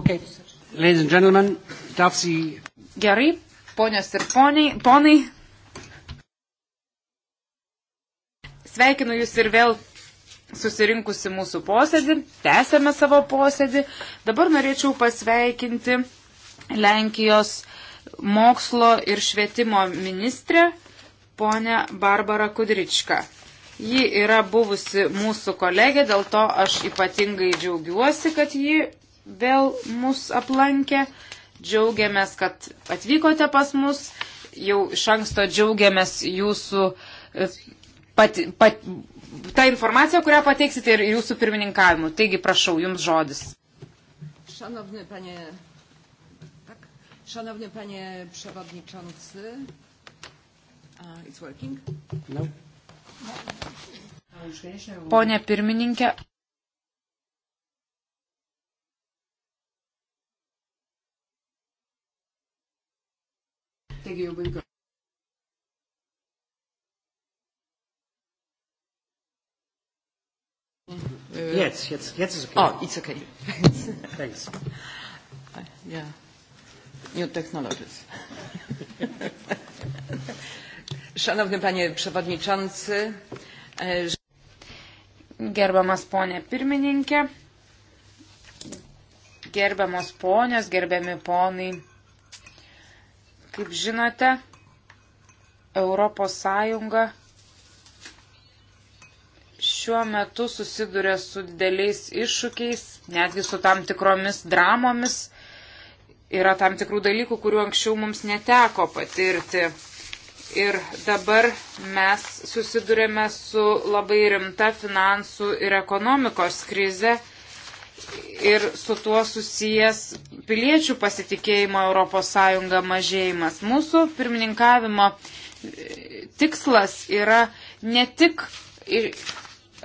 Okay. Ladies and gentlemen, darf Sie. Gerai, ponios ir poniai, ponai. Sveikinu Jūs ir vėl susirinkusi mūsų posėdį. Tęsėme savo posėdį. Dabar norėčiau pasveikinti Lenkijos mokslo ir švietimo ministrę, ponę Barbarą Kudričką. Ji yra buvusi mūsų kolegė, dėl to aš ypatingai džiaugiuosi, kad ji vėl mus aplankė. Džiaugiamės, kad atvykote pas mus. Jau iš anksto džiaugiamės jūsų e, pati, pat, tą informaciją, kurią pateiksite ir jūsų pirmininkavimu. Taigi, prašau, jums žodis. Szanowny panie, tak, szanowny panie przewodniczący, uh, it's working? No. Pone pirmininkė, Taigi jau baigiu. Jetzt, jetzt, jetzt ist okay. Oh, it's okay. Thanks. Uh, yeah. New technologies. Szanowny panie przewodniczący. E, Gerbiamas ponė pirmininkė, gerbiamos ponios, gerbiami ponai. Kaip žinote, Europos Sąjunga šiuo metu susiduria su dideliais iššūkiais, netgi su tam tikromis dramomis. Yra tam tikrų dalykų, kurių anksčiau mums neteko patirti. Ir dabar mes susidurėme su labai rimta finansų ir ekonomikos krize ir su tuo susijęs piliečių pasitikėjimo ES mažėjimas. Mūsų pirmininkavimo e, tikslas yra ne tik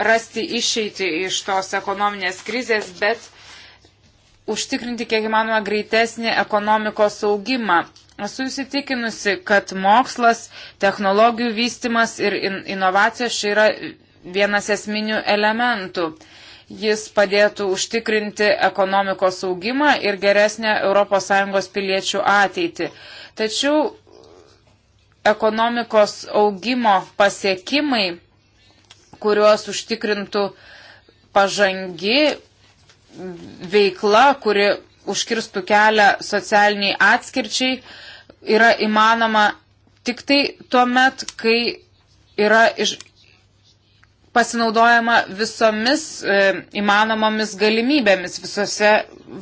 rasti išeitį iš tos ekonominės krizės, bet užtikrinti kiek įmanoma greitesnį ekonomikos augimą. Esu įsitikinusi, kad mokslas, technologijų vystimas ir in inovacijos čia yra vienas esminių elementų jis padėtų užtikrinti ekonomikos augimą ir geresnę ES piliečių ateitį. Tačiau ekonomikos augimo pasiekimai, kuriuos užtikrintų pažangi veikla, kuri užkirstų kelią socialiniai atskirčiai, yra įmanoma tik tai tuo met, kai yra iš, pasinaudojama visomis e, įmanomomis galimybėmis visose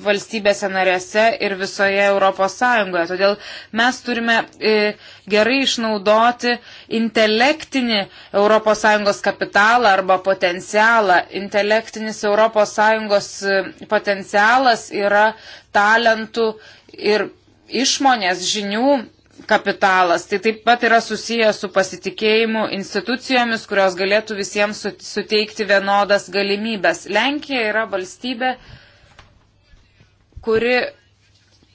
valstybėse narėse ir visoje Europos Sąjungoje. Todėl mes turime e, gerai išnaudoti intelektinį Europos Sąjungos kapitalą arba potencialą. Intelektinis Europos Sąjungos e, potencialas yra talentų ir išmonės žinių kapitalas. Tai taip pat yra susijęs su pasitikėjimu institucijomis, kurios galėtų visiems suteikti vienodas galimybės. Lenkija yra valstybė, kuri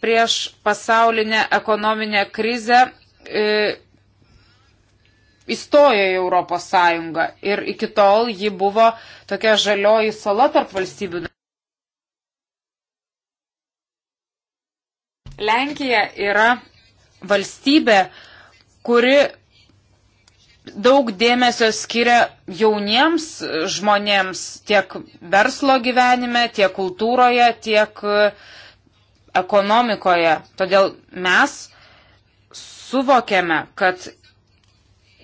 prieš pasaulinę ekonominę krizę e, įstojo į Europos Sąjungą ir iki tol ji buvo tokia žalioji sala tarp valstybių. Lenkija yra valstybė, kuri daug dėmesio skiria jauniems žmonėms tiek verslo gyvenime, tiek kultūroje, tiek e, ekonomikoje. Todėl mes suvokiame, kad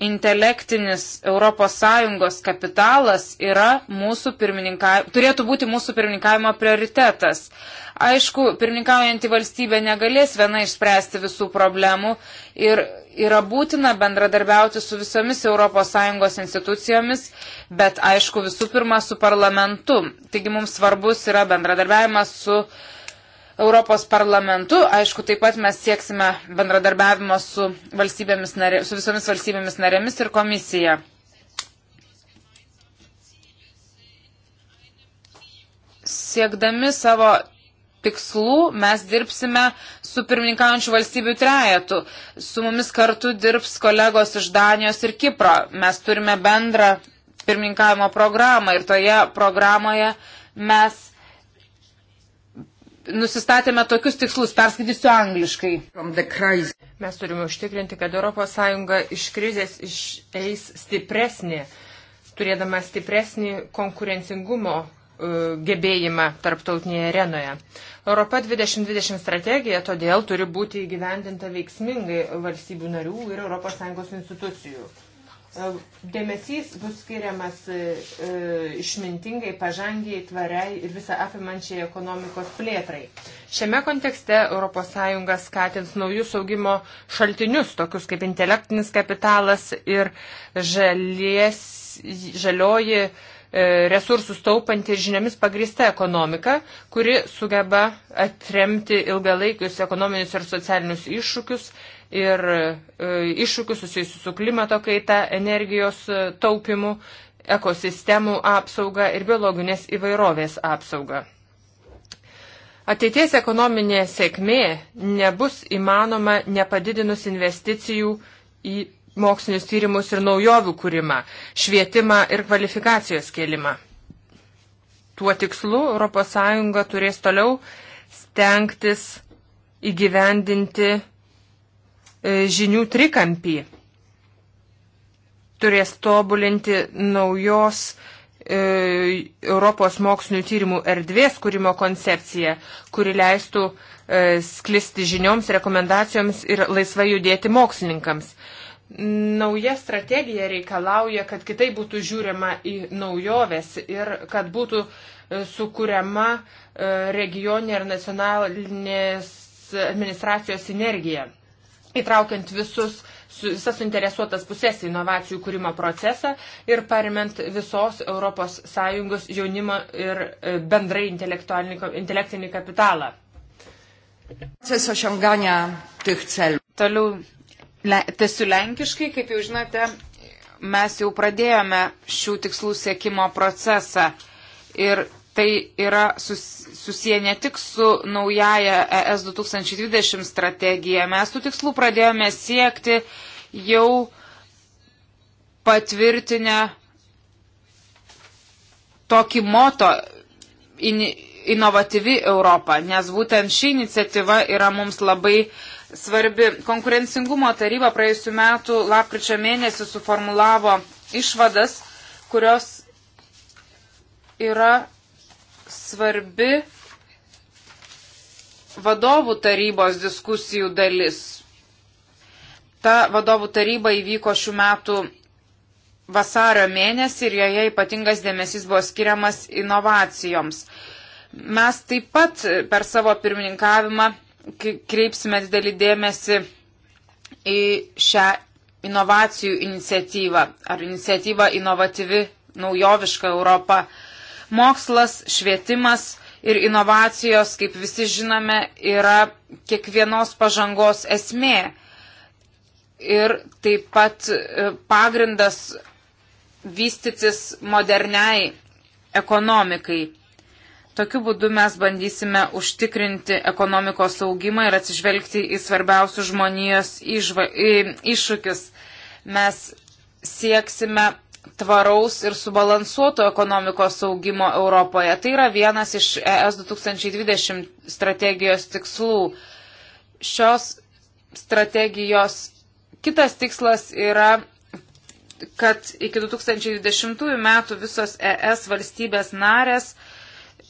intelektinis ES kapitalas yra mūsų turėtų būti mūsų pirmininkavimo prioritetas. Aišku, pirmininkaujantį valstybę negalės viena išspręsti visų problemų ir yra būtina bendradarbiauti su visomis ES institucijomis, bet aišku, visų pirma, su parlamentu. Taigi mums svarbus yra bendradarbiavimas su parlamentu Europos parlamentu. Aišku, taip pat mes sieksime bendradarbiavimo su, narė, su visomis valstybėmis narėmis ir komisija. Siekdami savo tikslų mes dirbsime su pirmininkaujančių valstybių trejetu. Su mumis kartu dirbs kolegos iš Danijos ir Kipro. Mes turime bendrą pirmininkavimo programą ir toje programoje mes nusistatėme tokius tikslus, perskaitysiu angliškai. Mes turime užtikrinti, kad ES iš krizės išeis stipresnė, turėdama stipresnį konkurencingumo e, gebėjimą tarptautinėje arenoje. Europa 2020 strategija todėl turi būti įgyvendinta veiksmingai valstybių narių ir ES institucijų. E, dėmesys bus skiriamas e, e, išmintingai, pažangiai, tvariai ir visą apimančiai ekonomikos plėtrai. Šiame kontekste ES skatins naujus augimo šaltinius, tokius kaip intelektinis kapitalas ir žalies, žalioji resursus taupanti ir žiniomis pagrįsta ekonomika, kuri sugeba atremti ilgalaikius ekonominius ir socialinius iššūkius ir e, iššūkių susijusių su klimato kaita, energijos e, taupimu, ekosistemų apsauga ir biologinės įvairovės apsauga. Ateities ekonominė sėkmė nebus įmanoma nepadidinus investicijų į mokslinius tyrimus ir naujovių kūrimą, švietimą ir kvalifikacijos kelimą. Tuo tikslu ES turės toliau stengtis įgyvendinti E, žinių trikampį. Turės tobulinti naujos e, Europos mokslinių tyrimų erdvės kūrimo koncepciją, kuri leistų e, sklisti žinioms, rekomendacijoms ir laisvai judėti mokslininkams. Nauja strategija reikalauja, kad kitai būtų žiūrima į naujoves ir kad būtų sukūriama regioninė ir nacionalinės administracijos sinergija įtraukiant visus su, visas suinteresuotas pusės inovacijų kūrimo procesą ir pariment visos ES jaunimo ir e, bendrai intelektinį kapitalą. Toliau le, tesiu lenkiškai, kaip jau žinote, mes jau pradėjome šių tikslų siekimo procesą ir tai yra sus, susiję ne tik su naujaja ES 2020 strategija. Mes tų tikslų pradėjome siekti jau patvirtinę tokį moto in, inovatyvi Europa, nes būtent ši iniciatyva yra mums labai svarbi. Konkurencingumo taryba praėjusiu metu lapkričio mėnesį suformulavo išvadas, kurios yra svarbi vadovų tarybos diskusijų dalis. Ta vadovų taryba įvyko šių metų vasario mėnesį ir joje ypatingas dėmesys buvo skiriamas inovacijoms. Mes taip pat per savo pirmininkavimą kreipsime didelį dėmesį į šią inovacijų iniciatyvą ar iniciatyvą inovatyvi naujoviška Europa. Mokslas, švietimas ir inovacijos, kaip visi žinome, yra kiekvienos pažangos esmė. Ir taip pat e, pagrindas vystytis moderniai ekonomikai. Tokiu būdu mes bandysime užtikrinti ekonomikos augimą ir atsižvelgti į svarbiausius žmonijos iššūkius. Mes sieksime tvaraus ir subalansuoto ekonomikos augimo Europoje. Tai yra vienas iš ES 2020 strategijos tikslų. Šios strategijos kitas tikslas yra kad iki 2020 metų visos ES valstybės narės uh,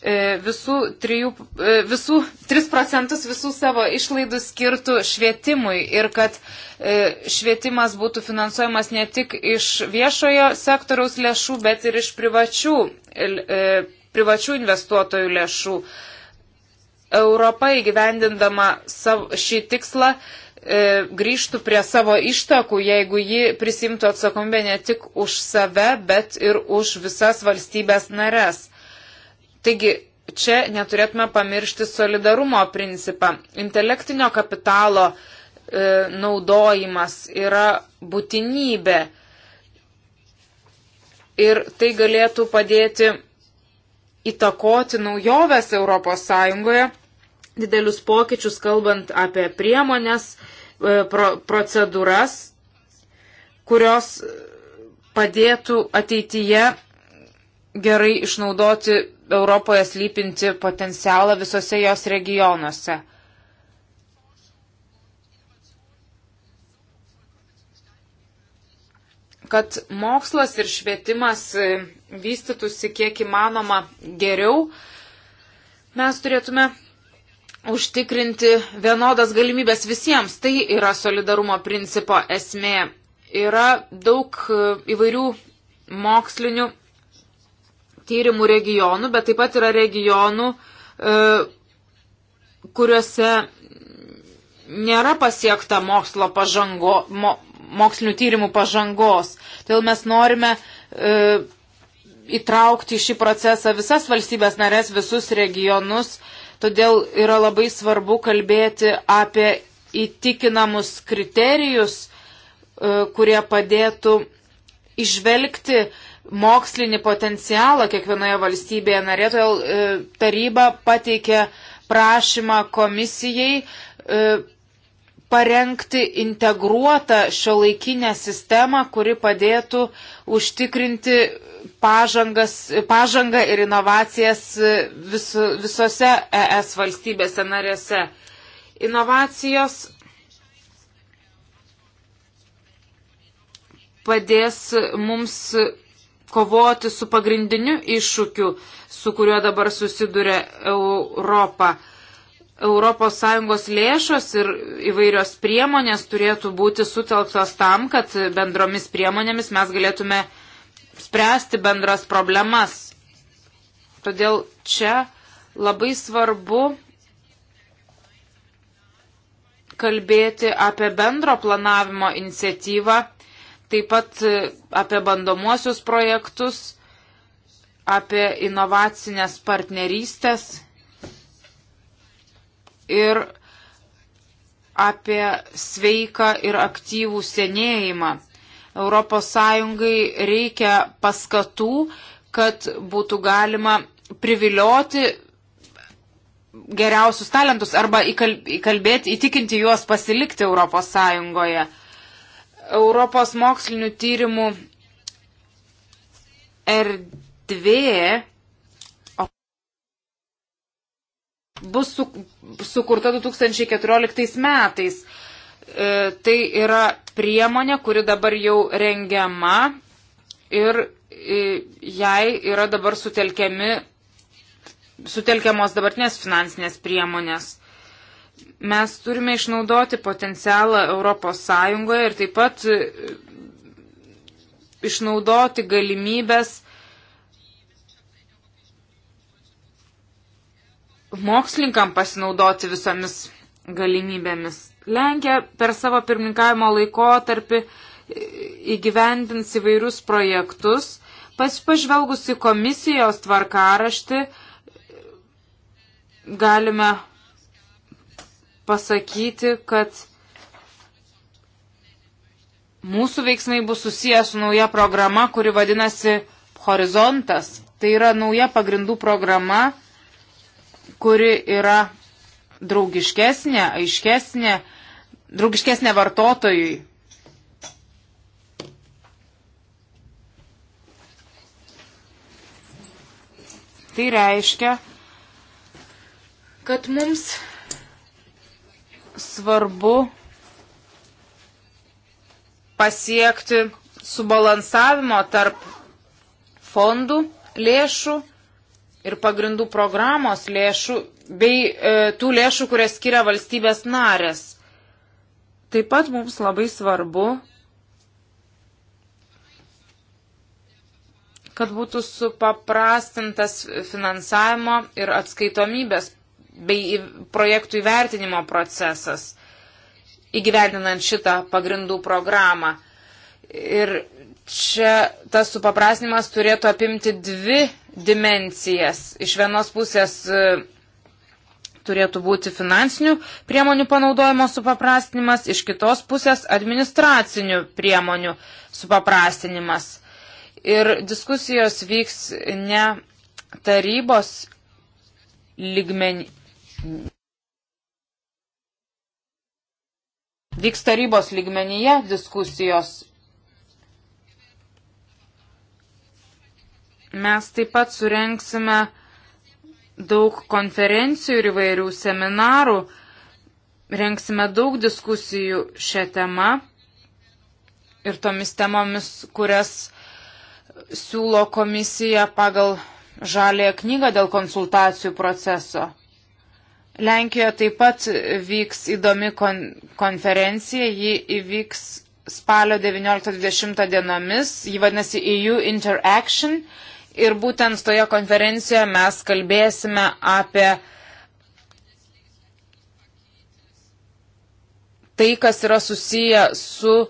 E, visų, trijų, e, visų 3 procentus visų savo išlaidų skirtų švietimui ir kad e, švietimas būtų finansuojamas ne tik iš viešojo sektoriaus lėšų, bet ir iš privačių, privačių investuotojų lėšų. Europa įgyvendindama savo, šį tikslą grįžtų prie savo ištakų, jeigu ji prisimtų atsakomybę ne tik už save, bet ir už visas valstybės nares. Taigi, čia neturėtume pamiršti solidarumo principą. Intelektinio kapitalo e, naudojimas yra būtinybė ir tai galėtų padėti įtakoti naujoves Europos Sąjungoje, didelius pokyčius kalbant apie priemonės, e, pro, procedūras, kurios padėtų ateityje gerai išnaudoti Europoje slypinti potencialą visose jos regionuose. Kad mokslas ir švietimas e, vystytųsi kiek įmanoma geriau, mes turėtume užtikrinti vienodas galimybės visiems. Tai yra solidarumo principo esmė. Yra daug e, įvairių mokslinių tyrimų regionų, bet taip pat yra regionų, e, kuriuose nėra pasiekta mokslo pažango, mo, mokslinių tyrimų pažangos. Todėl mes norime e, įtraukti į šį procesą visas valstybės narės, visus regionus. Todėl yra labai svarbu kalbėti apie įtikinamus kriterijus, e, kurie padėtų išvelgti mokslinį potencialą kiekvienoje valstybėje narė, todėl e, taryba pateikė prašymą komisijai e, parengti integruotą šio laikinę sistemą, kuri padėtų užtikrinti pažangas, pažangą ir inovacijas e, vis, visose ES valstybėse narėse. Inovacijos padės mums kovoti su pagrindiniu iššūkiu, su kuriuo dabar susiduria Europa. ES lėšos ir įvairios priemonės turėtų būti sutelktos tam, kad bendromis priemonėmis mes galėtume spręsti bendras problemas. Todėl čia labai svarbu kalbėti apie bendro planavimo iniciatyvą taip pat e, apie bandomuosius projektus, apie inovacinės partnerystės ir apie sveiką ir aktyvų senėjimą. ES reikia paskatų, kad būtų galima privilioti geriausius talentus arba įkalbėti, įtikinti juos pasilikti ES. Europos mokslinių tyrimų erdvė bus su, sukurta 2014 metais. E, tai yra priemonė, kuri dabar jau rengiama ir e, jai yra dabar sutelkiami, sutelkiamos dabartinės finansinės priemonės. Mes turime išnaudoti potencialą ES ir taip pat e, išnaudoti galimybės mokslininkam pasinaudoti visomis galimybėmis. Lenkija per savo pirmininkavimo laikotarpį e, įgyvendins įvairius projektus. Pažvelgus į komisijos tvarkaraštį, galime pasakyti, kad mūsų veiksmai bus susijęs su nauja programa, kuri vadinasi Horizontas. Tai yra nauja pagrindų programa, kuri yra draugiškesnė, aiškesnė, draugiškesnė vartotojui. Tai reiškia, kad mums svarbu pasiekti subalansavimo tarp fondų lėšų ir pagrindų programos lėšų bei e, tų lėšų, kurias skiria valstybės narės. Taip pat mums labai svarbu, kad būtų supaprastintas finansavimo ir atskaitomybės bei projektų įvertinimo procesas įgyvendinant šitą pagrindų programą. Ir čia tas supaprasnimas turėtų apimti dvi dimencijas. Iš vienos pusės e, turėtų būti finansinių priemonių panaudojimo supaprastinimas, iš kitos pusės administracinių priemonių supaprastinimas. Ir diskusijos vyks ne tarybos lygmenį, Vyks tarybos lygmenyje diskusijos. Mes taip pat surenksime daug konferencijų ir įvairių seminarų, rengsime daug diskusijų šią temą ir tomis temomis, kurias siūlo komisija pagal žalėją knygą dėl konsultacijų proceso. Lenkijoje taip pat vyks įdomi kon konferencija, ji įvyks spalio 19-20 dienomis, ji vadinasi EU Interaction ir būtent toje konferencijoje mes kalbėsime apie tai, kas yra susiję su e,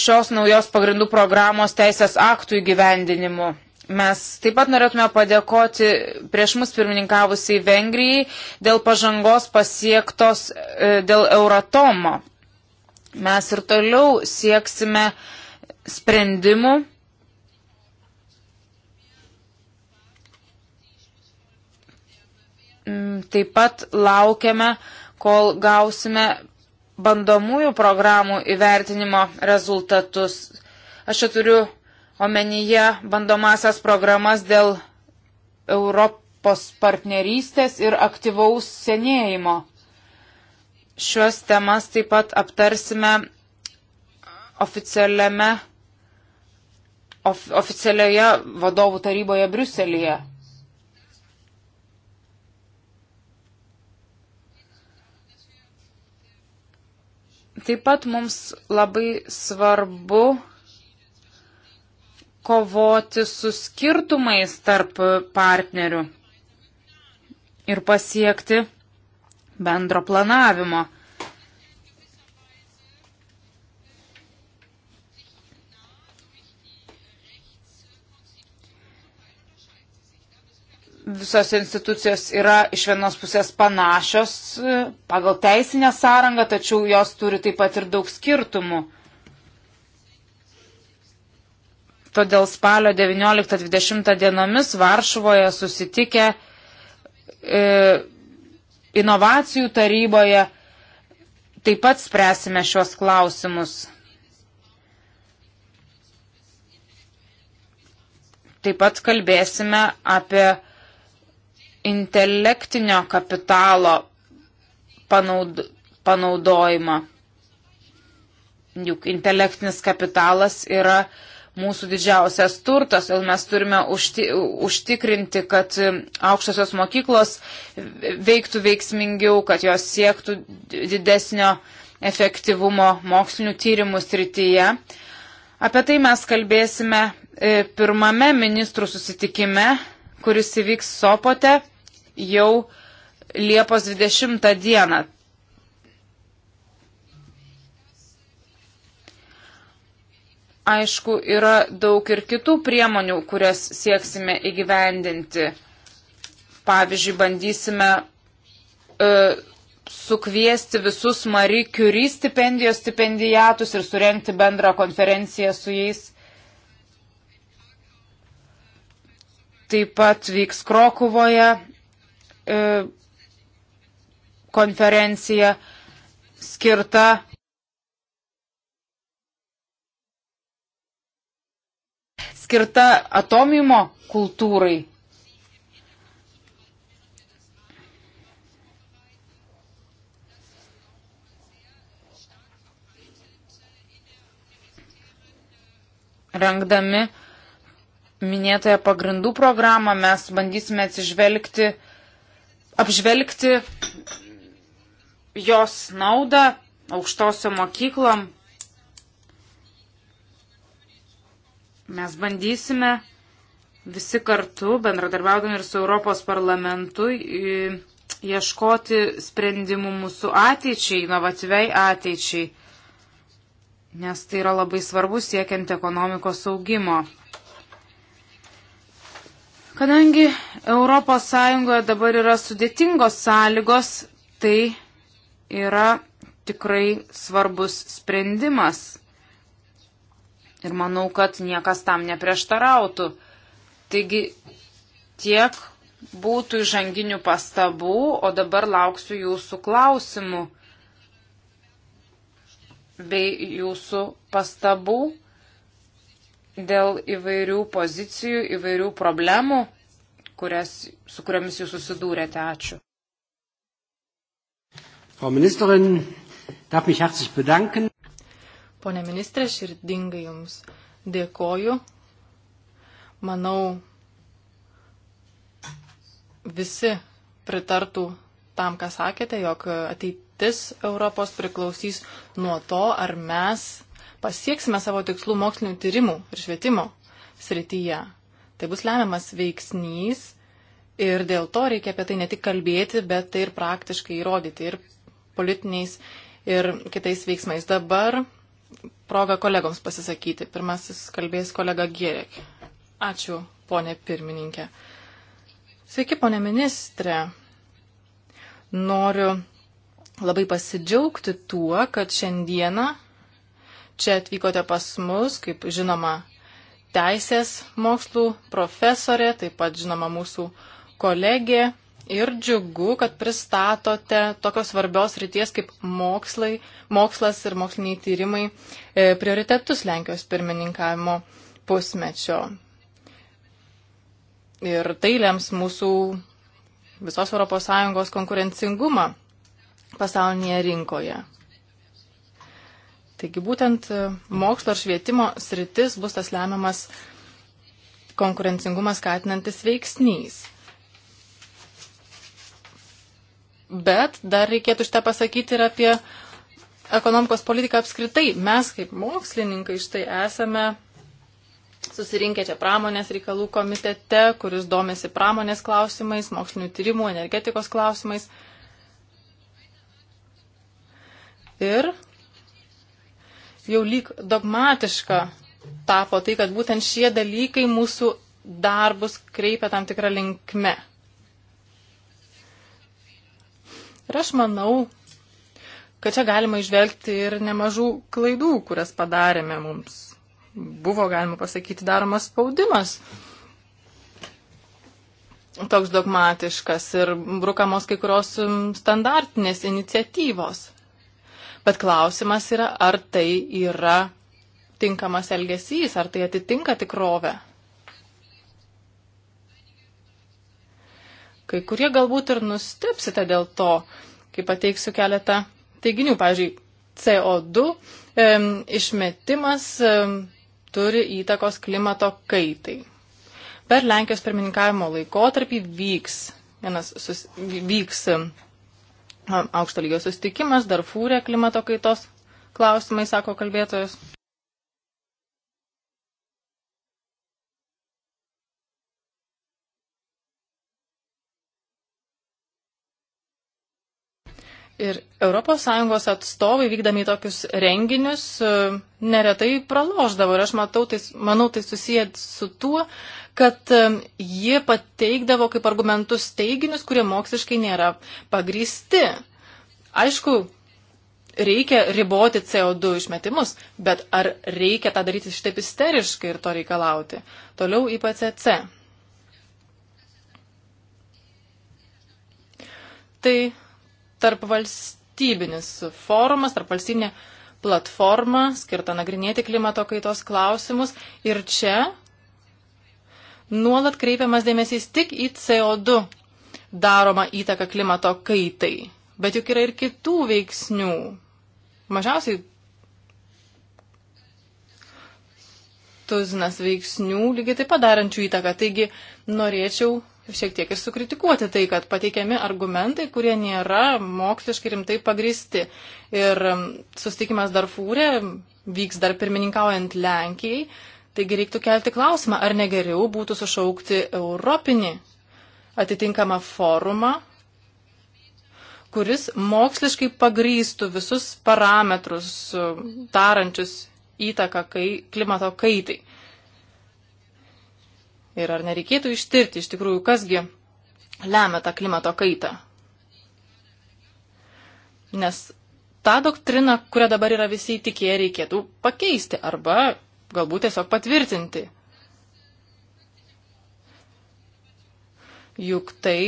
šios naujos pagrindų programos teisės aktų įgyvendinimu. Mes taip pat norėtume padėkoti prieš mus pirmininkavusiai Vengrijai dėl pažangos pasiektos e, dėl Euratomo. Mes ir toliau sieksime sprendimų. Mm, taip pat laukiame, kol gausime bandomųjų programų įvertinimo rezultatus. Aš čia turiu omenyje bandomasias programas dėl Europos partnerystės ir aktyvaus senėjimo. Šios temas taip pat aptarsime oficialiame, of, oficialioje vadovų taryboje Briuselėje. Taip pat mums labai svarbu kovoti su skirtumais tarp partnerių ir pasiekti bendro planavimo. visos institucijos yra iš vienos pusės panašios e, pagal teisinę sąrangą, tačiau jos turi taip pat ir daug skirtumų. Todėl spalio 19-20 dienomis Varšuvoje susitikę e, inovacijų taryboje taip pat spręsime šios klausimus. Taip pat kalbėsime apie intelektinio kapitalo panaud, panaudojimą. Juk intelektinis kapitalas yra uh, mūsų didžiausias turtas ir mes turime užti, užtikrinti, kad aukštosios mokyklos veiktų veiksmingiau, kad jos siektų didesnio efektyvumo mokslinių tyrimų srityje. Apie tai mes kalbėsime e, pirmame ministrų susitikime, kuris įvyks Sopote jau Liepos 20 dieną. aišku, yra daug ir kitų priemonių, kurias sieksime įgyvendinti. Pavyzdžiui, bandysime e, sukviesti visus Marie Curie stipendijos stipendijatus ir surenkti bendrą konferenciją su jais. Taip pat vyks Krokuvoje e, konferencija skirta skirta atomimo kultūrai. Rengdami minėtąją pagrindų programą mes bandysime atsižvelgti, apžvelgti jos naudą aukštosio mokyklom, Mes bandysime visi kartu, bendradarbiaudami ir su Europos parlamentu, ieškoti sprendimų mūsų ateičiai, inovatyviai ateičiai, nes tai yra labai svarbu siekiant ekonomikos augimo. Kadangi ES dabar yra sudėtingos sąlygos, tai yra tikrai svarbus sprendimas Ir manau, kad niekas tam neprieštarautų. Taigi tiek būtų įžanginių pastabų, o dabar lauksiu jūsų klausimų bei jūsų pastabų dėl įvairių pozicijų, įvairių problemų, kurias, su kuriamis jūs susidūrėte. Ačiū. Frau Ministerin, darf mich herzlich bedanken. Pone ministrė, širdingai Jums dėkoju. Manau, visi pritartų tam, ką sakėte, jog ateitis Europos priklausys nuo to, ar mes pasieksime savo tikslų mokslinių tyrimų ir švietimo srityje. Tai bus lemiamas veiksnys ir dėl to reikia apie tai ne tik kalbėti, bet tai ir praktiškai įrodyti ir politiniais, ir kitais veiksmais. Dabar progą kolegoms pasisakyti. Pirmasis kalbės kolega Gierek. Ačiū, ponė pirmininkė. Sveiki, ponė ministrė. Noriu labai pasidžiaugti tuo, kad šiandieną čia atvykote pas mus, kaip žinoma, teisės mokslų profesorė, taip pat žinoma mūsų kolegė ir džiugu, kad pristatote tokios svarbios ryties kaip mokslai, mokslas ir moksliniai tyrimai e, prioritetus Lenkijos pirmininkavimo pusmečio. Ir tai lems mūsų visos ES konkurencingumą pasaulinėje rinkoje. Taigi būtent e, mokslo ir švietimo sritis bus tas lemiamas konkurencingumą skatinantis veiksnys. Bet dar reikėtų šitą pasakyti ir apie ekonomikos politiką apskritai. Mes kaip mokslininkai štai esame susirinkę čia pramonės reikalų komitete, kuris domėsi pramonės klausimais, mokslinių tyrimų, energetikos klausimais. Ir jau lyg dogmatiška tapo tai, kad būtent šie dalykai mūsų darbus kreipia tam tikrą linkme. Ir aš manau, kad čia galima išvelgti ir nemažų klaidų, kurias padarėme mums. Buvo, galima pasakyti, daromas spaudimas toks dogmatiškas ir brukamos kai kurios um, standartinės iniciatyvos. Bet klausimas yra, ar tai yra tinkamas elgesys, ar tai atitinka tikrovę. Kai kurie galbūt ir nustepsite dėl to, kai pateiksiu keletą teiginių. Pavyzdžiui, CO2 e, išmetimas e, turi įtakos klimato kaitai. Per Lenkijos pirmininkavimo laikotarpį vyks, vienas sus, vyks e, aukšto lygio sustikimas, dar fūrė klimato kaitos klausimai, sako kalbėtojas. Ir ES atstovai vykdami tokius renginius e, neretai praloždavo. Ir aš matau, tai, manau, tai susiję su tuo, kad e, jie pateikdavo kaip argumentus teiginius, kurie moksliškai nėra pagristi. Aišku, reikia riboti CO2 išmetimus, bet ar reikia tą daryti šitaip isteriškai ir to reikalauti? Toliau IPCC. Tai tarpvalstybinis forumas, tarpvalstybinė platforma skirta nagrinėti klimato kaitos klausimus. Ir čia nuolat kreipiamas dėmesys tik į CO2 daromą įtaką klimato kaitai. Bet juk yra ir kitų veiksnių. Mažiausiai tuzinas veiksnių lygiai taip padarančių įtaką. Taigi norėčiau šiek tiek ir sukritikuoti tai, kad pateikiami argumentai, kurie nėra moksliškai rimtai pagristi. Ir um, sustikimas Darfūrė vyks dar pirmininkaujant Lenkijai, taigi reiktų kelti klausimą, ar negeriau būtų sušaukti Europinį atitinkamą forumą, kuris moksliškai pagrystų visus parametrus, um, tarančius įtaką kai, klimato kaitai. Ir ar nereikėtų ištirti iš tikrųjų, kasgi lemia tą klimato kaitą. Nes tą doktriną, kurią dabar yra visi įtikėję, reikėtų pakeisti arba galbūt tiesiog patvirtinti. Juk tai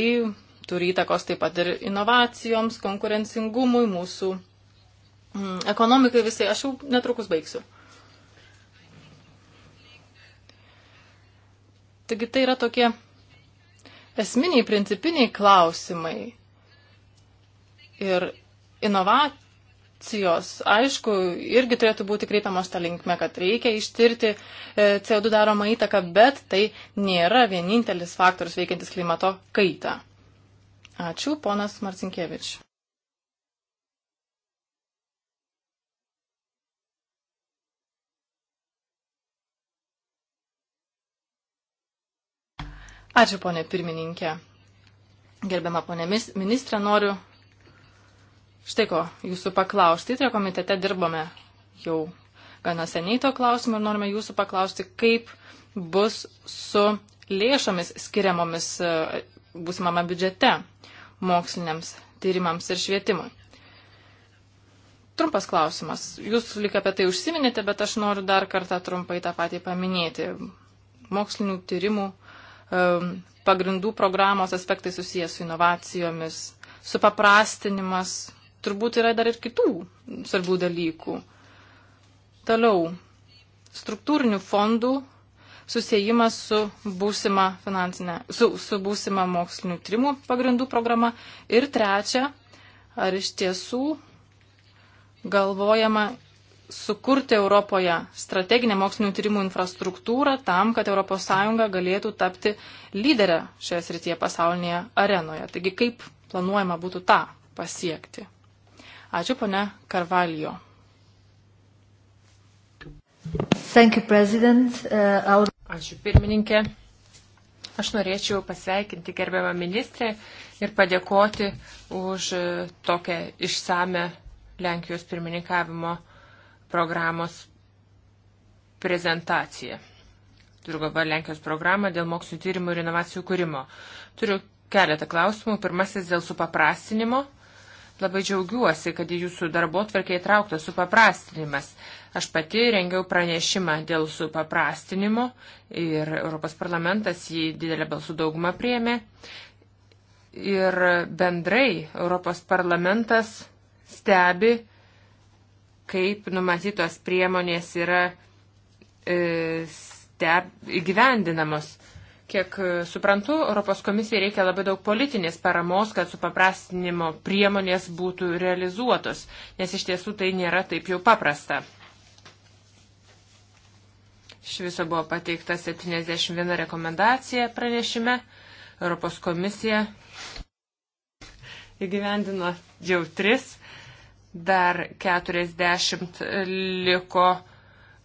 turi įtakos taip pat ir inovacijoms, konkurencingumui, mūsų mm, ekonomikai visai. Aš jau netrukus baigsiu. Taigi tai yra tokie esminiai, principiniai klausimai. Ir inovacijos, aišku, irgi turėtų būti kreipiamas tą linkmę, kad reikia ištirti e, CO2 daromą įtaką, bet tai nėra vienintelis faktorius veikiantis klimato kaitą. Ačiū, ponas Marcinkievič. Ačiū, ponė pirmininkė. Gerbiama ponė ministrė, noriu štai ko jūsų paklausti. Įtrio komitete dirbome jau gana seniai to klausimu ir norime jūsų paklausti, kaip bus su lėšomis skiriamomis e, būsimame biudžete moksliniams tyrimams ir švietimui. Trumpas klausimas. Jūs lik apie tai užsiminėte, bet aš noriu dar kartą trumpai tą patį paminėti. Mokslinių tyrimų Um, pagrindų programos aspektai susijęs su inovacijomis, supaprastinimas, turbūt yra dar ir kitų svarbių dalykų. Toliau, struktūrinių fondų susijimas su būsima, su, su būsima mokslinių trimų pagrindų programa. Ir trečia, ar iš tiesų galvojama sukurti Europoje strateginę mokslinių tyrimų infrastruktūrą tam, kad ES galėtų tapti lyderę šioje srityje pasaulinėje arenoje. Taigi kaip planuojama būtų tą pasiekti? Ačiū, pone Karvalijo. Thank you, President. Uh, our... Ačiū, pirmininkė. Aš norėčiau pasveikinti gerbiamą ministrę ir padėkoti už tokią išsame Lenkijos pirmininkavimo programos prezentaciją. Turiu galvoje Lenkijos programą dėl mokslinio tyrimų ir inovacijų kūrimo. Turiu keletą klausimų. Pirmasis dėl supaprastinimo. Labai džiaugiuosi, kad į jūsų darbo tvarkiai įtrauktas supaprastinimas. Aš pati rengiau pranešimą dėl supaprastinimo ir Europos parlamentas jį didelę balsų daugumą priėmė. Ir bendrai Europos parlamentas stebi kaip numatytos priemonės yra e, steb, įgyvendinamos. Kiek e, suprantu, Europos komisijai reikia labai daug politinės paramos, kad supaprastinimo priemonės būtų realizuotos, nes iš tiesų tai nėra taip jau paprasta. Iš viso buvo pateikta 71 rekomendacija pranešime. Europos komisija įgyvendino jau tris dar 40 liko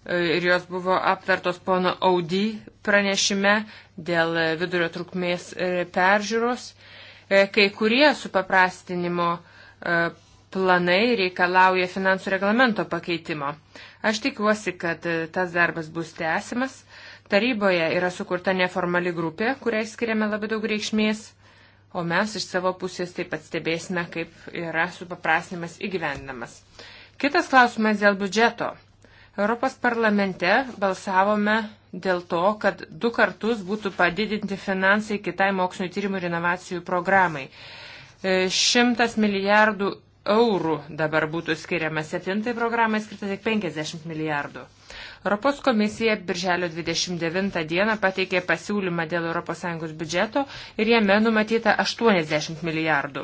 e, ir jos buvo aptartos pono Audy pranešime dėl vidurio trukmės e, peržiūros. E, kai kurie supaprastinimo planai reikalauja finansų reglamento pakeitimo. Aš tikiuosi, kad tas darbas bus tęsimas. Taryboje yra sukurta neformali grupė, kuriai skiriame labai daug reikšmės o mes iš savo pusės taip pat stebėsime, kaip yra supaprastinimas įgyvendinamas. Kitas klausimas dėl biudžeto. Europos parlamente balsavome dėl to, kad du kartus būtų padidinti finansai kitai mokslinio tyrimų ir inovacijų programai. E, šimtas milijardų eurų dabar būtų skiriama, septintai programai skirta tik 50 milijardų. Europos komisija birželio 29 dieną pateikė pasiūlymą dėl ES biudžeto ir jame numatyta 80 milijardų.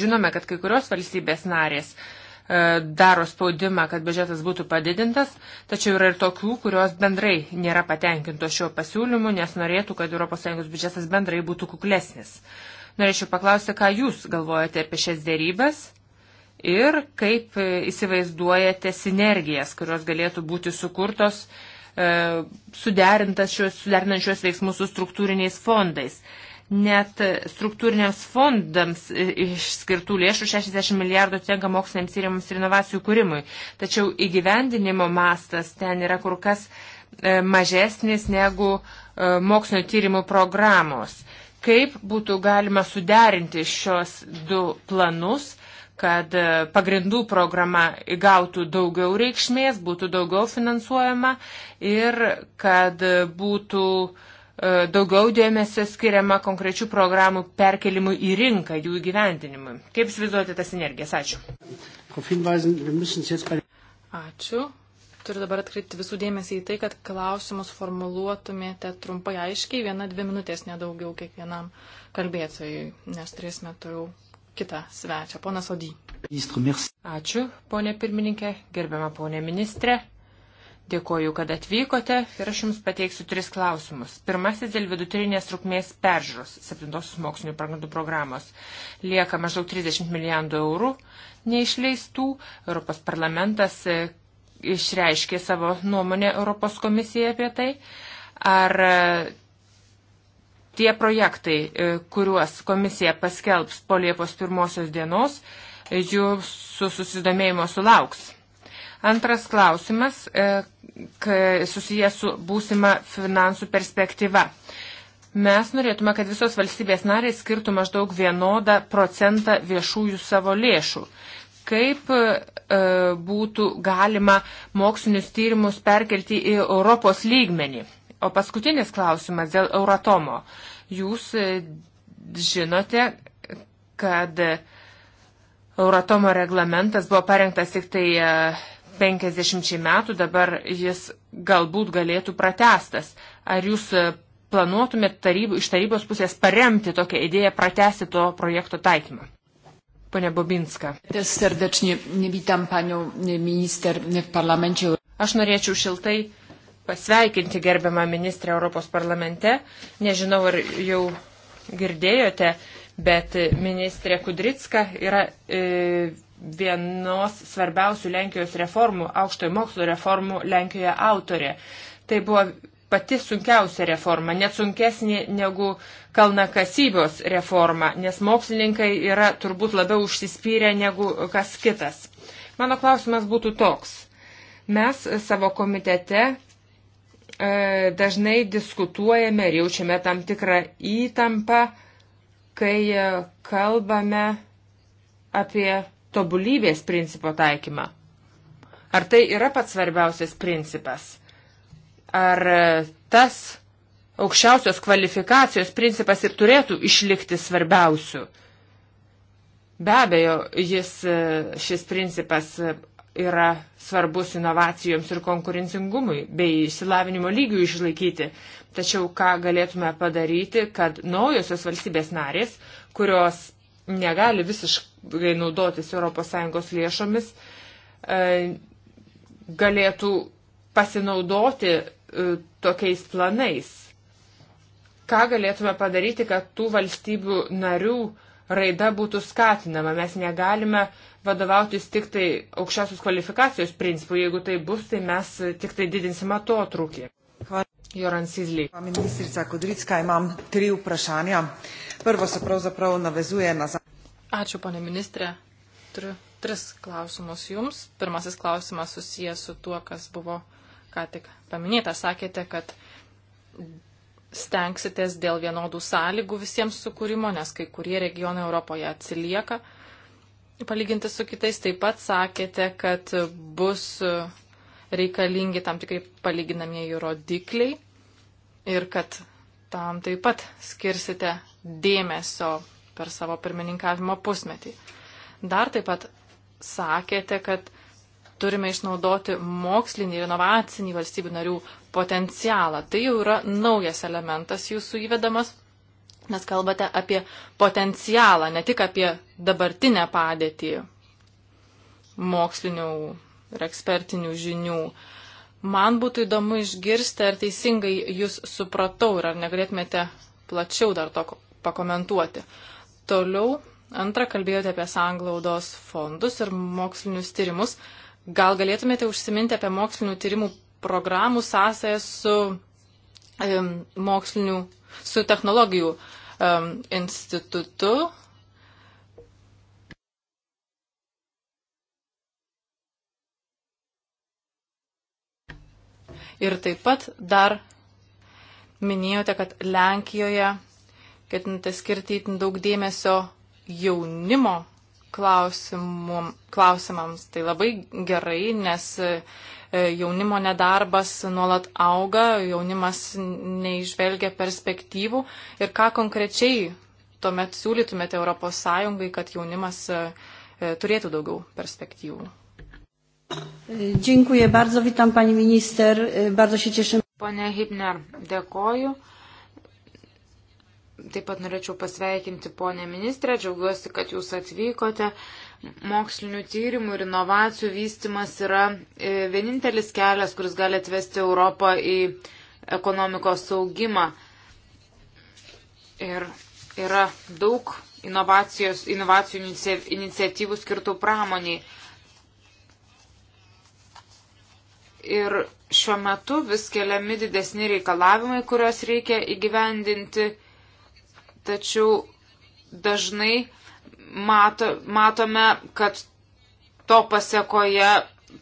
Žinome, kad kai kurios valstybės narės e, daro spaudimą, kad biudžetas būtų padidintas, tačiau yra ir tokių, kurios bendrai nėra patenkinto šio pasiūlymu, nes norėtų, kad ES biudžetas bendrai būtų kuklesnis. Norėčiau paklausti, ką Jūs galvojate apie šias dėrybas ir kaip įsivaizduojate sinergijas, kurios galėtų būti sukurtos e, suderintas šios, suderinant šios veiksmus su struktūriniais fondais. Net struktūriniams fondams išskirtų lėšų 60 milijardų tenka moksliniams tyrimams ir inovacijų kūrimui. Tačiau įgyvendinimo mastas ten yra kur kas e, mažesnis negu e, mokslinio tyrimų programos. Kaip būtų galima suderinti šios du planus kad e, pagrindų programa įgautų daugiau reikšmės, būtų daugiau finansuojama ir kad e, būtų e, daugiau dėmesio skiriama konkrečių programų perkelimui į rinką, jų įgyvendinimui. Kaip įsivaizduoti tas energijas? Ačiū. Ačiū. Turiu dabar atkreipti visų dėmesį į tai, kad klausimus formuluotumėte trumpai aiškiai, viena, dvi minutės nedaugiau kiekvienam kalbėtojui, nes turėsime toliau kitą svečią, ponas Odį. Ačiū, ponė pirmininkė, gerbiama ponė ministrė. Dėkoju, kad atvykote ir aš Jums pateiksiu tris klausimus. Pirmasis dėl vidutinės trukmės peržiūros septintosios mokslinio pagrindų programos. Lieka maždaug 30 milijardų eurų neišleistų. Europos parlamentas e, išreiškė savo nuomonę Europos komisijai apie tai. Ar e, Tie projektai, e, kuriuos komisija paskelbs po Liepos pirmosios dienos, jų su susidomėjimo sulauks. Antras klausimas e, susijęs su būsima finansų perspektyva. Mes norėtume, kad visos valstybės nariai skirtų maždaug vienodą procentą viešųjų savo lėšų. Kaip e, būtų galima mokslinius tyrimus perkelti į Europos lygmenį? O paskutinis klausimas dėl Euratomo. E, Jūs e, žinote, kad Euratomo reglamentas buvo parengtas tik tai 50 e, metų, dabar jis galbūt galėtų pratestas. Ar jūs e, planuotumėt tarybų, iš tarybos pusės paremti tokią idėją, pratesti to projekto taikymą? Pone Bobinska. Aš norėčiau šiltai pasveikinti gerbiamą ministrę Europos parlamente. Nežinau, ar jau girdėjote, bet ministrė Kudritska yra e, vienos svarbiausių Lenkijos reformų, aukštojo mokslo reformų Lenkijoje autorė. Tai buvo pati sunkiausia reforma, net sunkesnė negu kalnakasybos reforma, nes mokslininkai yra turbūt labiau užsispyrę negu kas kitas. Mano klausimas būtų toks. Mes savo komitete E, dažnai diskutuojame ir jaučiame tam tikrą įtampą, kai e, kalbame apie tobulybės principo taikymą. Ar tai yra pats svarbiausias principas? Ar e, tas aukščiausios kvalifikacijos principas ir turėtų išlikti svarbiausiu? Be abejo, jis, šis principas yra svarbus inovacijoms ir konkurencingumui bei išsilavinimo lygių išlaikyti. Tačiau ką galėtume padaryti, kad naujosios valstybės narės, kurios negali visiškai naudotis ES lėšomis, e, galėtų pasinaudoti e, tokiais planais. Ką galėtume padaryti, kad tų valstybių narių raida būtų skatinama? Mes negalime uh, vadovautis tik tai aukščiausios kvalifikacijos principų. Jeigu tai bus, tai mes tik tai didinsime to trūkį. Joran Sizli. Ministrica Kudricka, imam tri vprašanja. Prvo se pravzaprav navezuje na. Ačiū, ponė ministrė. Turiu tris klausimus jums. Pirmasis klausimas susijęs su tuo, kas buvo ką tik paminėta. Sakėte, kad stengsitės dėl vienodų sąlygų visiems sukūrimo, nes kai kurie regionai Europoje atsilieka palyginti su kitais, taip pat sakėte, kad bus reikalingi tam tikrai palyginamieji rodikliai ir kad tam taip pat skirsite dėmesio per savo pirmininkavimo pusmetį. Dar taip pat sakėte, kad turime išnaudoti mokslinį ir inovacinį valstybių narių potencialą. Tai jau yra naujas elementas jūsų įvedamas nes kalbate apie potencialą, ne tik apie dabartinę padėtį mokslinių ir ekspertinių žinių. Man būtų įdomu išgirsti, ar teisingai jūs supratau ir ar negalėtumėte plačiau dar to pakomentuoti. Toliau, antra, kalbėjote apie sanglaudos fondus ir mokslinius tyrimus. Gal galėtumėte užsiminti apie mokslinių tyrimų programų sąsąją su mokslinių, su technologijų um, institutu. Ir taip pat dar minėjote, kad Lenkijoje ketinate skirti daug dėmesio jaunimo klausimams. Tai labai gerai, nes e, jaunimo nedarbas nuolat auga, jaunimas neižvelgia perspektyvų. Ir ką konkrečiai tuomet siūlytumėte ES, kad jaunimas e, e, turėtų daugiau perspektyvų? Dziękuję bardzo, witam pani minister, bardzo się cieszę. Pone Hibner, dėkoju. Taip pat norėčiau pasveikinti ponę ministrę, džiaugiuosi, kad jūs atvykote. Mokslinių tyrimų ir inovacijų vystimas yra e, vienintelis kelias, kuris gali atvesti Europą į ekonomikos saugimą. Ir yra daug inovacijų iniciatyvų skirtų pramoniai. Ir šiuo metu vis keliami didesni reikalavimai, kuriuos reikia įgyvendinti tačiau dažnai mato, matome, kad to pasiekoje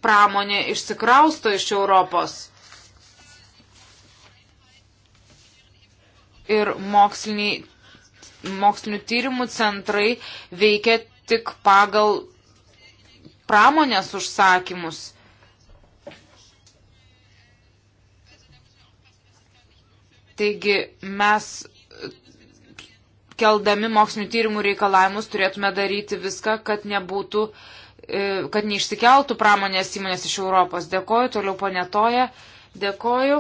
pramonė išsikrausto iš Europos. Ir mokslinių tyrimų centrai veikia tik pagal pramonės užsakymus. Taigi mes keldami mokslinių tyrimų reikalavimus turėtume daryti viską, kad nebūtų e, kad neišsikeltų pramonės įmonės iš Europos. Dėkoju, toliau ponetoja, dėkoju.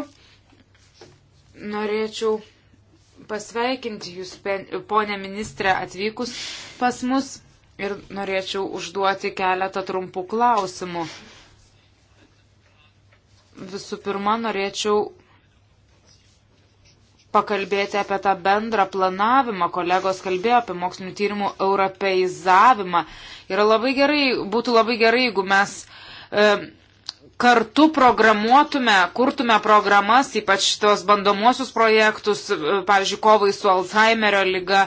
Norėčiau pasveikinti Jūs, ponė ministrė, atvykus pas mus ir norėčiau užduoti keletą trumpų klausimų. Visų pirma, norėčiau pakalbėti apie tą bendrą planavimą. Kolegos kalbėjo apie mokslinių tyrimų europeizavimą. Yra labai gerai, būtų labai gerai, jeigu mes e, kartu programuotume, kurtume programas, ypač tos bandomuosius projektus, e, pavyzdžiui, kovai su Alzheimerio lyga,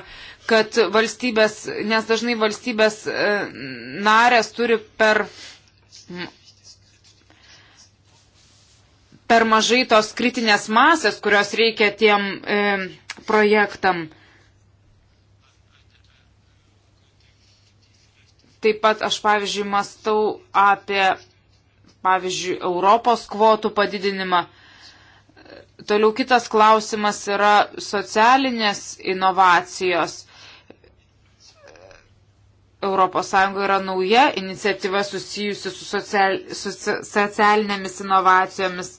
kad valstybės, nes dažnai valstybės e, narės turi per per mažai tos kritinės masės, kurios reikia tiem e, projektam. Taip pat aš, pavyzdžiui, mastau apie, pavyzdžiui, Europos kvotų padidinimą. Toliau kitas klausimas yra socialinės inovacijos. ES yra nauja iniciatyva susijusi su social, su socialinėmis inovacijomis.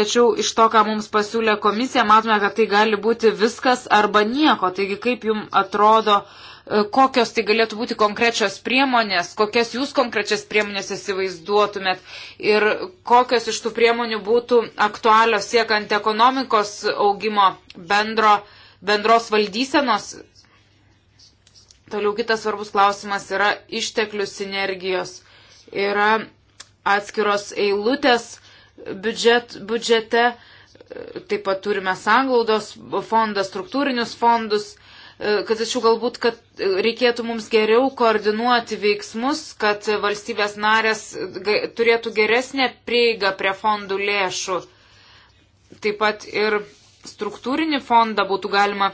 Tačiau iš to, ką mums pasiūlė komisija, matome, kad tai gali būti viskas arba nieko. Taigi, kaip jums atrodo, e, kokios tai galėtų būti konkrečios priemonės, kokias jūs konkrečias priemonės įsivaizduotumėt ir kokios iš tų priemonių būtų aktualios siekant ekonomikos augimo bendro, bendros valdysenos. Toliau kitas svarbus klausimas yra išteklių sinergijos. Yra atskiros eilutės biudžet, biudžete, taip pat turime sanglaudos fondą, struktūrinius fondus, e, kad tačiau galbūt, kad reikėtų mums geriau koordinuoti veiksmus, kad valstybės narės turėtų geresnę prieigą prie fondų lėšų. Taip pat ir struktūrinį fondą būtų galima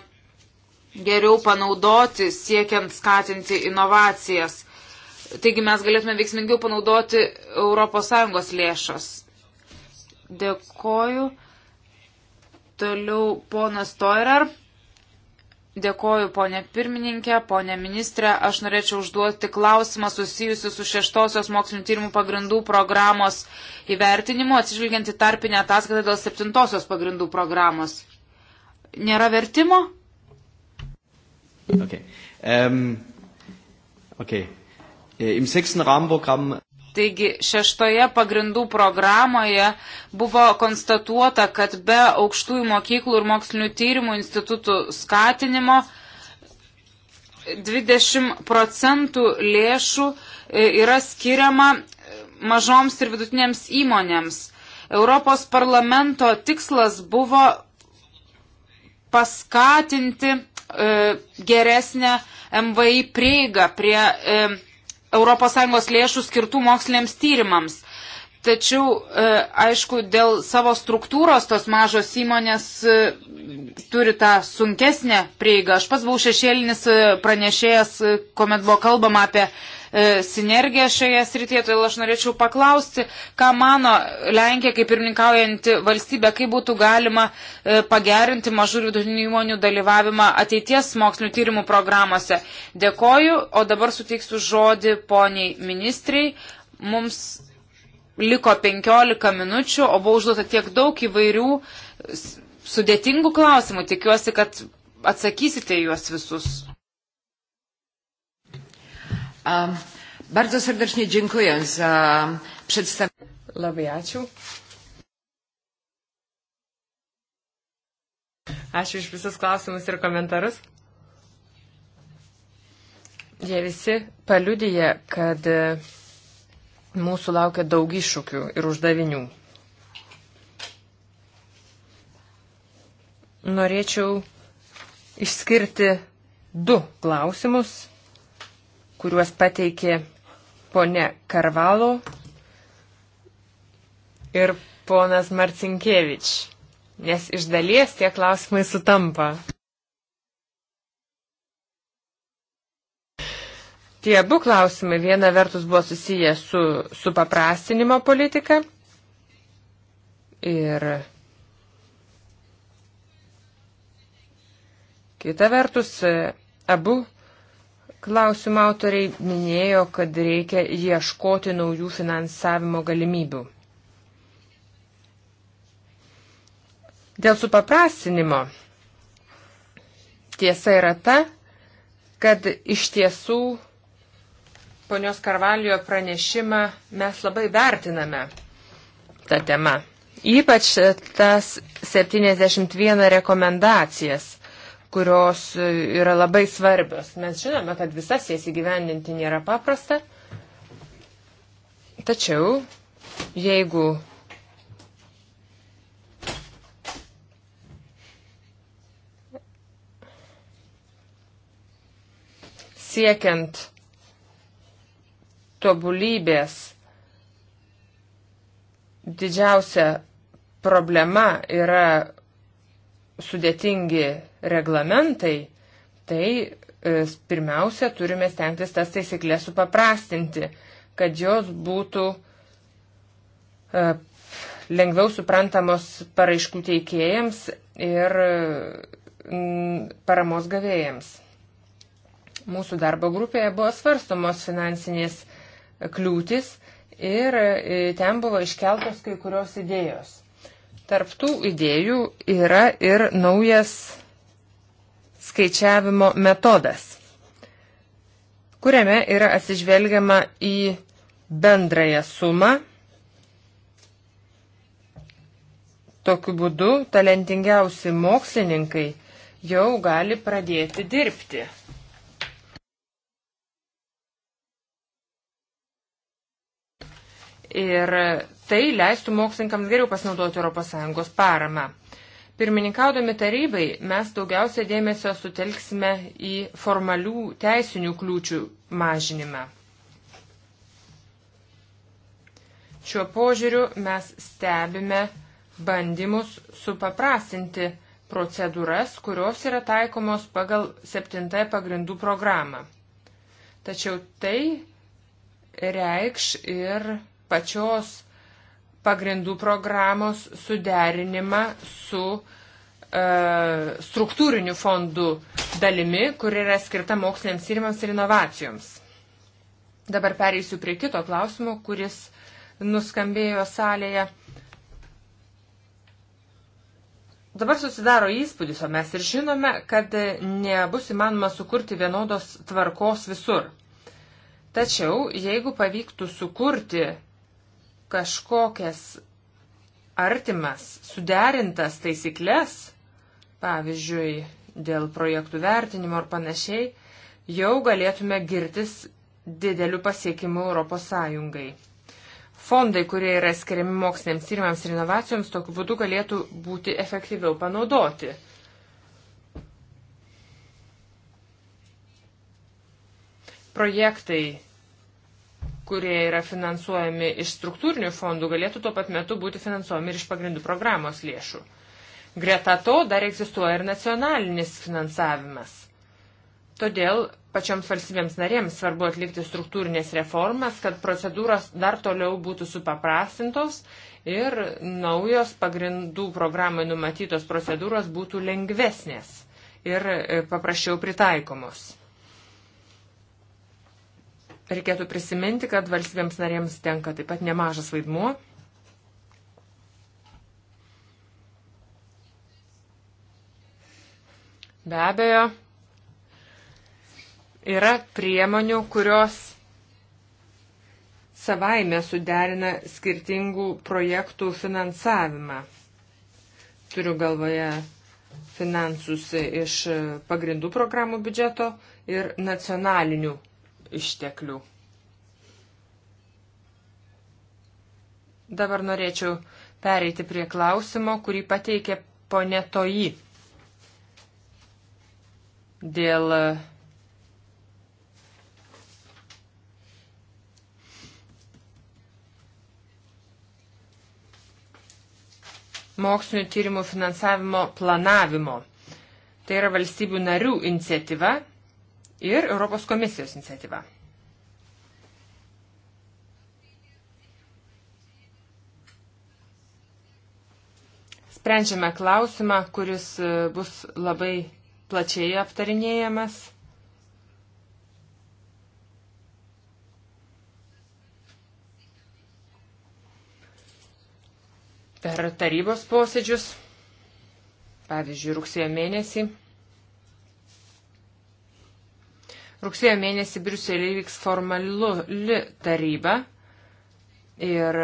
geriau panaudoti, siekiant skatinti inovacijas. Taigi mes galėtume veiksmingiau panaudoti ES lėšas. Dėkoju. Toliau ponas Toirar. Dėkoju, ponė pirmininkė, ponė ministrė. Aš norėčiau užduoti klausimą susijusiu su šeštosios mokslinio tyrimų pagrindų programos įvertinimu, atsižvelgiant į tarpinę ataskaitą dėl septintosios pagrindų programos. Nėra vertimo? Okay. Um, okay. Im sechsten Rahmenprogramm Taigi šeštoje pagrindų programoje buvo konstatuota, kad be aukštųjų mokyklų ir mokslinių tyrimų institutų skatinimo 20 procentų lėšų e, yra skiriama e, mažoms ir vidutinėms įmonėms. Europos parlamento tikslas buvo paskatinti e, geresnę MVI prieigą prie e, ES lėšų skirtų moksliniams tyrimams. Tačiau, e, aišku, dėl savo struktūros tos mažos įmonės e, turi tą sunkesnę prieigą. Aš pats buvau šešėlinis e, pranešėjas, kuomet buvo kalbama apie E, sinergiją šioje srityje, todėl aš norėčiau paklausti, ką mano Lenkija kaip pirmininkaujanti valstybė, kaip būtų galima e, pagerinti mažų ir vidutinių įmonių dalyvavimą ateities mokslinių tyrimų programuose. Dėkoju, o dabar suteiksiu žodį poniai ministrei. Mums liko 15 minučių, o buvo užduota tiek daug įvairių sudėtingų klausimų. Tikiuosi, kad atsakysite juos visus. Bardzo serdecznie dziękuję za przedstawienie. Labai ačiū. Ačiū iš visus klausimus ir komentarus. Jie visi paliudyje, kad mūsų laukia daug iššūkių ir uždavinių. Norėčiau išskirti du klausimus kuriuos pateikė ponė Karvalo ir ponas Marcinkievič, nes iš dalies tie klausimai sutampa. Tie abu klausimai viena vertus buvo susiję su, su paprastinimo politika ir kita vertus e, abu Klausimo autoriai minėjo, kad reikia ieškoti naujų finansavimo galimybių. Dėl supaprastinimo tiesa yra ta, kad iš tiesų ponios Karvalijo pranešimą mes labai vertiname tą temą. Ypač tas 71 rekomendacijas kurios e, yra labai svarbios. Mes žinome, kad visas jas įgyvendinti nėra paprasta. Tačiau, jeigu siekiant tobulybės didžiausia problema yra sudėtingi reglamentai, tai e, pirmiausia turime stengtis tas taisyklės supaprastinti, kad jos būtų e, lengviau suprantamos paraiškų teikėjams ir paramos gavėjams. Mūsų darbo grupėje buvo svarstomos finansinės kliūtis ir e, ten buvo iškeltos kai kurios idėjos. Tarptų idėjų yra ir naujas skaičiavimo metodas, kuriame yra atsižvelgiama į bendrąją sumą. Tokiu būdu talentingiausi mokslininkai jau gali pradėti dirbti. Ir tai leistų mokslininkams geriau pasinaudoti ES paramą. Pirmininkaudami tarybai mes daugiausia dėmesio sutelksime į formalių teisinių kliūčių mažinimą. Šiuo požiūriu mes stebime bandymus supaprastinti procedūras, kurios yra taikomos pagal septintąją pagrindų programą. Tačiau tai reikš ir pačios pagrindų programos suderinimą su e, struktūrinių fondų dalimi, kur yra skirta moksliniams tyrimams ir inovacijoms. Dabar pereisiu prie kito klausimo, kuris nuskambėjo salėje. Dabar susidaro įspūdis, o mes ir žinome, kad nebus įmanoma sukurti vienodos tvarkos visur. Tačiau, jeigu pavyktų sukurti kažkokias artimas, suderintas taisyklės, pavyzdžiui, dėl projektų vertinimo ar panašiai, jau galėtume girtis dideliu pasiekimu Europos Sąjungai. Fondai, kurie yra skiriami moksliniams tyrimams ir inovacijoms, tokiu būdu galėtų būti efektyviau panaudoti. Projektai kurie yra finansuojami iš struktūrinių fondų, galėtų tuo pat metu būti finansuojami ir iš pagrindų programos lėšų. Greta to dar egzistuoja ir nacionalinis finansavimas. Todėl pačioms valstybėms narėms svarbu atlikti struktūrinės reformas, kad procedūros dar toliau būtų supaprastintos ir naujos pagrindų programai numatytos procedūros būtų lengvesnės ir e, paprasčiau pritaikomos. Reikėtų prisiminti, kad valstybėms narėms tenka taip pat nemažas vaidmuo. Be abejo, yra priemonių, kurios savaime suderina skirtingų projektų finansavimą. Turiu galvoje finansus iš pagrindų programų biudžeto ir nacionalinių išteklių. Dabar norėčiau pereiti prie klausimo, kurį pateikė ponė Toji dėl mokslinio tyrimų finansavimo planavimo. Tai yra valstybių narių iniciatyva ir Europos komisijos iniciatyva. Sprendžiame klausimą, kuris e, bus labai plačiai aptarinėjamas. per tarybos posėdžius, pavyzdžiui, rugsėjo mėnesį. Rugsėjo mėnesį Briuselėje vyks formali taryba ir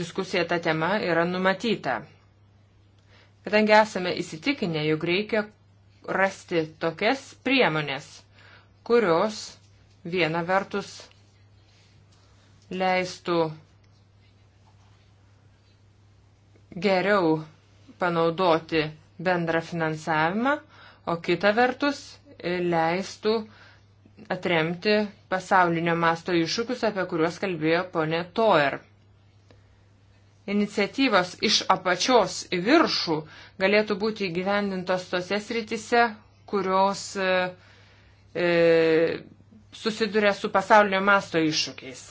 diskusija ta tema yra numatyta. Kadangi esame įsitikinę, jog reikia rasti tokias priemonės, kurios viena vertus leistų geriau panaudoti bendrą finansavimą, o kita vertus leistų uh, atremti pasaulinio masto iššūkius, apie kuriuos kalbėjo ponė Toer. Iniciatyvos iš apačios į viršų galėtų būti įgyvendintos tose sritise, kurios e, e susiduria su pasaulinio masto iššūkiais.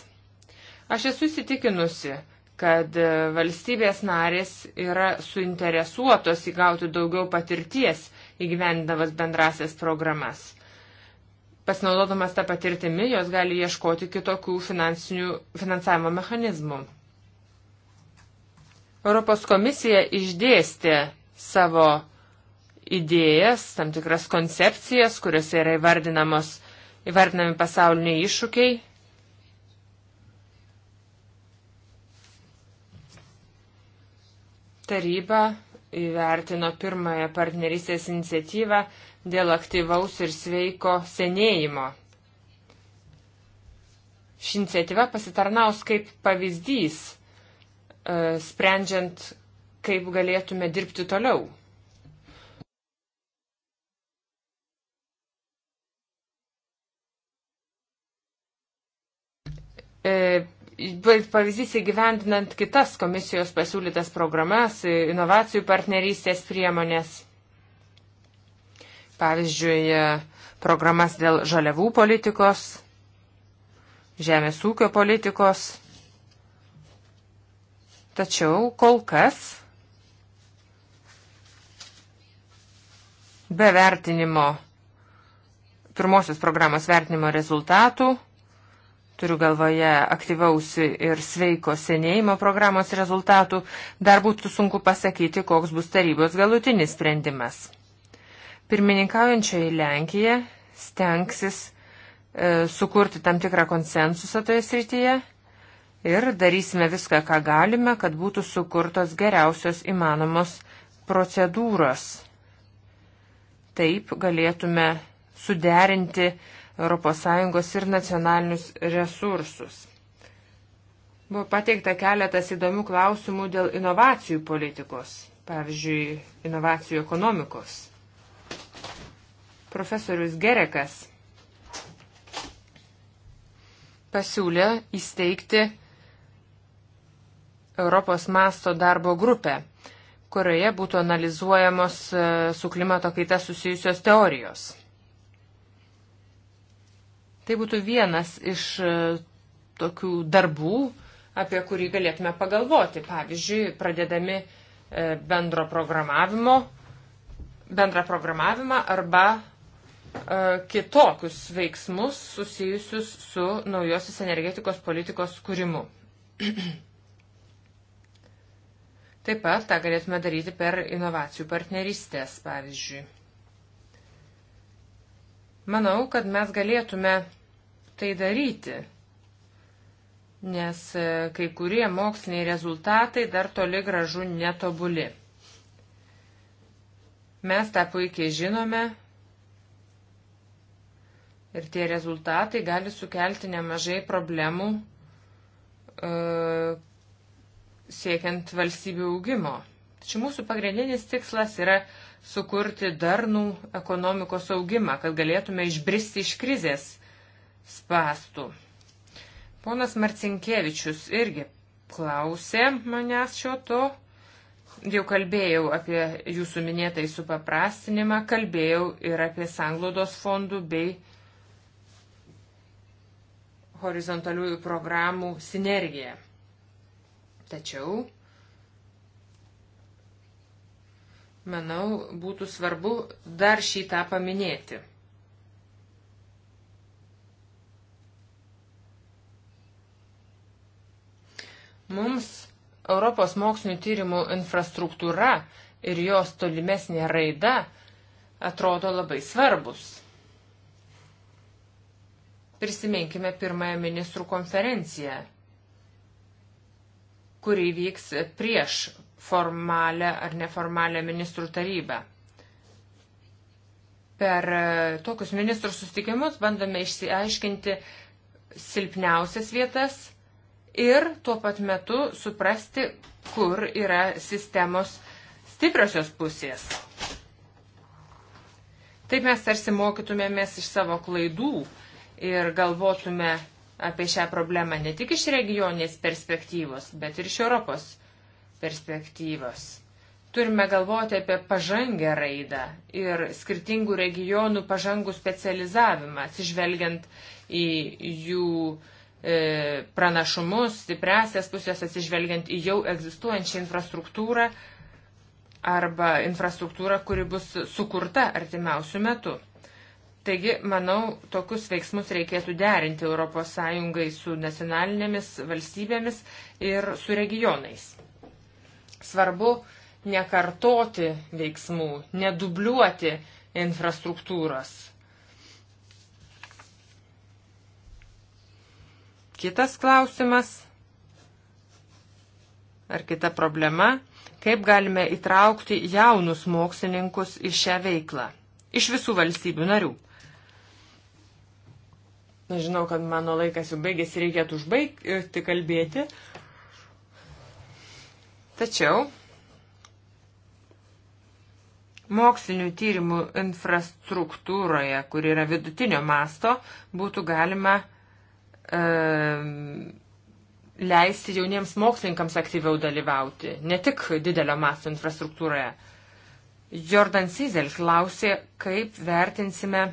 Aš esu įsitikinusi, kad e, valstybės narės yra suinteresuotos įgauti daugiau patirties įgyvendavas bendrasias programas pasinaudodamas tą patirtimį, jos gali ieškoti kitokių finansavimo mechanizmų. Europos komisija išdėstė savo idėjas, tam tikras koncepcijas, kuriuose yra įvardinamos, įvardinami pasauliniai iššūkiai. Taryba įvertino pirmąją partnerystės iniciatyvą dėl aktyvaus ir sveiko senėjimo. Ši iniciatyva pasitarnaus kaip pavyzdys, e, sprendžiant, kaip galėtume dirbti toliau. E, pavyzdys įgyvendinant kitas komisijos pasiūlytas programas, inovacijų partnerystės priemonės. Pavyzdžiui, programas dėl žaliavų politikos, žemės ūkio politikos. Tačiau kol kas be vertinimo, pirmosios programos vertinimo rezultatų, turiu galvoje aktyvausi ir sveiko senėjimo programos rezultatų, dar būtų sunku pasakyti, koks bus tarybos galutinis sprendimas. Pirmininkaujančioji Lenkija stengsis e, sukurti tam tikrą konsensusą toje srityje ir darysime viską, ką galime, kad būtų sukurtos geriausios įmanomos procedūros. Taip galėtume suderinti ES ir nacionalinius resursus. Buvo pateikta keletas įdomių klausimų dėl inovacijų politikos, pavyzdžiui, inovacijų ekonomikos. Profesorius Gerekas pasiūlė įsteigti Europos masto darbo grupę, kurioje būtų analizuojamos e, su klimato kaita susijusios teorijos. Tai būtų vienas iš e, tokių darbų, apie kurį galėtume pagalvoti. Pavyzdžiui, pradedami e, bendro programavimo, bendrą programavimą arba E, kitokius veiksmus susijusius su naujosios energetikos politikos kūrimu. Taip pat tą galėtume daryti per inovacijų partnerystės, pavyzdžiui. Manau, kad mes galėtume tai daryti, nes e, kai kurie moksliniai rezultatai dar toli gražu netobuli. Mes tą puikiai žinome, ir tie rezultatai gali sukelti nemažai problemų e, siekiant valstybių augimo. Tačiau mūsų pagrindinis tikslas yra sukurti darnų ekonomikos augimą, kad galėtume išbristi iš krizės spastų. Ponas Marcinkievičius irgi klausė manęs šio to. Jau kalbėjau apie jūsų minėtai supaprastinimą, kalbėjau ir apie sanglaudos fondų bei horizontaliųjų programų sinergiją. Tačiau, manau, būtų svarbu dar šitą paminėti. Mums Europos mokslinio tyrimų infrastruktūra ir jos tolimesnė raida atrodo labai svarbus. Prisiminkime pirmąją ministrų konferenciją, kuri vyks prieš formalę ar neformalę ministrų tarybą. Per e, tokius ministrų susitikimus bandome išsiaiškinti silpniausias vietas ir tuo pat metu suprasti, kur yra sistemos stipriosios pusės. Taip mes tarsi mokytumėmės iš savo klaidų ir galvotume apie šią problemą ne tik iš regioninės perspektyvos, bet ir iš Europos perspektyvos. Turime galvoti apie pažangę raidą ir skirtingų regionų pažangų specializavimą, atsižvelgiant į jų e, pranašumus, stipresias pusės, atsižvelgiant į jau egzistuojančią infrastruktūrą arba infrastruktūrą, kuri bus sukurta artimiausių metų. Taigi, manau, tokius veiksmus reikėtų derinti ES su nacionalinėmis valstybėmis ir su regionais. Svarbu nekartoti veiksmų, nedubliuoti infrastruktūros. Kitas klausimas ar kita problema - kaip galime įtraukti jaunus mokslininkus į šią veiklą iš visų valstybių narių. Na, žinau, kad mano laikas jau baigėsi, reikėtų užbaigti kalbėti. Tačiau mokslinių tyrimų infrastruktūroje, kur yra vidutinio masto, būtų galima e, leisti jauniems mokslininkams aktyviau dalyvauti, ne tik didelio masto infrastruktūroje. Jordan Sizel klausė, kaip vertinsime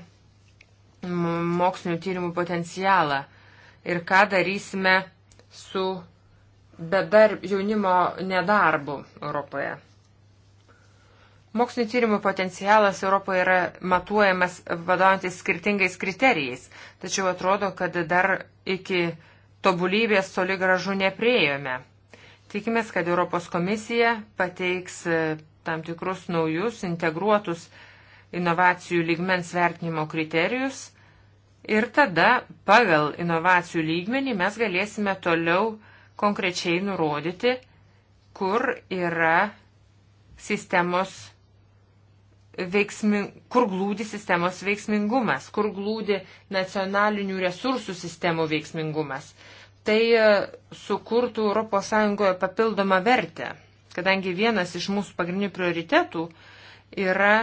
mokslinių tyrimų potencialą ir ką darysime su bedar jaunimo nedarbu Europoje. Mokslinio tyrimų potencialas Europoje yra matuojamas vadovantis skirtingais kriterijais, tačiau atrodo, kad dar iki tobulybės toli gražu nepriejome. Tikimės, kad Europos komisija pateiks e, tam tikrus naujus integruotus inovacijų lygmens vertinimo kriterijus ir tada pagal inovacijų lygmenį mes galėsime toliau konkrečiai nurodyti, kur yra sistemos veiksmin, kur glūdi sistemos veiksmingumas, kur glūdi nacionalinių resursų sistemų veiksmingumas. Tai e, sukurtų ES papildomą vertę, kadangi vienas iš mūsų pagrindinių prioritetų yra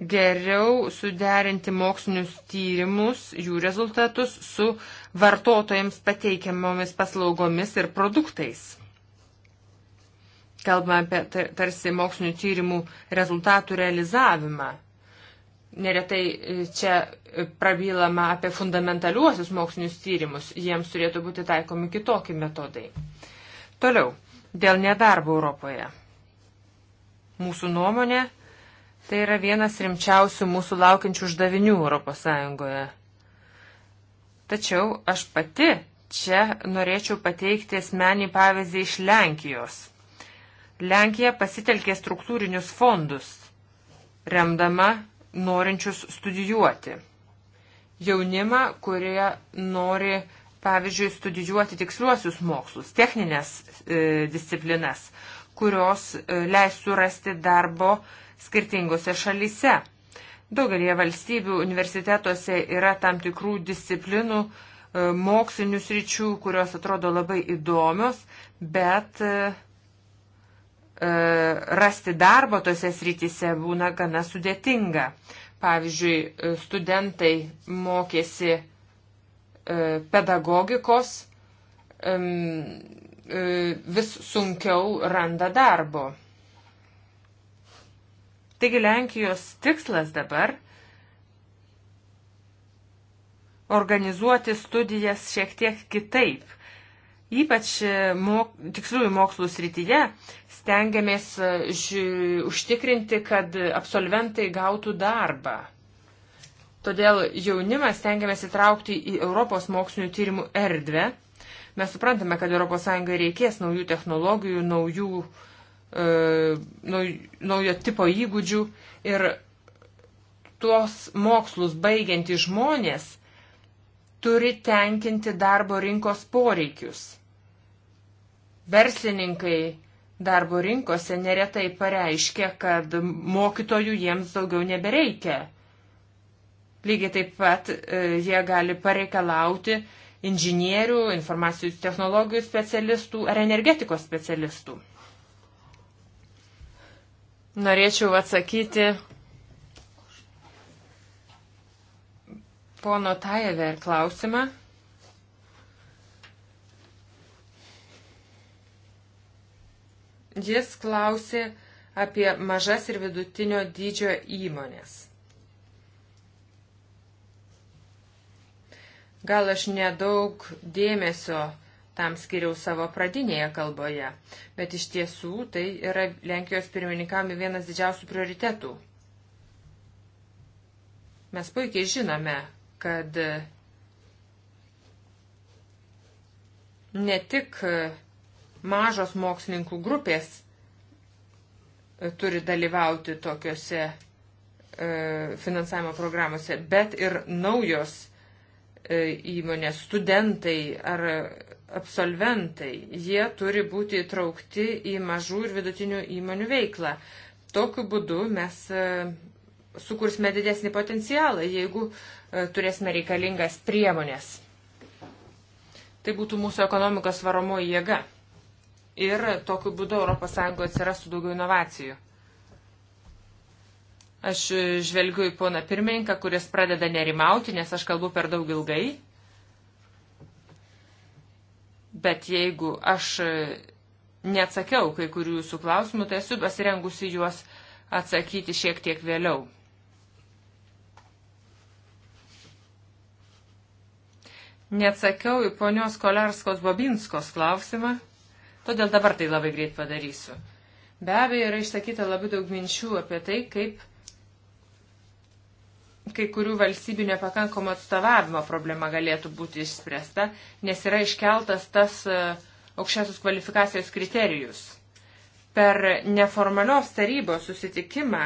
geriau suderinti mokslinius tyrimus, jų rezultatus su vartotojams pateikiamomis paslaugomis ir produktais. Kalbame apie tarsi mokslinių tyrimų rezultatų realizavimą. Neretai e, čia prabylama apie fundamentaliuosius mokslinius tyrimus, jiems turėtų būti taikomi kitokie metodai. Toliau, dėl nedarbo Europoje. Mūsų nuomonė Tai yra vienas rimčiausių mūsų laukiančių uždavinių ES. Tačiau aš pati čia norėčiau pateikti asmenį pavyzdį iš Lenkijos. Lenkija pasitelkė struktūrinius fondus, remdama norinčius studijuoti. Jaunimą, kurie nori, pavyzdžiui, studijuoti tiksliuosius mokslus, techninės e, disciplinas, kurios e, leis surasti darbo e, skirtingose šalyse. Daugelie valstybių universitetuose yra tam tikrų disciplinų, e, mokslinių sričių, kurios atrodo labai įdomios, bet e, e, rasti darbo tose srityse būna gana sudėtinga. Pavyzdžiui, studentai mokėsi pedagogikos, vis sunkiau randa darbo. Taigi Lenkijos tikslas dabar organizuoti studijas šiek tiek kitaip. Ypač e, mok, tiksliųjų mokslų srityje stengiamės e, ži, užtikrinti, kad absolventai gautų darbą. Todėl jaunimą stengiamės įtraukti į Europos mokslinių tyrimų erdvę. Mes suprantame, kad ES reikės naujų technologijų, naujų uh, E, naujo tipo įgūdžių ir tuos mokslus baigiantys žmonės turi tenkinti darbo rinkos poreikius. Verslininkai darbo rinkose neretai pareiškia, kad mokytojų jiems daugiau nebereikia. Lygiai taip pat e, jie gali pareikalauti inžinierių, informacijų technologijų specialistų ar energetikos specialistų. Norėčiau atsakyti pono Tajever klausimą. Jis klausė apie mažas ir vidutinio dydžio įmonės. Gal aš nedaug dėmesio tam skiriau savo pradinėje kalboje, bet iš tiesų tai yra Lenkijos pirmininkami vienas didžiausių prioritetų. Mes puikiai žinome, kad ne tik mažos mokslininkų grupės turi dalyvauti tokiuose e, finansavimo programuose, bet ir naujos e, įmonės, studentai ar absolventai, jie turi būti įtraukti į mažų ir vidutinių įmonių veiklą. Tokiu būdu mes e, sukursime didesnį potencialą, jeigu e, turėsime reikalingas priemonės. Tai būtų mūsų ekonomikos varomoji jėga. Ir tokiu būdu ES atsirastų daugiau inovacijų. Aš žvelgiu į poną pirmininką, kuris pradeda nerimauti, nes aš kalbu per daug ilgai. Bet jeigu aš neatsakiau kai kurių jūsų klausimų, tai esu pasirengusi juos atsakyti šiek tiek vėliau. Neatsakiau į ponios Kolarskos Bobinskos klausimą, todėl dabar tai labai greit padarysiu. Be abejo, yra išsakyta labai daug minčių apie tai, kaip kai kurių valstybių nepakankamo atstovavimo problema galėtų būti išspręsta, nes yra iškeltas tas e, aukščiausios kvalifikacijos kriterijus. Per neformalios tarybos susitikimą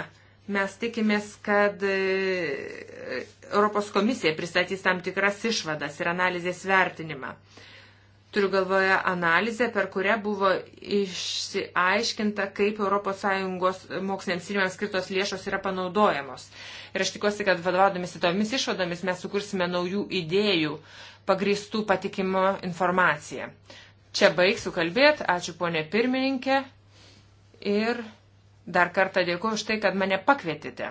mes tikimės, kad e, Europos komisija pristatys tam tikras išvadas ir analizės vertinimą. Turiu galvoje analizę, per kurią buvo išsiaiškinta, kaip ES moksliniams tyrimams skirtos lėšos yra panaudojamos. Ir aš tikiuosi, kad vadovaudomis tomis išvadomis mes sukursime naujų idėjų pagristų patikimo informaciją. Čia baigsiu kalbėti. Ačiū ponė pirmininkė. Ir dar kartą dėkuoju už tai, kad mane pakvietėte.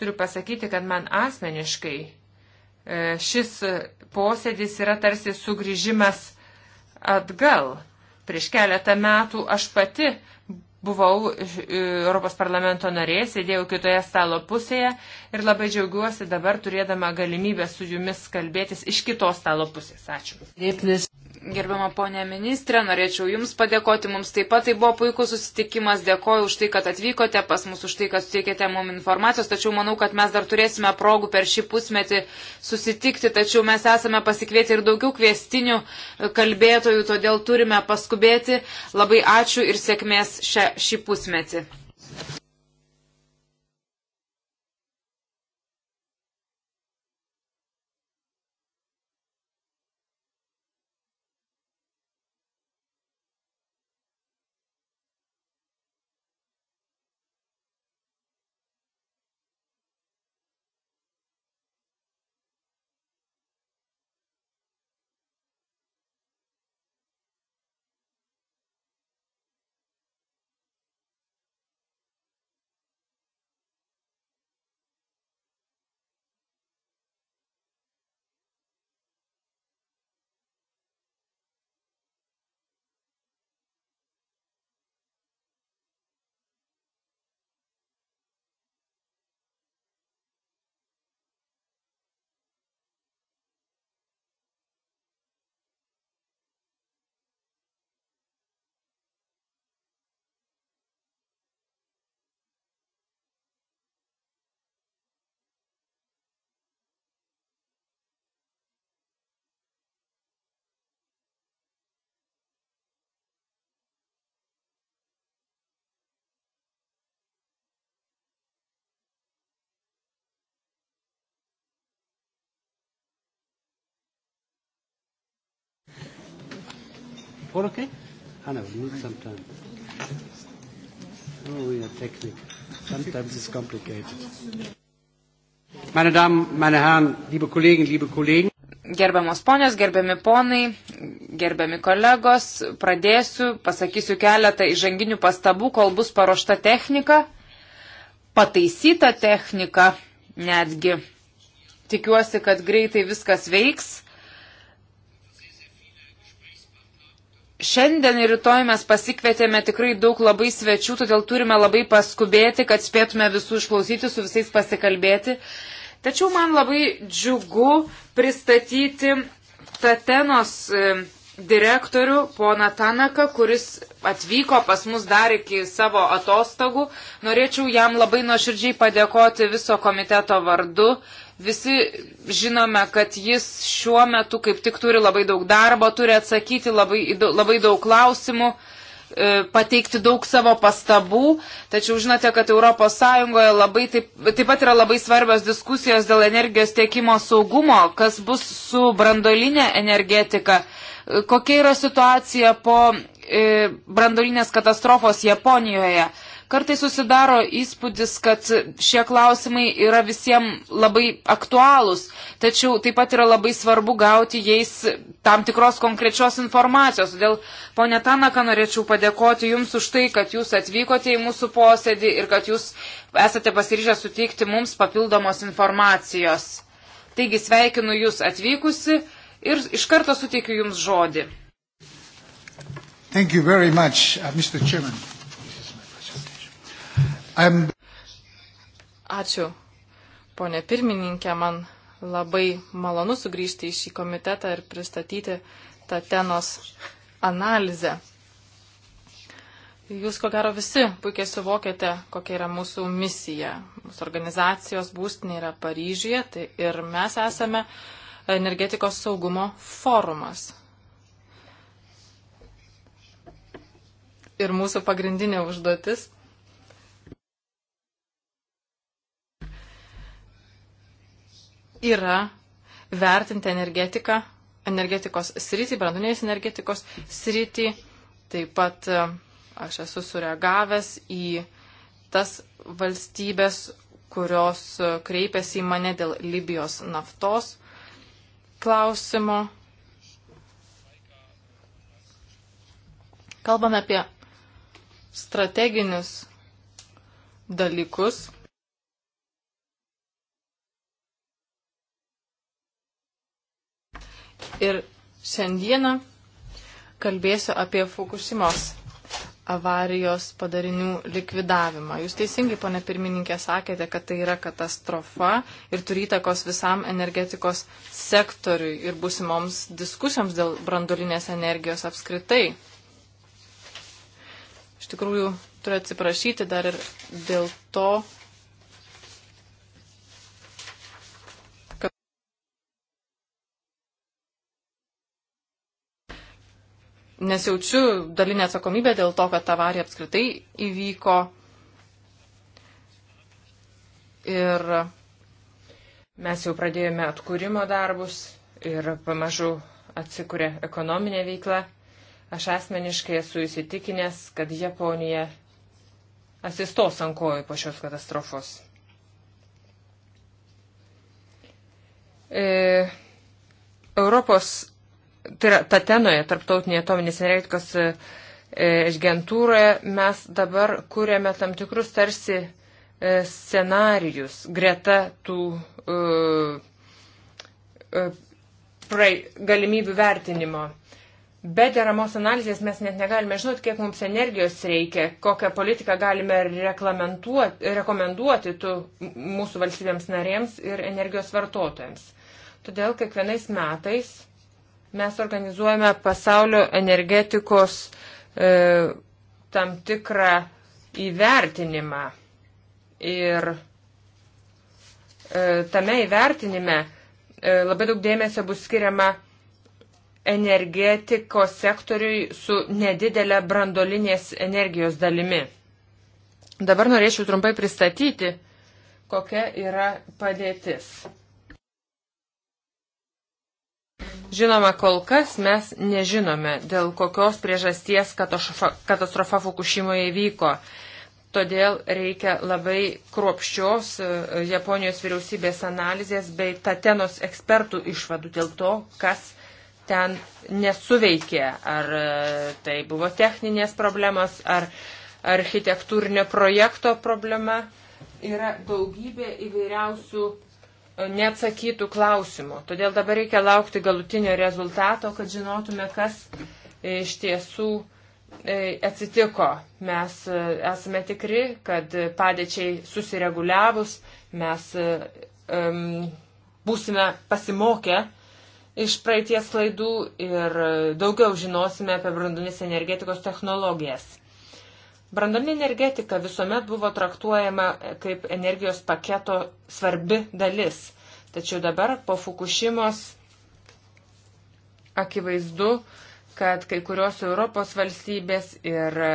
Turiu pasakyti, kad man asmeniškai e, šis posėdis yra tarsi sugrįžimas atgal. Prieš keletą metų aš pati buvau e, Europos parlamento narė, sėdėjau kitoje stalo pusėje ir labai džiaugiuosi dabar turėdama galimybę su jumis kalbėtis iš kitos stalo pusės. Ačiū. Dėklis. Gerbiama ponė ministrė, norėčiau Jums padėkoti. Mums taip pat tai buvo puikus susitikimas. Dėkoju už tai, kad atvykote pas mus, už tai, kad suteikėte mums informacijos. Tačiau manau, kad mes dar turėsime progų per šį pusmetį susitikti. Tačiau mes esame pasikvietę ir daugiau kvestinių kalbėtojų, todėl turime paskubėti. Labai ačiū ir sėkmės šią, šį pusmetį. 4 okay? Hannah, we need some time. Oh, we are technical. Sometimes it's complicated. Meine Damen, meine Herren, liebe Kollegen, liebe Kollegen. Gerbiamos ponios, gerbiami ponai, gerbiami kolegos, pradėsiu, pasakysiu keletą įžanginių pastabų, kol bus paruošta technika, pataisyta technika netgi. Tikiuosi, kad greitai viskas veiks. Šiandien ir rytoj mes pasikvietėme tikrai daug labai svečių, todėl turime labai paskubėti, kad spėtume visų išklausyti, su visais pasikalbėti. Tačiau man labai džiugu pristatyti Tatenos e, direktorių poną Tanaką, kuris atvyko pas mus dar iki savo atostogų. Norėčiau jam labai nuoširdžiai padėkoti viso komiteto vardu. Visi žinome, kad jis šiuo metu kaip tik turi labai daug darbo, turi atsakyti labai, labai daug klausimų, e, pateikti daug savo pastabų, tačiau žinote, kad ES labai taip, taip pat yra labai svarbios diskusijos dėl energijos tiekimo saugumo, kas bus su brandolinė energetika, e, kokia yra situacija po e, brandolinės katastrofos Japonijoje. Kartai susidaro įspūdis, kad šie klausimai yra visiems labai aktualūs, tačiau taip pat yra labai svarbu gauti jais tam tikros konkrečios informacijos. Todėl, ponė Tanaka, norėčiau padėkoti Jums už tai, kad Jūs atvykote į mūsų posėdį ir kad Jūs esate pasiryžę suteikti mums papildomos informacijos. Taigi sveikinu Jūs atvykusi ir iš karto suteikiu Jums žodį. Thank you very much, uh, Mr. Chairman. I'm... Ačiū, ponė pirmininkė, man labai malonu sugrįžti į šį komitetą ir pristatyti tą tenos analizę. Jūs, ko gero, visi puikiai suvokiate, kokia yra mūsų misija. Mūsų organizacijos būstinė yra Paryžiuje tai ir mes esame energetikos saugumo forumas. Ir mūsų pagrindinė užduotis yra vertinti energetiką, energetikos sritį, brandunės energetikos sritį. Taip pat e, aš esu sureagavęs į tas valstybės, kurios e, kreipėsi į mane dėl Libijos naftos klausimo. Kalbame apie strateginius dalykus, Ir šiandieną kalbėsiu apie Fukushimos avarijos padarinių likvidavimą. Jūs teisingai, pane pirmininkė, sakėte, kad tai yra katastrofa ir turi įtakos visam energetikos sektoriui ir būsimoms diskusijoms dėl brandolinės energijos apskritai. Iš tikrųjų, turiu atsiprašyti dar ir dėl to, nesijaučiu dalinę atsakomybę dėl to, kad avarija apskritai įvyko. Ir mes jau pradėjome atkūrimo darbus ir pamažu atsikūrė ekonominė veikla. Aš asmeniškai esu įsitikinęs, kad Japonija asistos ant kojų po šios katastrofos. E, Europos tai yra Tatenoje, tarptautinėje atominės energetikos e, e, agentūroje, mes dabar kūrėme tam tikrus tarsi e, scenarijus greta tų uh, pra, galimybių vertinimo. Be deramos analizės mes net negalime žinoti, kiek mums energijos reikia, kokią politiką galime rekomenduoti tų mūsų valstybėms narėms ir energijos vartotojams. Todėl kiekvienais metais Mes organizuojame pasaulio energetikos e, tam tikrą įvertinimą. Ir e, tame įvertinime e, labai daug dėmesio bus skiriama energetikos sektoriui su nedidelė brandolinės energijos dalimi. Dabar norėčiau trumpai pristatyti, kokia yra padėtis. Žinoma, kol kas mes nežinome, dėl kokios priežasties katastrofa Fukushimoje įvyko. Todėl reikia labai kruopščios e, Japonijos vyriausybės analizės bei Tatenos ekspertų išvadų dėl to, kas ten nesuveikė. Ar e, tai buvo techninės problemas, ar architektūrinio projekto problema. Yra daugybė įvairiausių neatsakytų klausimų. Todėl dabar reikia laukti galutinio rezultato, kad žinotume, kas e, iš tiesų e, atsitiko. Mes e, esame tikri, kad padėčiai susireguliavus mes um, būsime pasimokę iš praeities klaidų ir daugiau žinosime apie branduolinės energetikos technologijas. Brandolinė energetika visuomet buvo traktuojama kaip energijos paketo svarbi dalis. Tačiau dabar po Fukushimos akivaizdu, kad kai kurios Europos valstybės ir e,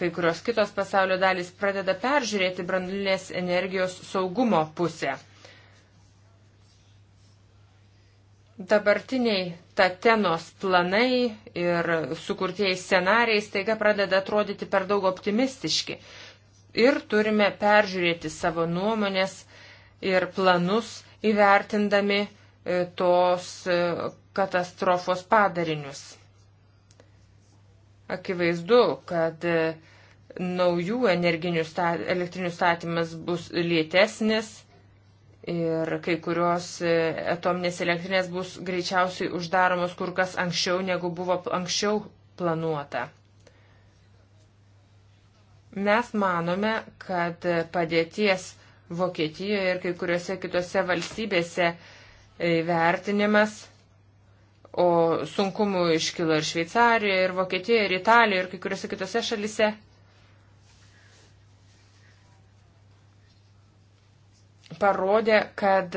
kai kurios kitos pasaulio dalys pradeda peržiūrėti brandulinės energijos saugumo pusę. dabartiniai Tatenos planai ir sukurtieji scenarijai staiga pradeda atrodyti per daug optimistiški. Ir turime peržiūrėti savo nuomonės ir planus įvertindami e, tos e, katastrofos padarinius. Akivaizdu, kad e, naujų energinių elektrinių statymas bus lėtesnis Ir kai kurios e, atominės elektrinės bus greičiausiai uždaromos kur kas anksčiau, negu buvo anksčiau planuota. Mes manome, kad padėties Vokietijoje ir kai kuriuose kitose valstybėse e, vertinimas, o sunkumų iškilo ir Šveicarijoje, ir Vokietijoje, ir Italijoje, ir kai kuriuose kitose šalise parodė, kad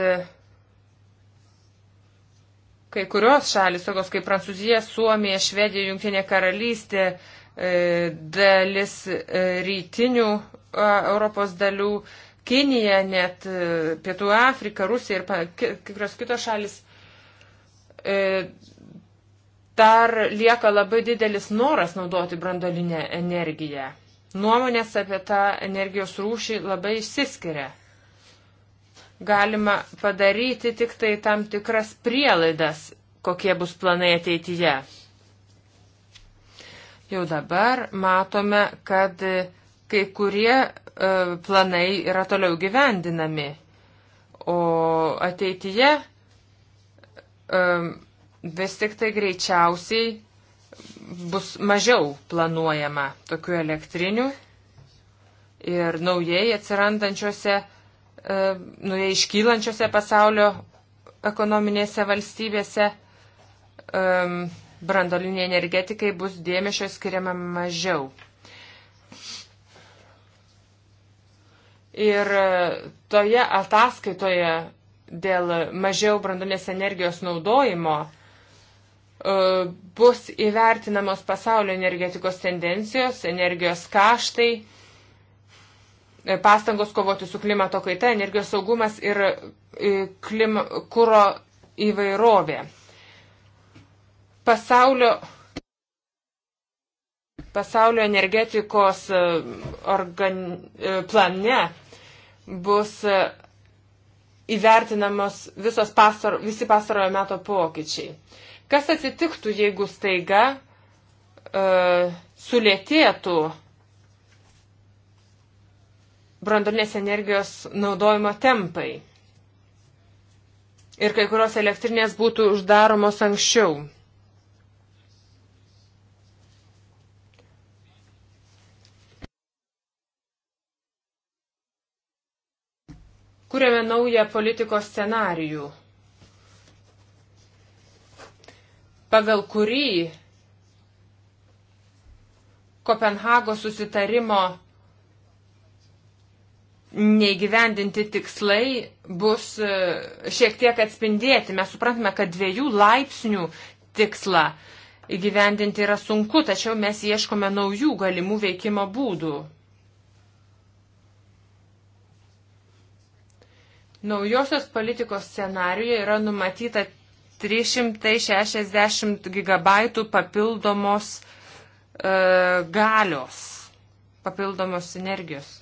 kai kurios šalis, tokios kaip Prancūzija, Suomija, Švedija, Junktinė karalystė, e, dalis e, rytinių Europos dalių, Kinija, net e, Pietų Afrika, Rusija ir kai kurios kitos šalis dar lieka labai didelis noras naudoti brandolinę energiją. Nuomonės apie tą energijos rūšį labai išsiskiria galima padaryti tik tai tam tikras prielaidas, kokie bus planai ateityje. Jau dabar matome, kad kai kurie e, planai yra toliau gyvendinami, o ateityje e, vis tik tai greičiausiai bus mažiau planuojama tokių elektrinių ir naujai atsirandančiose E, nu, iškylančiose pasaulio ekonominėse valstybėse um, brandoliniai energetikai bus dėmesio skiriama mažiau. Ir e, toje ataskaitoje dėl mažiau brandolinės energijos naudojimo bus įvertinamos pasaulio energetikos tendencijos, energijos kaštai, E, pastangos kovoti su klimato kaita, energijos saugumas ir e, klim, kūro įvairovė. Pasaulio, pasaulio energetikos e, organ, plane bus įvertinamos visos pastaro, visi pastarojo meto pokyčiai. Kas atsitiktų, jeigu staiga uh, sulėtėtų uh, brandomės energijos naudojimo tempai. Ir kai kurios elektrinės būtų uždaromos anksčiau. Kūrėme naują politikos scenarijų, pagal kurį Kopenhagos susitarimo neįgyvendinti tikslai bus e, šiek tiek atspindėti. Mes suprantame, kad dviejų laipsnių tikslą įgyvendinti yra sunku, tačiau mes ieškome naujų galimų veikimo būdų. Naujosios politikos scenariuje yra numatyta 360 gigabaitų papildomos e, galios, papildomos energijos.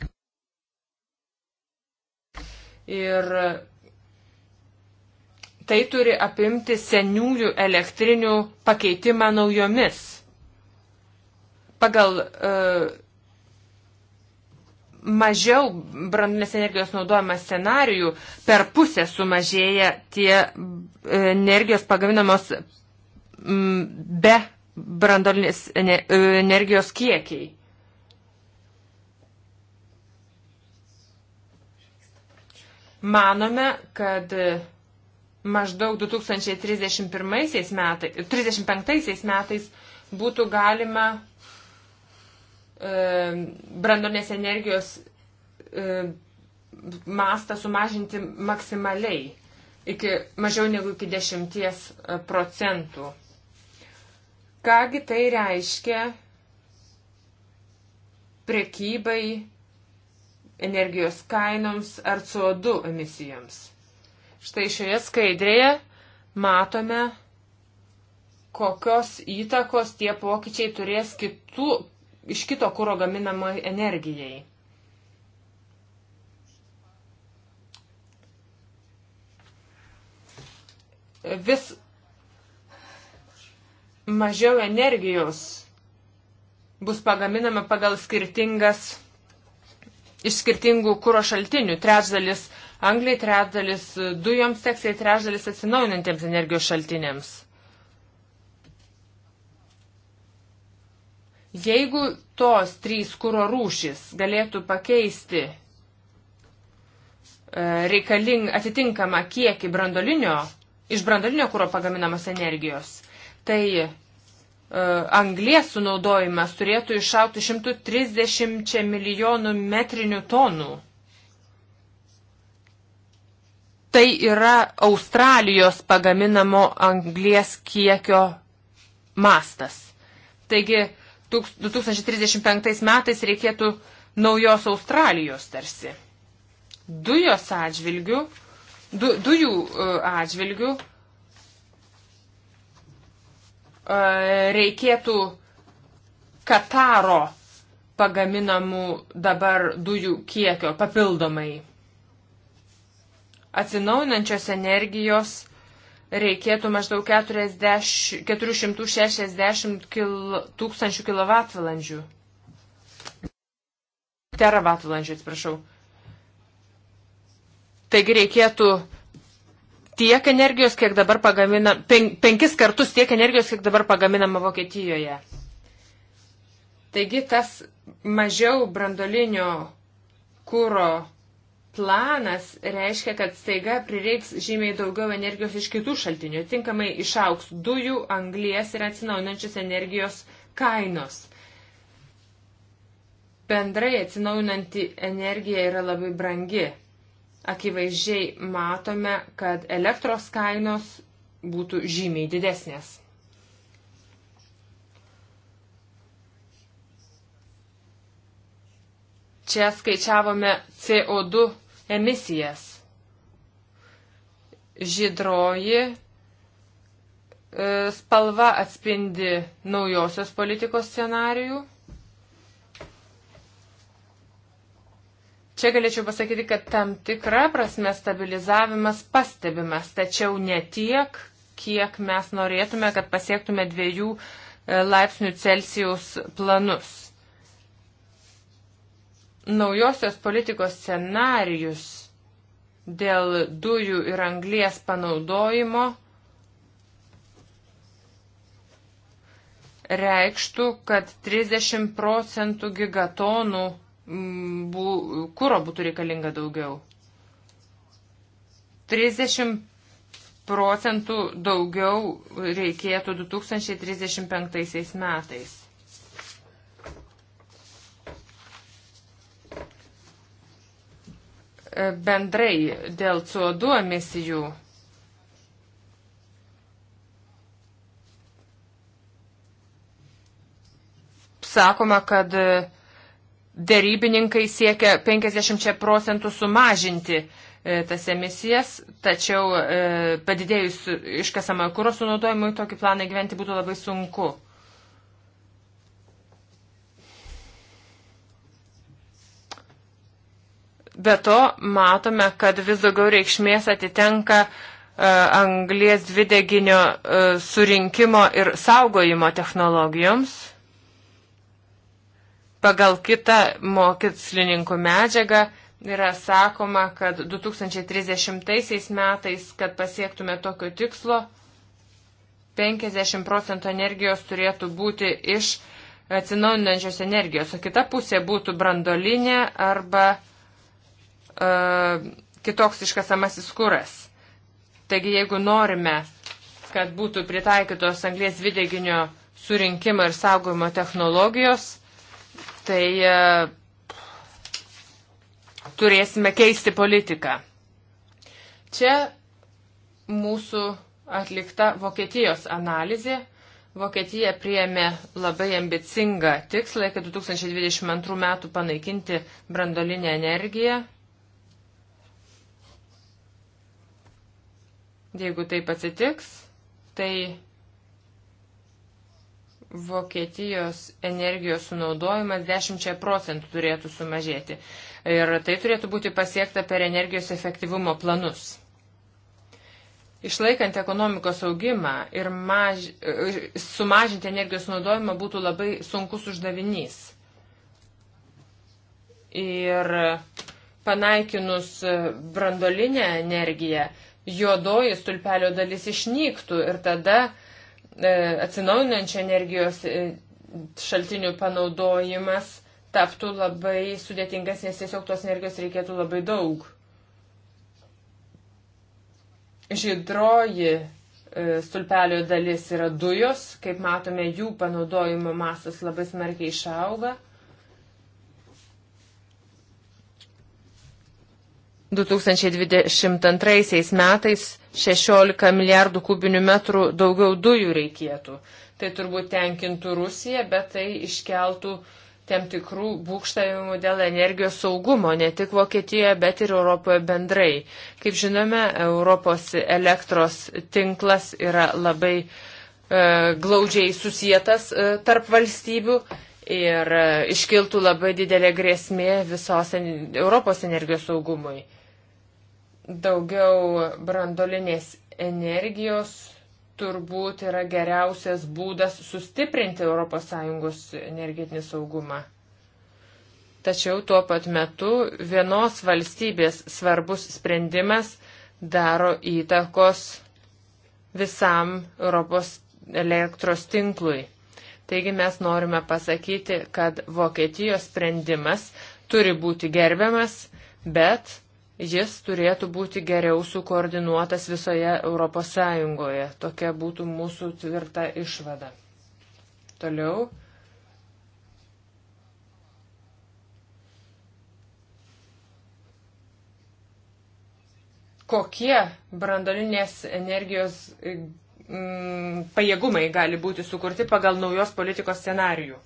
Ir tai turi apimti seniųjų elektrinių pakeitimą naujomis. Pagal uh, mažiau branduolinės energijos naudojimą scenarijų per pusę sumažėja tie e, energijos pagaminamos be branduolinės e, energijos kiekiai. Manome, kad maždaug 2031 metais, 35 metais būtų galima e, brandonės energijos e, mastą sumažinti maksimaliai, iki, mažiau negu iki 10 e, procentų. Kągi tai reiškia prekybai energijos kainoms ar CO2 emisijoms. Štai šioje skaidrėje matome, kokios įtakos tie pokyčiai turės kitų, iš kito kūro gaminamai energijai. Vis mažiau energijos bus pagaminama pagal skirtingas iš skirtingų kūro šaltinių. Trečdalis angliai, trečdalis dujoms teksai, trečdalis atsinaujinantiems energijos šaltiniams. Jeigu tos trys kūro rūšis galėtų pakeisti e, reikaling, atitinkamą kiekį brandolinio, iš brandolinio kūro pagaminamos energijos, tai E, anglės sunaudojimas turėtų išaukti 130 milijonų metrinių tonų. Tai yra Australijos pagaminamo anglės kiekio mastas. Taigi 2035 metais reikėtų naujos Australijos tarsi. Dujos atžvilgių, du, dujų e, atžvilgių E, reikėtų Kataro pagaminamų dabar dujų kiekio papildomai. Atsinaujinančios energijos reikėtų maždaug 40, 460 kil, tūkstančių kilovatvalandžių. Teravatvalandžių, atsiprašau. Taigi reikėtų tiek energijos, kiek dabar pagamina, pen, penkis kartus tiek energijos, kiek dabar pagaminama Vokietijoje. Taigi tas mažiau brandolinio kūro planas reiškia, kad staiga prireiks žymiai daugiau energijos iš kitų šaltinių. Tinkamai išauks dujų, anglies ir atsinaujinančios energijos kainos. Bendrai atsinaujinanti energija yra labai brangi akivaizdžiai matome, kad elektros kainos būtų žymiai didesnės. Čia skaičiavome CO2 emisijas. Žydroji e, spalva atspindi naujosios politikos scenarijų. Čia galėčiau pasakyti, kad tam tikra prasme stabilizavimas pastebimas, tačiau ne tiek, kiek mes norėtume, kad pasiektume dviejų e, laipsnių Celsijaus planus. Naujosios politikos scenarius dėl dujų ir anglies panaudojimo reikštų, kad 30 procentų gigatonų Mm, bū, kūro būtų reikalinga daugiau. 30 procentų daugiau reikėtų 2035 metais. E, bendrai dėl CO2 emisijų sakoma, kad Dėrybininkai siekia 50 procentų sumažinti e, tas emisijas, tačiau e, padidėjus iškasamojo kūro sunaudojimui tokį planą gyventi būtų labai sunku. Be to, matome, kad vis daugiau reikšmės atitenka e, anglės dvideginio surinkimo ir saugojimo technologijoms. Pagal kitą mokslininkų medžiagą yra sakoma, kad 2030 metais, kad pasiektume tokio tikslo, 50 procentų energijos turėtų būti iš atsinaujinančios energijos, o kita pusė būtų brandolinė arba e, kitoks iškasamasis kuras. Taigi, jeigu norime, kad būtų pritaikytos anglės dvideginio surinkimo ir saugojimo technologijos, tai e, turėsime keisti politiką. Čia mūsų atlikta Vokietijos analizė. Vokietija priėmė labai ambicingą tikslą iki 2022 metų panaikinti brandolinę energiją. Jeigu taip atsitiks, tai Vokietijos energijos sunaudojimas 10 procentų turėtų sumažėti. Ir tai turėtų būti pasiekta per energijos efektyvumo planus. Išlaikant ekonomikos augimą ir maž... sumažinti energijos sunaudojimą būtų labai sunkus uždavinys. Ir panaikinus brandolinę energiją, juodoji stulpelio dalis išnyktų ir tada E, atsinaujinančių energijos e, šaltinių panaudojimas taptų labai sudėtingas, nes tiesiog tos energijos reikėtų labai daug. Žydroji e, stulpelio dalis yra dujos, kaip matome, jų panaudojimo mastas labai smarkiai išauga. 2022 metais 16 milijardų kubinių metrų daugiau dujų reikėtų. Tai turbūt tenkintų Rusiją, bet tai iškeltų tam tikrų būkštavimų dėl energijos saugumo, ne tik Vokietijoje, bet ir Europoje bendrai. Kaip žinome, Europos elektros tinklas yra labai e, glaudžiai susijęs e, tarp valstybių ir e, iškiltų labai didelė grėsmė visos Europos energijos saugumui daugiau brandolinės energijos turbūt yra geriausias būdas sustiprinti ES energetinį saugumą. Tačiau tuo pat metu vienos valstybės svarbus sprendimas daro įtakos visam Europos elektros tinklui. Taigi mes norime pasakyti, kad Vokietijos sprendimas turi būti gerbiamas, bet jis turėtų būti geriau sukoordinuotas visoje Europos Sąjungoje. Tokia būtų mūsų tvirta išvada. Toliau. Kokie brandolinės energijos mm, pajėgumai gali būti sukurti pagal naujos politikos scenarijų?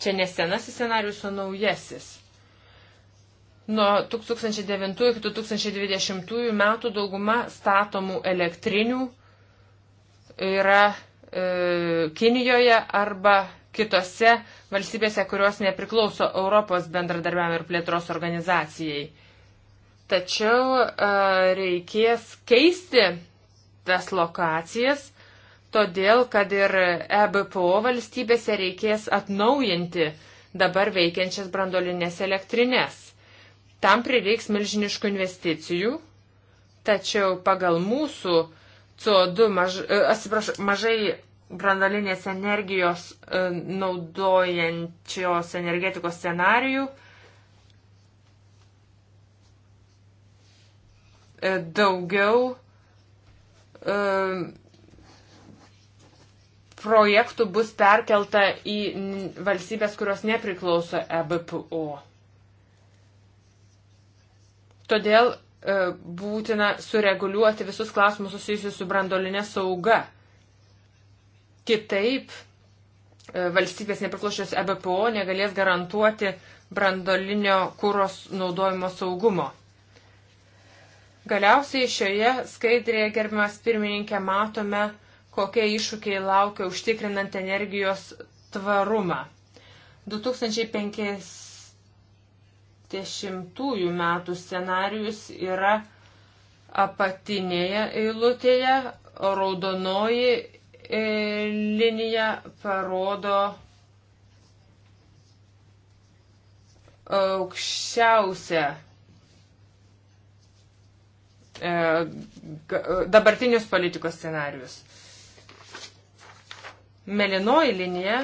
Čia ne senasis scenarius, o naujasis Nuo 2009 iki 2020 metų dauguma statomų elektrinių yra e, Kinijoje arba kitose valstybėse, kurios nepriklauso Europos bendradarbiavimo ir plėtros organizacijai. Tačiau e, reikės keisti tas lokacijas, todėl kad ir EBPO valstybėse reikės atnaujinti dabar veikiančias brandolinės elektrinės. Tam prireiks milžiniškų investicijų, tačiau pagal mūsų CO2 maž, e, atsiprašau, mažai brandalinės energijos e, naudojančios energetikos scenarijų e, daugiau projektų bus perkelta į valstybės, kurios nepriklauso EBPO. Todėl e, būtina sureguliuoti visus klausimus susijusius su brandolinė sauga. Kitaip e, valstybės nepriklaušios EBPO negalės garantuoti brandolinio kūros naudojimo saugumo. Galiausiai šioje skaidrėje, gerbimas pirmininkė, matome, kokie iššūkiai laukia užtikrinant energijos tvarumą. 2050 dešimtųjų metų scenarius yra apatinėje eilutėje, raudonoji e, linija parodo aukščiausią e, dabartinius politikos scenarius. Melinoji linija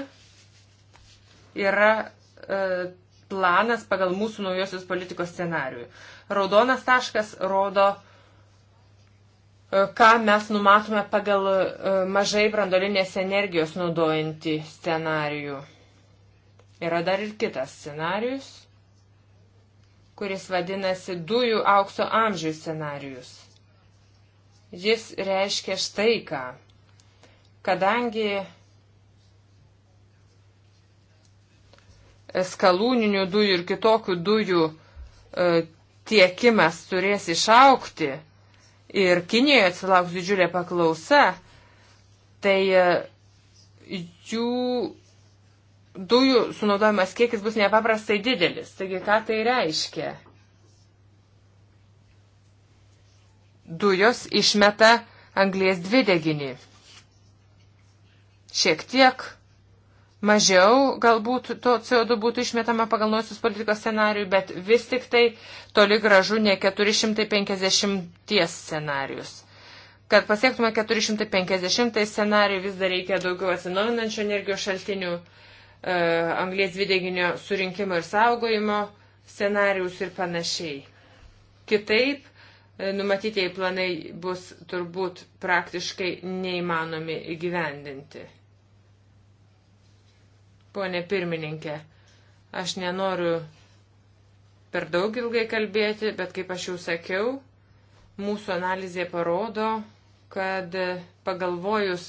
yra e, planas pagal mūsų naujosios politikos scenarių. Raudonas taškas rodo, e, ką mes numatome pagal e, mažai brandolinės energijos naudojantį scenarijų. Yra dar ir kitas scenarius, kuris vadinasi dujų aukso amžių scenarius. Jis reiškia štai ką. Kadangi skalūninių dujų ir kitokių dujų e, tiekimas turės išaukti ir Kinijoje atsilauks didžiulė paklausa, tai e, jų dujų sunaudojimas kiekis bus nepaprastai didelis. Taigi, ką tai reiškia? Dujos išmeta anglės dvideginį. Šiek tiek mažiau galbūt to CO2 būtų išmetama pagal nuosius politikos scenarių, bet vis tik tai toli gražu ne 450 scenarius. Kad pasiektume 450 scenarių, vis dar reikia daugiau atsinaujinančių energijos šaltinių, e, anglės dvideginio surinkimo ir saugojimo scenarius ir panašiai. Kitaip, e, numatytieji planai bus turbūt praktiškai neįmanomi įgyvendinti. Pone pirmininkė, aš nenoriu per daug ilgai kalbėti, bet kaip aš jau sakiau, mūsų analizė parodo, kad pagalvojus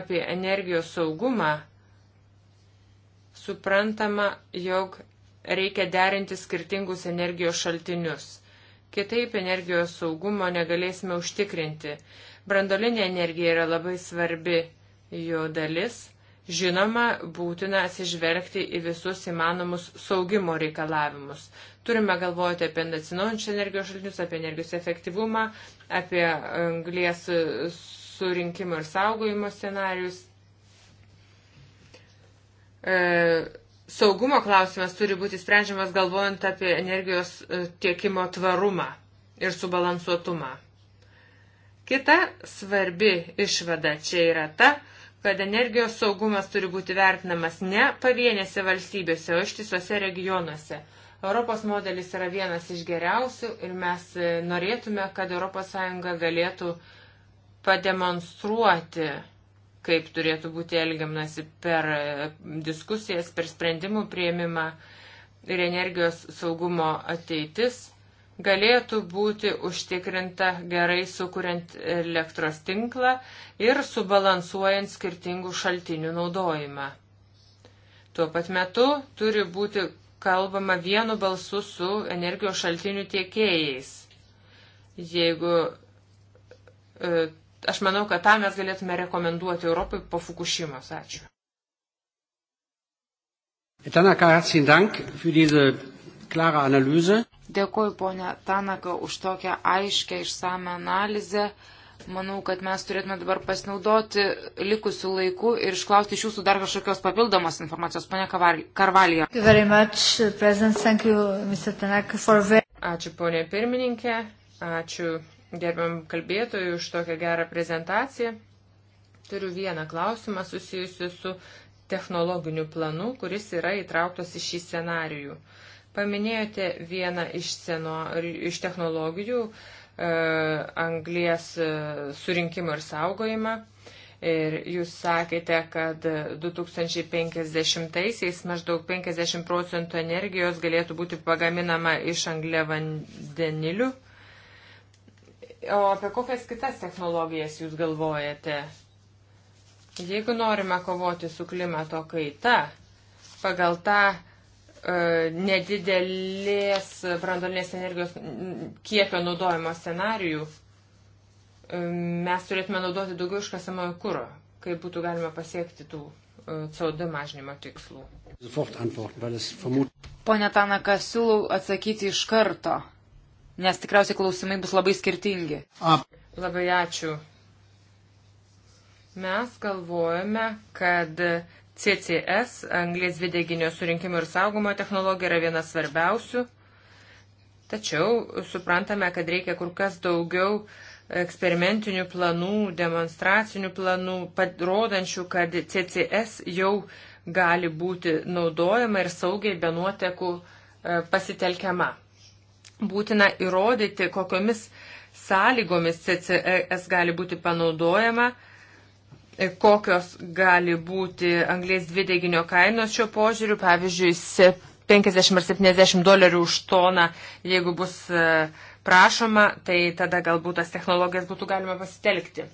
apie energijos saugumą, suprantama, jog reikia derinti skirtingus energijos šaltinius. Kitaip energijos saugumo negalėsime užtikrinti. Brandolinė energija yra labai svarbi jo dalis Žinoma, būtina atsižvelgti į visus įmanomus saugimo reikalavimus. Turime galvoti apie atsinaujančius energijos šaltinius, apie energijos efektyvumą, apie anglies surinkimo ir saugojimo scenarius. E, saugumo klausimas turi būti sprendžiamas galvojant apie energijos e, tiekimo tvarumą ir subalansuotumą. Kita svarbi išvada čia yra ta, kad energijos saugumas turi būti vertinamas ne pavienėse valstybėse, o ištisose regionuose. Europos modelis yra vienas iš geriausių ir mes e, norėtume, kad ES galėtų pademonstruoti, kaip turėtų būti elgiamasi per e, diskusijas, per sprendimų prieimimą ir energijos saugumo ateitis galėtų būti užtikrinta gerai sukuriant elektros tinklą ir subalansuojant skirtingų šaltinių naudojimą. Tuo pat metu turi būti kalbama vienu balsu su energijos šaltinių tiekėjais. Jeigu e, aš manau, kad tą mes galėtume rekomenduoti Europai po Fukushimos. Ačiū. Tanaka, herzlichen Dank für diese klare Analyse. Dėkuoju, ponė Tanaka, už tokią aiškę išsame analizę. Manau, kad mes turėtume dabar pasinaudoti likusių laikų ir išklausti iš jūsų dar kažkokios papildomos informacijos, ponė Karvalija. Uh, Ačiū, ponė pirmininkė. Ačiū gerbiam kalbėtojui už tokią gerą prezentaciją. Turiu vieną klausimą susijusiu su technologiniu planu, kuris yra įtrauktas į šį scenarijų. Uh, Paminėjote vieną iš, seno, iš technologijų e, anglės e, surinkimą ir saugojimą. Ir jūs sakėte, kad 2050-aisiais maždaug 50 procentų energijos galėtų būti pagaminama iš anglė vandenilių. O apie kokias kitas technologijas jūs galvojate? Jeigu norime kovoti su klimato kaita, pagal tą E, nedidelės brandolinės energijos kiekio naudojimo scenarijų e, mes turėtume naudoti daugiau iškasamojo kūro, kaip būtų galima pasiekti tų e, CO2 mažinimo tikslų. Pone Tanaka, siūlau atsakyti iš karto, nes tikriausiai klausimai bus labai skirtingi. Ap. Labai ačiū. Mes galvojame, kad uh, CCS, anglės dvideginio surinkimo ir saugumo technologija, yra viena svarbiausių. Tačiau suprantame, kad reikia kur kas daugiau eksperimentinių planų, demonstracinių planų, rodančių, kad CCS jau gali būti naudojama ir saugiai be nuotekų e, pasitelkiama. Būtina įrodyti, kokiomis sąlygomis CCS gali būti panaudojama E, kokios gali būti anglės dvideginio kainos šio požiūriu, pavyzdžiui, 50 ar 70 dolerių už toną, jeigu bus e, prašoma, tai tada galbūt tas technologijas būtų galima pasitelkti.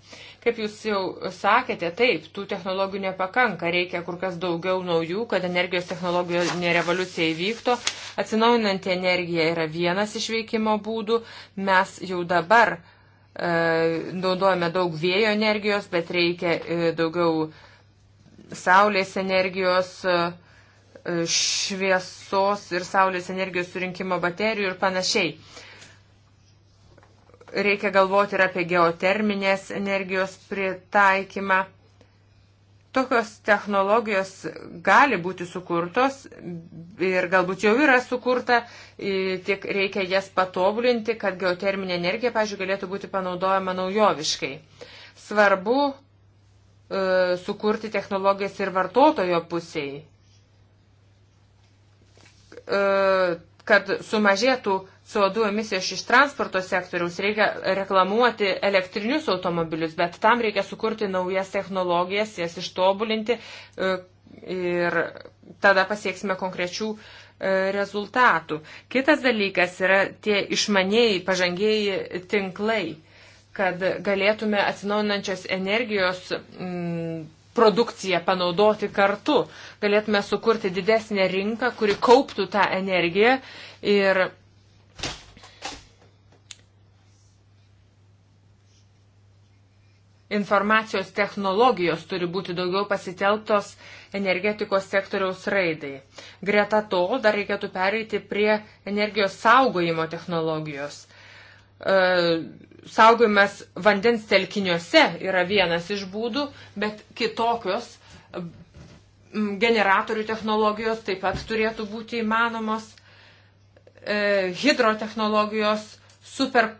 Kaip jūs jau sakėte, taip, tų technologijų nepakanka, reikia kur kas daugiau naujų, kad energijos technologijų revoliucija įvyktų. Atsinaujinanti energija yra vienas iš veikimo būdų. Mes jau dabar uh, E, naudojame daug vėjo energijos, bet reikia e, daugiau saulės energijos, e, šviesos ir saulės energijos surinkimo baterijų ir panašiai. Reikia galvoti ir apie geoterminės energijos pritaikymą. Tokios technologijos gali būti sukurtos ir galbūt jau yra sukurta, tik reikia jas patobulinti, kad geoterminė energija, pažiūrėjau, galėtų būti panaudojama naujoviškai. Svarbu e, sukurti technologijas ir vartotojo pusiai. E, kad sumažėtų CO2 emisijos iš transporto sektoriaus, reikia reklamuoti elektrinius automobilius, bet tam reikia sukurti naujas technologijas, jas ištobulinti e, ir tada pasieksime konkrečių e, rezultatų. Kitas dalykas yra tie išmaniai, pažangiai tinklai, kad galėtume atsinaujinančios energijos m, produkciją panaudoti kartu. Galėtume sukurti didesnę rinką, kuri kauptų tą energiją ir informacijos technologijos turi būti daugiau pasitelktos energetikos sektoriaus raidai. Greta to dar reikėtų pereiti prie energijos saugojimo technologijos. E, saugojimas vandens telkiniuose yra vienas iš būdų, bet kitokios generatorių technologijos taip pat turėtų būti įmanomos, e, hidrotechnologijos, super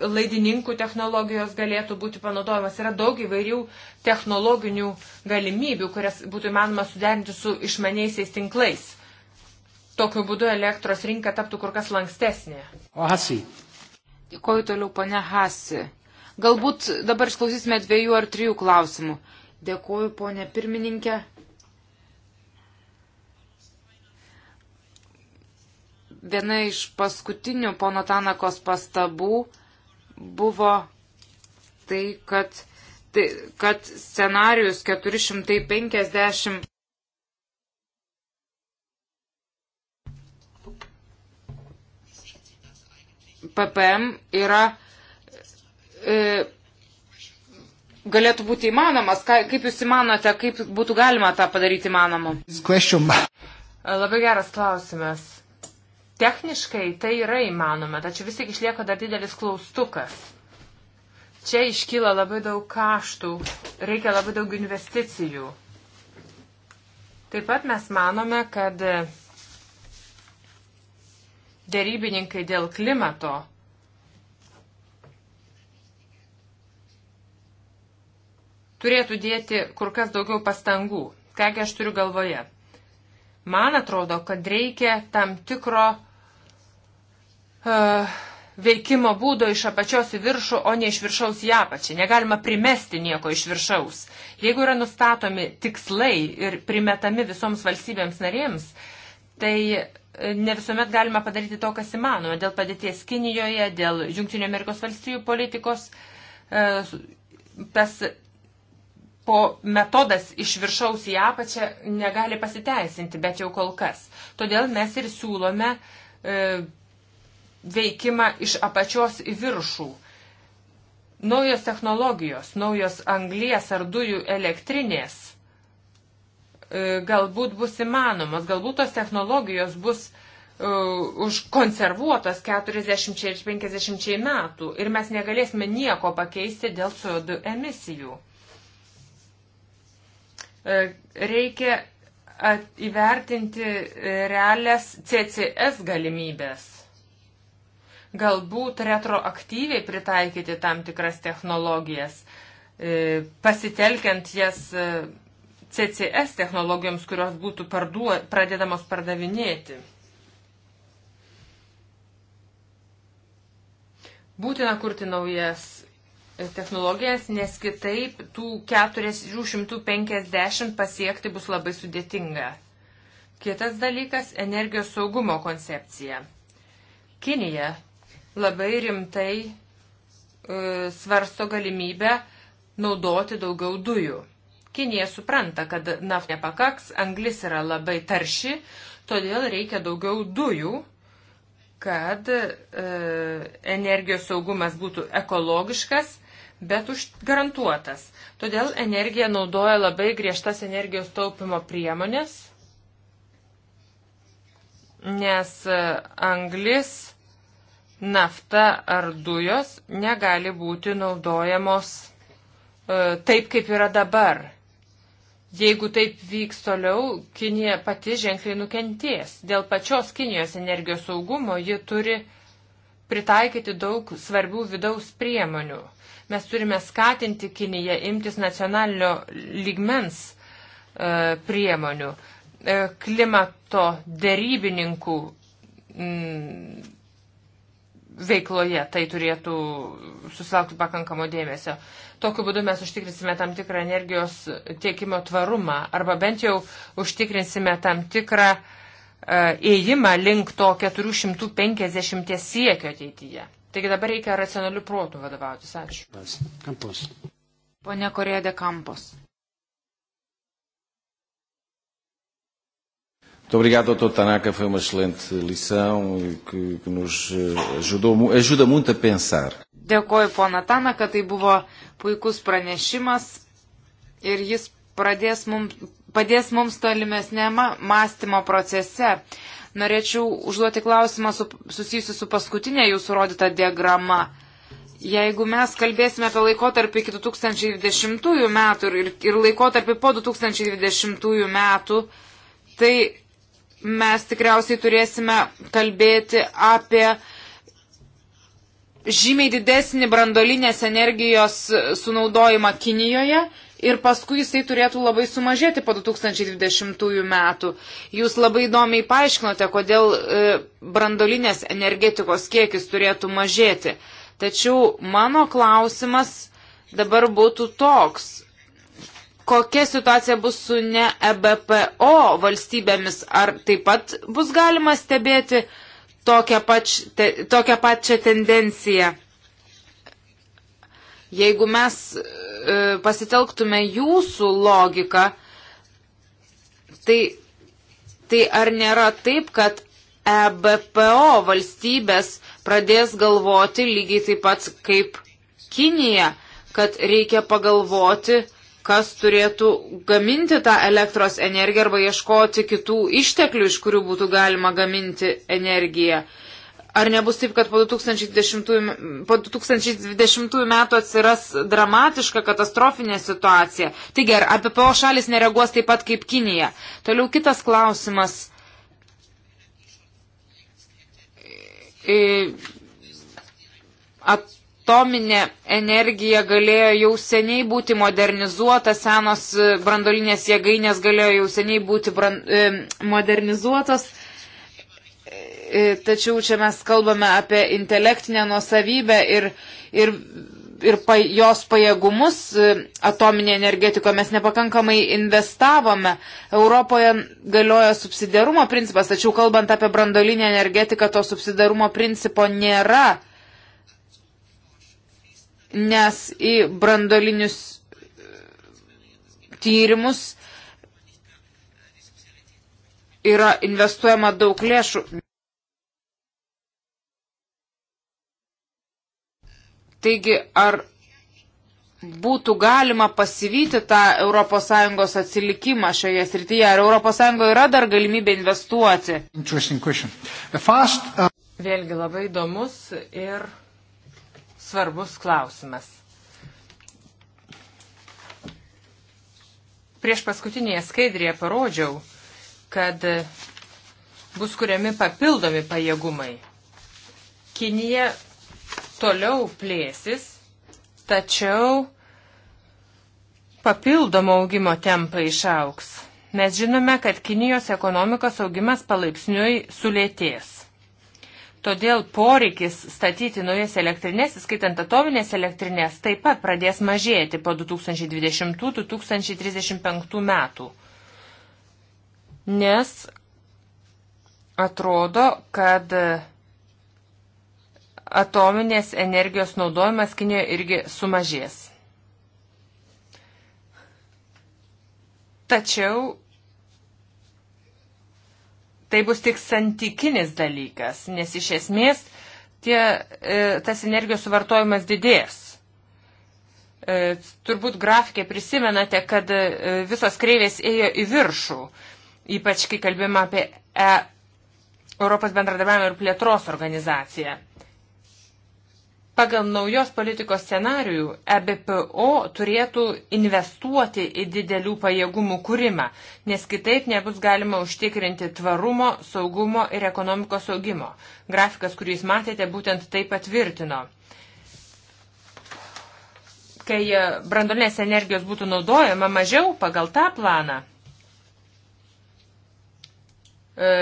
laidininkų technologijos galėtų būti panaudojamas. Yra daug įvairių technologinių galimybių, kurias būtų įmanoma suderinti su išmaniaisiais tinklais. Tokiu būdu elektros rinka taptų kur kas lankstesnė. O hasi, Dėkoju toliau, pane Hasi. Galbūt dabar išklausysime dviejų ar trijų klausimų. Dėkoju, ponė pirmininkė. Viena iš paskutinių pono Tanakos pastabų buvo tai, kad, tai, kad scenarius 450 PPM yra, e, galėtų būti įmanomas. Ka, kaip Jūs įmanote, kaip būtų galima tą padaryti įmanomu? E, labai geras klausimas. Techniškai tai yra įmanoma, tačiau vis tik išlieka dar didelis klaustukas. Čia iškyla labai daug kaštų, reikia labai daug investicijų. Taip pat mes manome, kad Dėrybininkai dėl klimato turėtų dėti kur kas daugiau pastangų. Kągi aš turiu galvoje? Man atrodo, kad reikia tam tikro uh, veikimo būdo iš apačios į viršų, o ne iš viršaus į apačią. Negalima primesti nieko iš viršaus. Jeigu yra nustatomi tikslai ir primetami visoms valstybėms narėms, tai ne visuomet galime padaryti to, kas įmanoma dėl padėties Kinijoje, dėl Junktinio Amerikos valstijų politikos. E, tas po metodas iš viršaus į apačią negali pasiteisinti, bet jau kol kas. Todėl mes ir siūlome e, veikimą iš apačios į viršų. Naujos technologijos, naujos anglies ar dujų elektrinės E, galbūt bus įmanomas, galbūt tos technologijos bus uh, užkonservuotos 40 ir 50 metų ir mes negalėsime nieko pakeisti dėl CO2 emisijų. Uh, reikia at, įvertinti realias CCS galimybės. Galbūt retroaktyviai pritaikyti tam tikras technologijas, pasitelkiant jas CCS technologijoms, kurios būtų parduo, pradedamos pardavinėti. Būtina kurti naujas e, technologijas, nes kitaip tų 450 pasiekti bus labai sudėtinga. Kitas dalykas - energijos saugumo koncepcija. Kinija labai rimtai e, svarsto galimybę naudoti daugiau dujų. Kinija supranta, kad naftos nepakaks, anglis yra labai tarši, todėl reikia daugiau dujų, kad e, energijos saugumas būtų ekologiškas, bet užgarantuotas. Todėl energija naudoja labai griežtas energijos taupimo priemonės, nes e, anglis, nafta ar dujos negali būti naudojamos e, taip, kaip yra dabar Jeigu taip vyks toliau, Kinija pati ženkliai nukentės. Dėl pačios Kinijos energijos saugumo ji turi pritaikyti daug svarbių vidaus priemonių. Mes turime skatinti Kiniją imtis nacionalinio lygmens e, priemonių, e, klimato dėrybininkų m, veikloje tai turėtų susilaukti pakankamo dėmesio. Tokiu būdu mes užtikrinsime tam tikrą energijos tiekimo tvarumą arba bent jau užtikrinsime tam tikrą įėjimą e, link to 450 siekio ateityje. Taigi dabar reikia racionalių protų vadovautis. Ačiū. Kampos. Pone Korėdė Kampos. Muito obrigado, Dr. Tanaka. Foi uma excelente lição e que, que nos eh, ajudou, ajuda muito a pensar. Dėkoju, pona Tanaka, tai buvo puikus pranešimas ir jis pradės mums, padės mums tolimesnėme mąstymo procese. Norėčiau užduoti klausimą su, susijusiu su paskutinė jūsų rodyta diagrama. Jeigu mes kalbėsime apie laikotarpį iki 2020 metų ir, ir laikotarpį po 2020 metų, tai mes tikriausiai turėsime kalbėti apie žymiai didesnį brandolinės energijos sunaudojimą Kinijoje ir paskui jisai turėtų labai sumažėti po 2020 metų. Jūs labai įdomiai paaiškinote, kodėl e, brandolinės energetikos kiekis turėtų mažėti. Tačiau mano klausimas dabar būtų toks kokia situacija bus su ne EBPO valstybėmis, ar taip pat bus galima stebėti tokią, pač, te, tokią pačią tendenciją. Jeigu mes e, pasitelktume jūsų logiką, tai, tai ar nėra taip, kad EBPO valstybės pradės galvoti lygiai taip pat kaip Kinija, kad reikia pagalvoti, kas turėtų gaminti tą elektros energiją arba ieškoti kitų išteklių, iš kurių būtų galima gaminti energiją. Ar nebus taip, kad po 2020, po 2020 metų atsiras dramatiška, katastrofinė situacija? Taigi, ar APPO šalis nereaguos taip pat kaip Kinija? Toliau kitas klausimas. E, e, at, atominė energija galėjo jau seniai būti modernizuota, senos e, brandolinės jėgainės galėjo jau seniai būti brand, e, modernizuotos. E, tačiau čia mes kalbame apie intelektinę nuosavybę ir, ir, ir pa, jos pajėgumus atominė energetika mes nepakankamai investavome. Europoje galioja subsidiarumo principas, tačiau kalbant apie brandolinę energetiką, to subsidiarumo principo nėra nes į brandolinius e, tyrimus yra investuojama daug lėšų. Taigi, ar būtų galima pasivyti tą ES atsilikimą šioje srityje? Ar ES yra dar galimybė investuoti? Uh, Vėlgi labai įdomus ir svarbus klausimas. Prieš paskutinėje skaidrėje parodžiau, kad bus kuriami papildomi pajėgumai. Kinija toliau plėsis, tačiau papildomo augimo tempai išauks. Mes žinome, kad Kinijos ekonomikos augimas palaipsniui sulėtės. Todėl poreikis statyti naujas elektrinės, skaitant atominės elektrinės, taip pat pradės mažėti po 2020-2035 metų. Nes atrodo, kad atominės energijos naudojimas Kinijoje irgi sumažės. Tačiau Tai bus tik santykinis dalykas, nes iš esmės tie, e, tas energijos suvartojimas didės. E, turbūt grafikė prisimenate, kad e, visos kreivės ėjo į viršų, ypač kai kalbėjome apie e, Europos bendradarbiavimo ir plėtros organizaciją. Pagal naujos politikos scenarijų EBPO turėtų investuoti į didelių pajėgumų kūrimą, nes kitaip nebus galima užtikrinti tvarumo, saugumo ir ekonomikos augimo. Grafikas, kurį jūs matėte, būtent tai patvirtino. Kai e, brandolinės energijos būtų naudojama mažiau pagal tą planą, e,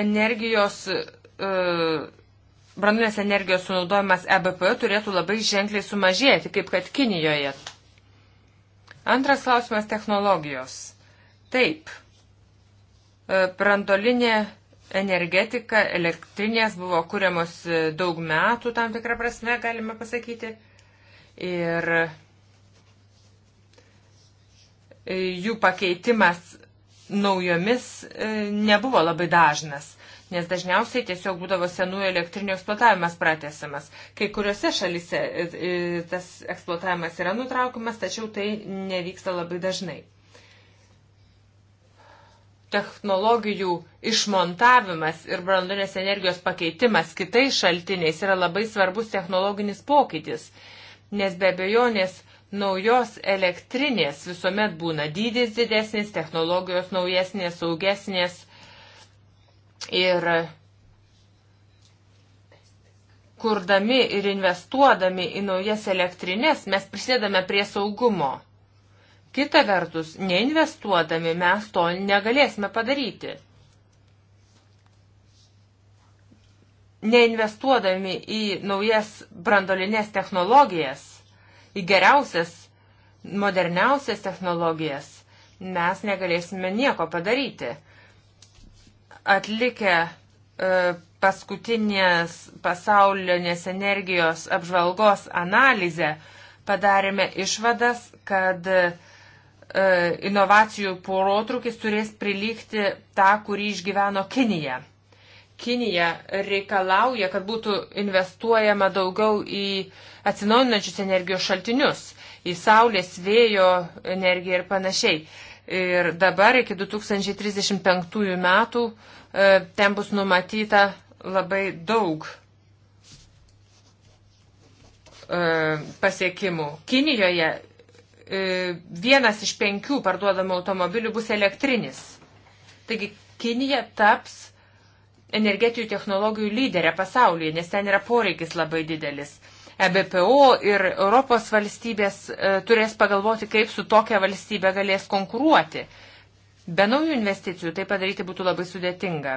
energijos e, branduolės energijos sunaudojimas EBPO turėtų labai ženkliai sumažėti, kaip kad Kinijoje. Antras klausimas - technologijos. Taip, e, brandolinė energetika, elektrinės buvo kuriamos e, daug metų, tam tikrą prasme, galima pasakyti. Ir e, jų pakeitimas naujomis nebuvo labai dažnas nes dažniausiai tiesiog būdavo senųjų elektrinių eksploatavimas pratesamas. Kai kuriuose šalise e, e, tas eksploatavimas yra nutraukiamas, tačiau tai nevyksta labai dažnai. Technologijų išmontavimas ir brandulinės energijos pakeitimas kitais šaltiniais yra labai svarbus technologinis pokytis, nes be abejonės naujos elektrinės visuomet būna dydis didesnis, technologijos naujesnės, saugesnės Ir kurdami ir investuodami į naujas elektrinės mes prisėdame prie saugumo. Kita vertus, neinvestuodami mes to negalėsime padaryti. Neinvestuodami į naujas brandolinės technologijas, į geriausias, moderniausias technologijas, mes negalėsime nieko padaryti atlikę e, paskutinės pasaulinės energijos apžvalgos analizę, padarėme išvadas, kad e, inovacijų porotrukis turės prilygti tą, kurį išgyveno Kinija. Kinija reikalauja, kad būtų investuojama daugiau į atsinaujinančius energijos šaltinius, į saulės, vėjo energiją ir panašiai. Ir dabar iki 2035 metų e, ten bus numatyta labai daug e, pasiekimų. Kinijoje e, vienas iš penkių parduodamų automobilių bus elektrinis. Taigi Kinija taps energetijų technologijų lyderė pasaulyje, nes ten yra poreikis labai didelis. EBPO ir Europos valstybės e, turės pagalvoti, kaip su tokia valstybė galės konkuruoti. Be naujų investicijų tai padaryti būtų labai sudėtinga.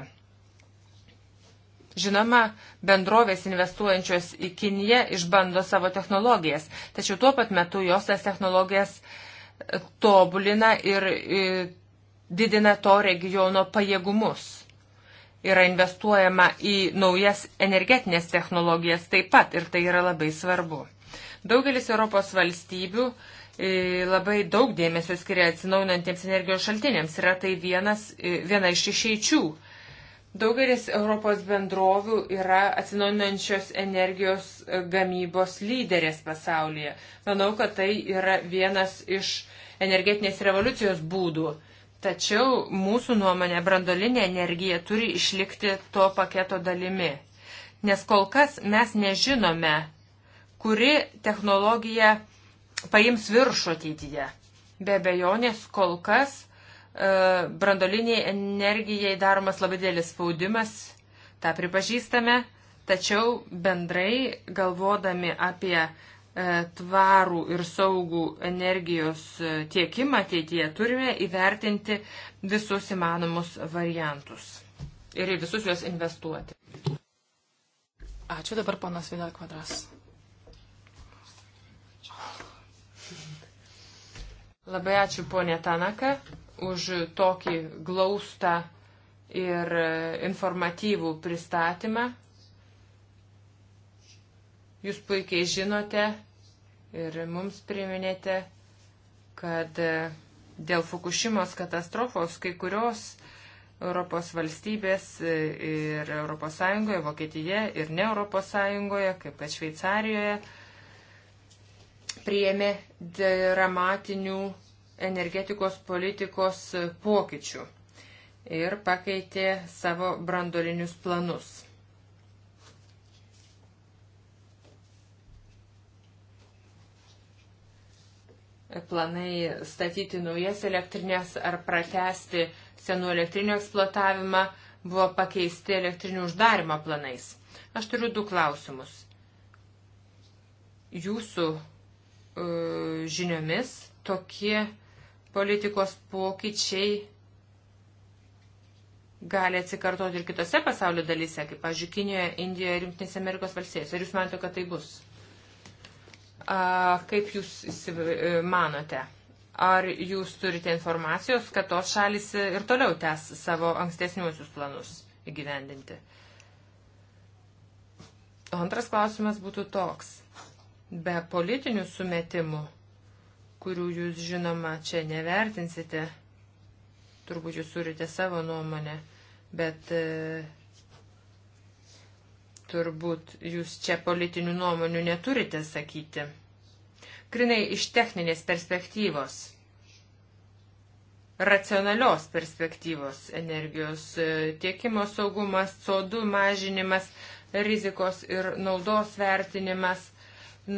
Žinoma, bendrovės investuojančios į Kiniją išbando savo technologijas, tačiau tuo pat metu jos tas technologijas e, tobulina ir e, didina to regiono pajėgumus yra investuojama į naujas energetinės technologijas taip pat ir tai yra labai svarbu. Daugelis Europos valstybių e, labai daug dėmesio skiria atsinaujinantiems energijos šaltiniams. Yra tai vienas, e, viena iš išeičių. Daugelis Europos bendrovių yra atsinaujinančios energijos e, gamybos lyderės pasaulyje. Manau, kad tai yra vienas iš energetinės revoliucijos būdų Tačiau mūsų nuomonė brandolinė energija turi išlikti to paketo dalimi. Nes kol kas mes nežinome, kuri technologija paims viršų ateityje. Be bejonės kol kas e, brandoliniai energijai daromas labai dėlis spaudimas, tą pripažįstame, tačiau bendrai galvodami apie E, tvarų ir saugų energijos e, tiekimą ateityje turime įvertinti visus įmanomus variantus ir į visus juos investuoti. Ačiū dabar panas Vidal Kvadras. Labai ačiū ponė Tanaka už tokį glaustą ir e, informatyvų pristatymą. Jūs puikiai žinote, ir mums priminėte, kad e, dėl Fukushimos katastrofos kai kurios Europos valstybės e, ir ES, Vokietija ir ne ES, kaip kad Šveicarijoje, priėmė dramatinių energetikos politikos e, pokyčių ir pakeitė savo brandolinius planus. planai statyti naujas elektrinės ar pratesti senų elektrinių eksploatavimą buvo pakeisti elektrinių uždarimo planais. Aš turiu du klausimus. Jūsų e, žiniomis tokie politikos pokyčiai gali atsikartoti ir kitose pasaulio dalyse, kaip, pažiūrėjau, Kinijoje, Indijoje ir Junktinėse Amerikos valstijose. Ar jūs manote, kad tai bus? Kaip jūs e, manote? Ar jūs turite informacijos, kad tos šalis ir toliau tęs savo ankstesniuosius planus įgyvendinti? O antras klausimas būtų toks. Be politinių sumetimų, kurių jūs žinoma čia nevertinsite, turbūt jūs turite savo nuomonę, bet e, turbūt jūs čia politinių nuomonių neturite sakyti. Krinai iš techninės perspektyvos, racionalios perspektyvos energijos e, tiekimo saugumas, CO2 mažinimas, rizikos ir naudos vertinimas,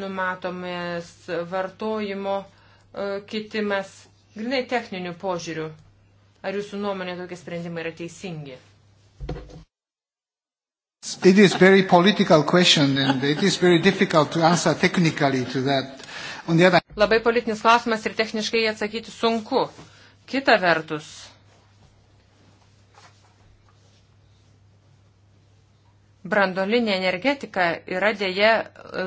numatomas vartojimo e, kitimas, grinai techninių požiūrių. Ar jūsų nuomonė tokie sprendimai yra teisingi? it is very political question and it is very difficult to answer technically to that. On the other... Labai politinis klausimas ir techniškai atsakyti sunku. Kita vertus. Brandolinė energetika yra dėje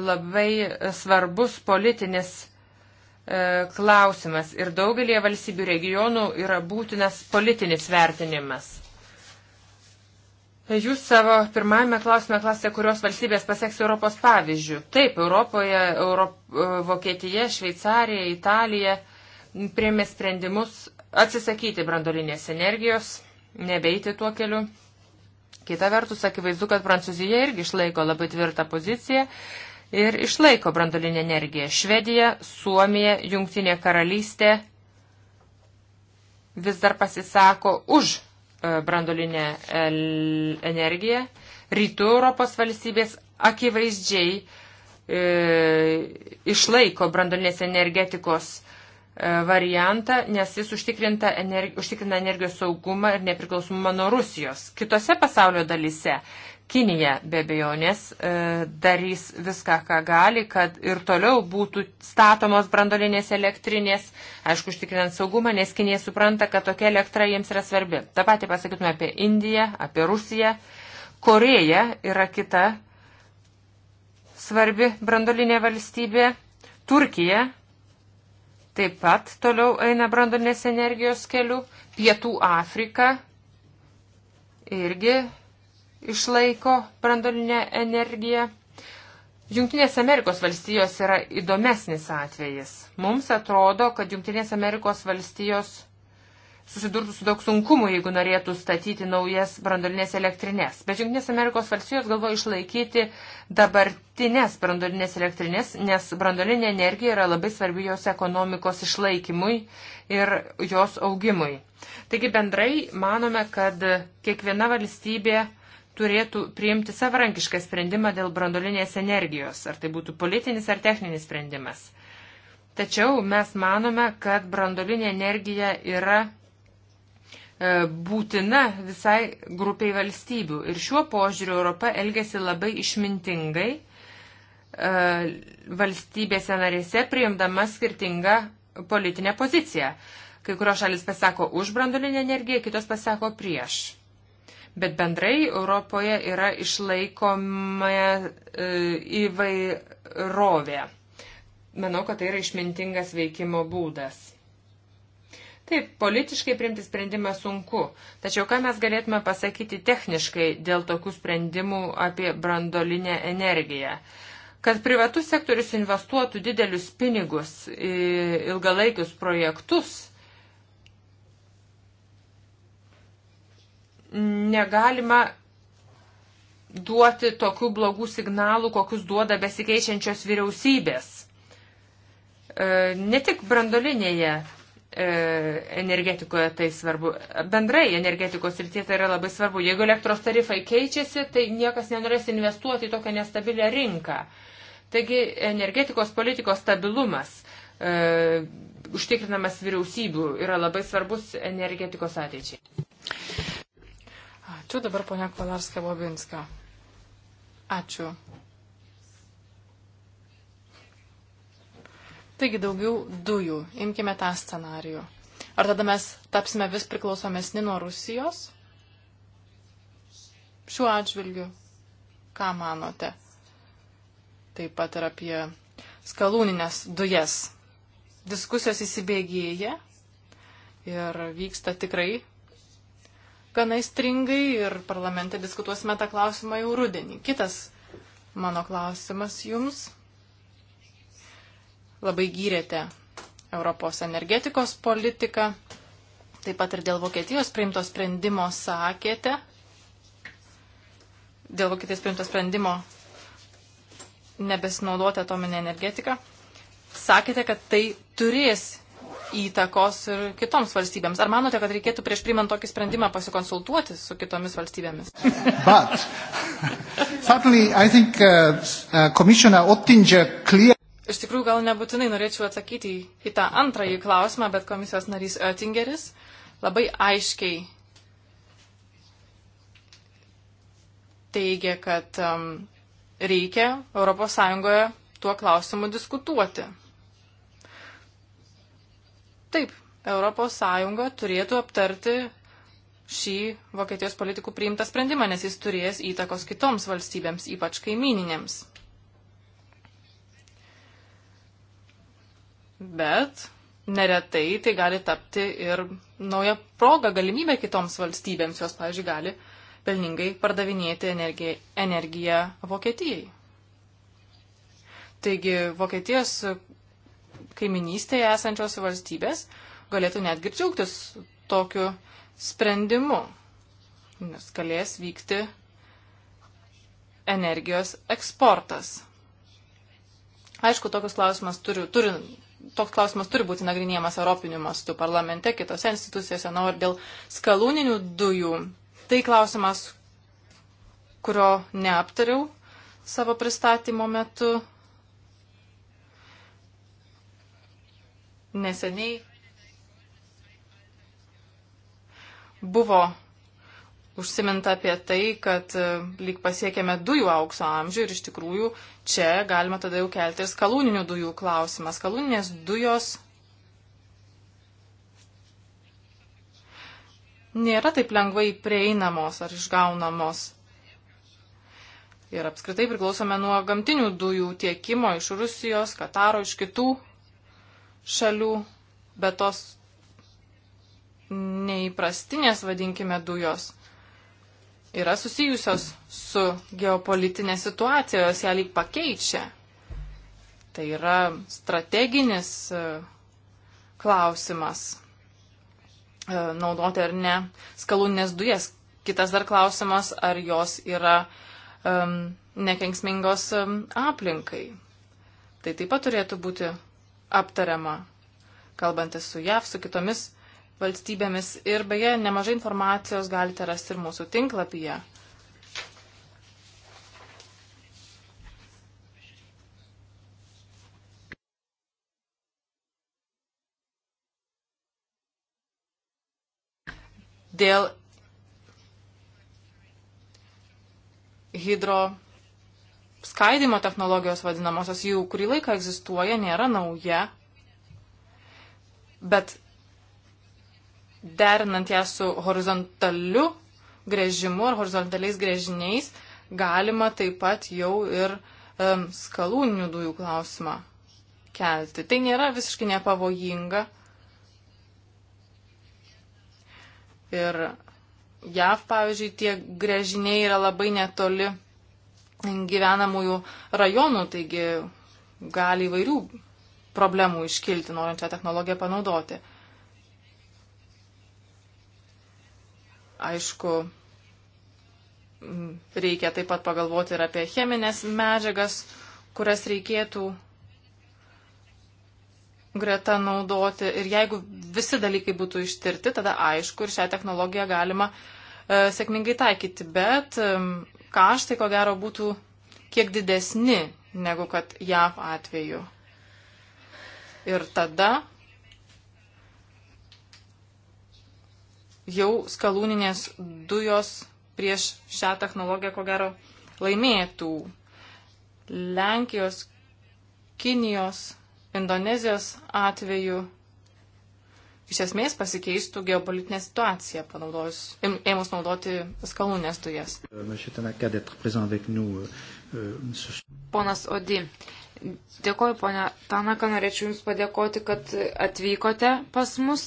labai svarbus politinis e, klausimas ir daugelie valstybių regionų yra būtinas politinis vertinimas. Jūs savo pirmajame klausime klausėte, kurios valstybės pasieks Europos pavyzdžių. Taip, Europoje, Europ, e, Vokietija, Šveicarija, Italija priemė sprendimus atsisakyti brandolinės energijos, nebeiti tuo keliu. Kita vertus, akivaizdu, kad Prancūzija irgi išlaiko labai tvirtą poziciją ir išlaiko brandolinę energiją. Švedija, Suomija, Jungtinė karalystė vis dar pasisako už E, brandolinę energiją, rytų Europos valstybės akivaizdžiai e, išlaiko brandolinės energetikos e, variantą, nes jis energi užtikrina energijos saugumą ir nepriklausomumą nuo Rusijos. Kitose pasaulio dalise Kinija be bejonės e, darys viską, ką gali, kad ir toliau būtų statomos brandolinės elektrinės, aišku, užtikrinant saugumą, nes Kinija supranta, kad tokia elektra jiems yra svarbi. Ta pati pasakytume apie Indiją, apie Rusiją. Koreja yra kita svarbi brandolinė valstybė. Turkija taip pat toliau eina brandolinės energijos keliu. Pietų Afrika irgi išlaiko brandolinę energiją. Junktinės Amerikos valstijos yra įdomesnis atvejis. Mums atrodo, kad Junktinės Amerikos valstijos susidurtų su daug sunkumų, jeigu norėtų statyti naujas brandolinės elektrinės. Bet Junktinės Amerikos valstijos galvoja išlaikyti dabartinės brandolinės elektrinės, nes brandolinė energija yra labai svarbi jos ekonomikos išlaikymui ir jos augimui. Taigi bendrai manome, kad kiekviena valstybė turėtų priimti savarankišką sprendimą dėl brandolinės energijos, ar tai būtų politinis ar techninis sprendimas. Tačiau mes manome, kad brandolinė energija yra e, būtina visai grupiai valstybių. Ir šiuo požiūriu Europa elgesi labai išmintingai e, valstybėse narėse priimdama skirtingą politinę poziciją. Kai kurios šalis pasako už brandolinę energiją, kitos pasako prieš bet bendrai Europoje yra išlaikoma e, įvairovė. Manau, kad tai yra išmintingas veikimo būdas. Taip, politiškai priimti sprendimą sunku, tačiau ką mes galėtume pasakyti techniškai dėl tokių sprendimų apie brandolinę energiją? Kad privatus sektorius investuotų didelius pinigus į ilgalaikius projektus negalima duoti tokių blogų signalų, kokius duoda besikeičiančios vyriausybės. E, ne tik brandolinėje e, energetikoje tai svarbu. Bendrai energetikos rytie tai yra labai svarbu. Jeigu elektros tarifai keičiasi, tai niekas nenorės investuoti į tokią nestabilią rinką. Taigi energetikos politikos stabilumas e, užtikrinamas vyriausybių yra labai svarbus energetikos ateičiai. Ačiū dabar ponia Kolarska Bobinska. Ačiū. Taigi daugiau dujų. Imkime tą scenarijų. Ar tada mes tapsime vis priklausomesni nuo Rusijos? Šiuo atžvilgiu, ką manote? Taip pat ir apie skalūninės dujas. Diskusijos įsibėgėja ir vyksta tikrai gana įstringai ir parlamente diskutuosime tą klausimą jau rudenį. Kitas mano klausimas jums. Labai gyrėte Europos energetikos politiką, taip pat ir dėl Vokietijos priimto sprendimo sakėte. Dėl Vokietijos priimto sprendimo nebesinaudoti atominę energetiką. Sakėte, kad tai turės įtakos ir kitoms valstybėms. Ar manote, kad reikėtų prieš priimant tokį sprendimą pasikonsultuoti su kitomis valstybėmis? But, certainly, I think, uh, uh, Commissioner Ottinger clear... Iš tikrųjų, gal nebūtinai norėčiau atsakyti į, į tą antrąjį klausimą, bet komisijos narys Oettingeris labai aiškiai teigia, kad um, reikia ES tuo klausimu diskutuoti. Taip, ES turėtų aptarti šį Vokietijos politikų priimtą sprendimą, nes jis turės įtakos kitoms valstybėms, ypač kaimininėms. Bet neretai tai gali tapti ir nauja proga, galimybė kitoms valstybėms, jos, pavyzdžiui, gali pelningai pardavinėti energiją, energiją Vokietijai. Taigi Vokietijos kaiminystėje esančios valstybės galėtų netgi džiaugtis tokiu sprendimu, nes galės vykti energijos eksportas. Aišku, tokius klausimas turi, turi, toks klausimas turi būti nagrinėjamas Europiniu mastu parlamente, kitose institucijose, na, ir dėl skalūninių dujų. Tai klausimas, kurio neaptariau savo pristatymo metu, Neseniai buvo užsiminta apie tai, kad e, lyg pasiekėme dujų aukso amžių ir iš tikrųjų čia galima tada jau kelti ir skalūninių dujų klausimą. Skalūninės dujos nėra taip lengvai prieinamos ar išgaunamos. Ir apskritai priklausome nuo gamtinių dujų tiekimo iš Rusijos, Kataro, iš kitų šalių, bet tos neįprastinės, vadinkime, dujos yra susijusios su geopolitinė situacija, jos ją lyg pakeičia. Tai yra strateginis e, klausimas e, naudoti ar ne skalūnės dujas. Kitas dar klausimas, ar jos yra um, nekenksmingos um, aplinkai. Tai taip pat turėtų būti aptariama, kalbantis su JAV, su kitomis valstybėmis. Ir beje, nemažai informacijos galite rasti ir mūsų tinklapyje. Dėl hidro skaidimo technologijos vadinamosios jau kurį laiką egzistuoja, nėra nauja, bet derinant ją su horizontaliu grėžimu ar horizontaliais grėžiniais, galima taip pat jau ir um, skalūninių dujų klausimą kelti. Tai nėra visiškai nepavojinga. Ir JAV, pavyzdžiui, tie grėžiniai yra labai netoli gyvenamųjų rajonų, taigi gali įvairių problemų iškilti, norint šią technologiją panaudoti. Aišku, reikia taip pat pagalvoti ir apie cheminės medžiagas, kurias reikėtų greta naudoti. Ir jeigu visi dalykai būtų ištirti, tada aišku, ir šią technologiją galima e, sėkmingai taikyti. Bet e, kaštai, ko gero, būtų kiek didesni negu kad JAV atveju. Ir tada jau skalūninės dujos prieš šią technologiją, ko gero, laimėtų Lenkijos, Kinijos, Indonezijos atveju iš esmės pasikeistų geopolitinė situacija, panaudojus, ėmus naudoti skalūnės dujas. Euh, euh, Ponas Odi, dėkoju, ponia Tanaka, norėčiau Jums padėkoti, kad atvykote pas mus.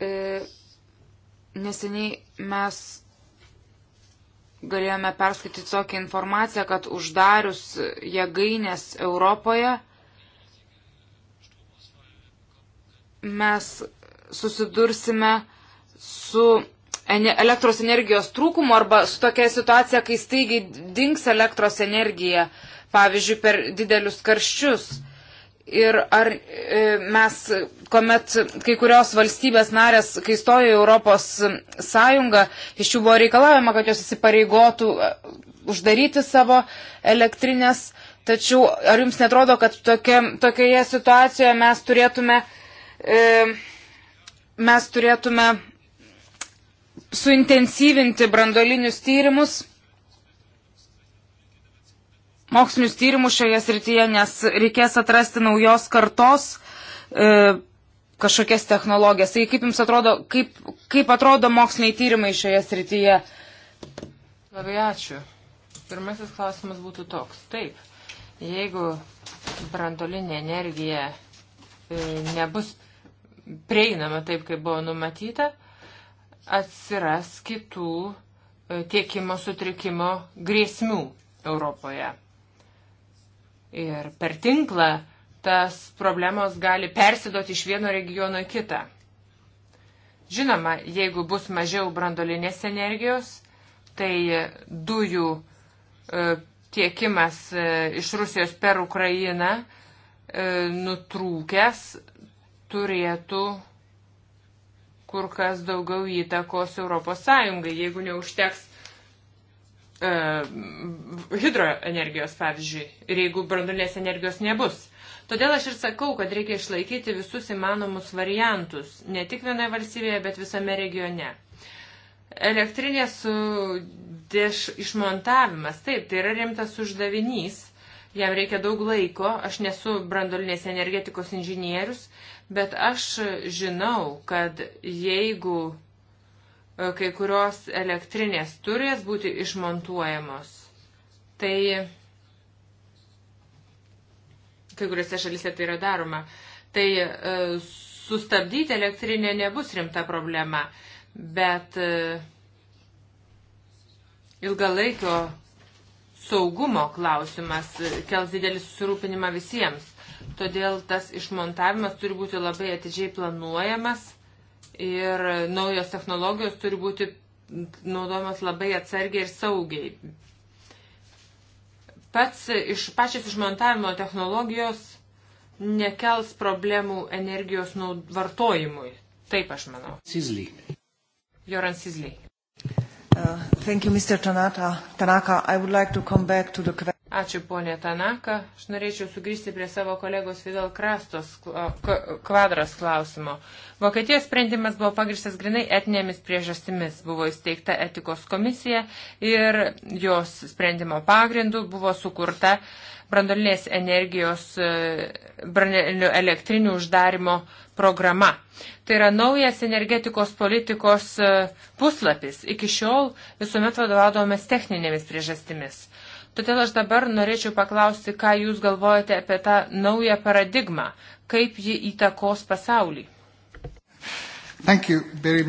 E, neseniai mes galėjome perskaityti tokią informaciją, kad uždarius jėgainės Europoje, mes susidursime su elektros energijos trūkumu arba su tokia situacija, kai staigiai dinks elektros energija, pavyzdžiui, per didelius karščius. Ir ar e, mes, kuomet kai kurios valstybės narės, kai stojo į Europos Sąjungą, iš jų buvo reikalavima, kad jos įsipareigotų e, uždaryti savo elektrinės, tačiau ar jums netrodo, kad tokia, tokioje situacijoje mes turėtume uh, E, mes turėtume suintensyvinti brandolinius tyrimus, mokslinius tyrimus šioje srityje, nes reikės atrasti naujos kartos e, kažkokias technologijas. Tai kaip jums atrodo, kaip, kaip atrodo moksliniai tyrimai šioje srityje? Labai ačiū. Pirmasis klausimas būtų toks. Taip, jeigu brandolinė energija e, nebus prieinama taip, kaip buvo numatyta, atsiras kitų e, tiekimo sutrikimo grėsmių Europoje. Ir per tinklą tas problemos gali persidoti iš vieno regiono į kitą. Žinoma, jeigu bus mažiau brandolinės energijos, tai dujų e, tiekimas e, iš Rusijos per Ukrainą nutrūkęs turėtų kur kas daugiau įtakos Europos Sąjungai, jeigu neužteks uh, hidroenergijos, pavyzdžiui, ir jeigu brandulinės energijos nebus. Todėl aš ir sakau, kad reikia išlaikyti visus įmanomus variantus, ne tik vienoje valstybėje, bet visame regione. Elektrinės deš, išmontavimas, taip, tai yra rimtas uždavinys, jam reikia daug laiko, aš nesu brandolinės energetikos inžinierius, bet aš žinau, kad jeigu e, kai kurios elektrinės turės būti išmontuojamos, tai kai kuriuose šalise tai yra daroma, tai e, sustabdyti elektrinę nebus rimta problema, bet e, ilgalaikio saugumo klausimas e, kels didelį susirūpinimą visiems. Todėl tas išmontavimas turi būti labai atidžiai planuojamas ir naujos technologijos turi būti naudojamas labai atsargiai ir saugiai. Pats iš pačios išmontavimo technologijos nekels problemų energijos vartojimui. Taip aš manau. Sizly. Joran Sizly. Uh, thank you, Mr. Tanaka. Tanaka, I would like to come back to the question. Ačiū, ponė Tanaka. Aš norėčiau sugrįžti prie savo kolegos Fidel Krastos kvadras klausimo. Vokietijos sprendimas buvo pagristas grinai etinėmis priežastimis. Buvo įsteigta etikos komisija ir jos sprendimo pagrindų buvo sukurta uh, brandolinės energijos e, brandolinių elektrinių uždarimo programa. Tai yra naujas energetikos politikos e, puslapis. Iki šiol visuomet vadovavomės techninėmis priežastimis. Todėl aš dabar norėčiau paklausti, ką Jūs galvojate apie tą naują paradigmą, kaip ji įtakos pasaulį. Very...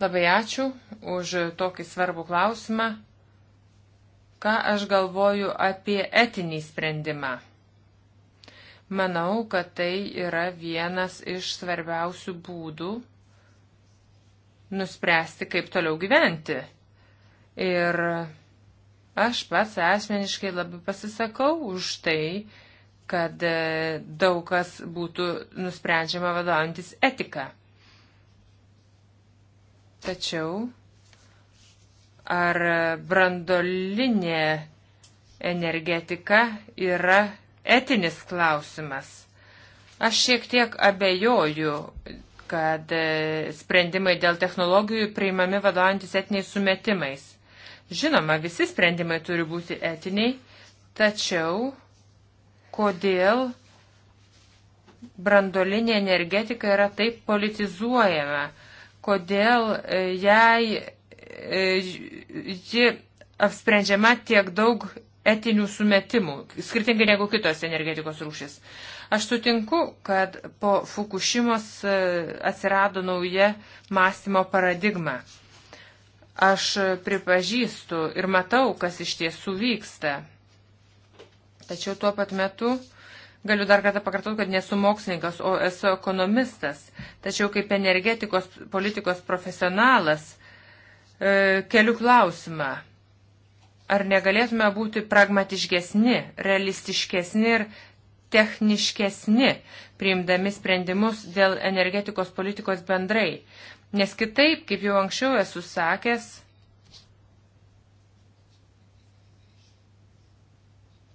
Labai ačiū už tokį svarbų klausimą. Ką aš galvoju apie etinį sprendimą? Manau, kad tai yra vienas iš svarbiausių būdų nuspręsti, kaip toliau gyventi. Ir aš pats asmeniškai labai pasisakau už tai, kad e, daug kas būtų nusprendžiama vadovantis etika. Tačiau ar brandolinė energetika yra etinis klausimas. Aš šiek tiek abejoju, kad e, sprendimai dėl technologijų priimami vadovantis etiniais sumetimais. Žinoma, visi sprendimai turi būti etiniai, tačiau kodėl brandolinė energetika yra taip politizuojama, kodėl e, jai E, ji apsprendžiama tiek daug etinių sumetimų, skirtingai negu kitos energetikos rūšis. Aš sutinku, kad po Fukushimos e, atsirado nauja mąstymo paradigma. Aš pripažįstu ir matau, kas iš tiesų vyksta. Tačiau tuo pat metu galiu dar kartą pakartoti, kad nesu mokslininkas, o esu ekonomistas. Tačiau kaip energetikos politikos profesionalas, E, keliu klausimą. Ar negalėtume būti pragmatiškesni, realistiškesni ir techniškesni, priimdami sprendimus dėl energetikos politikos bendrai? Nes kitaip, kaip jau anksčiau esu sakęs,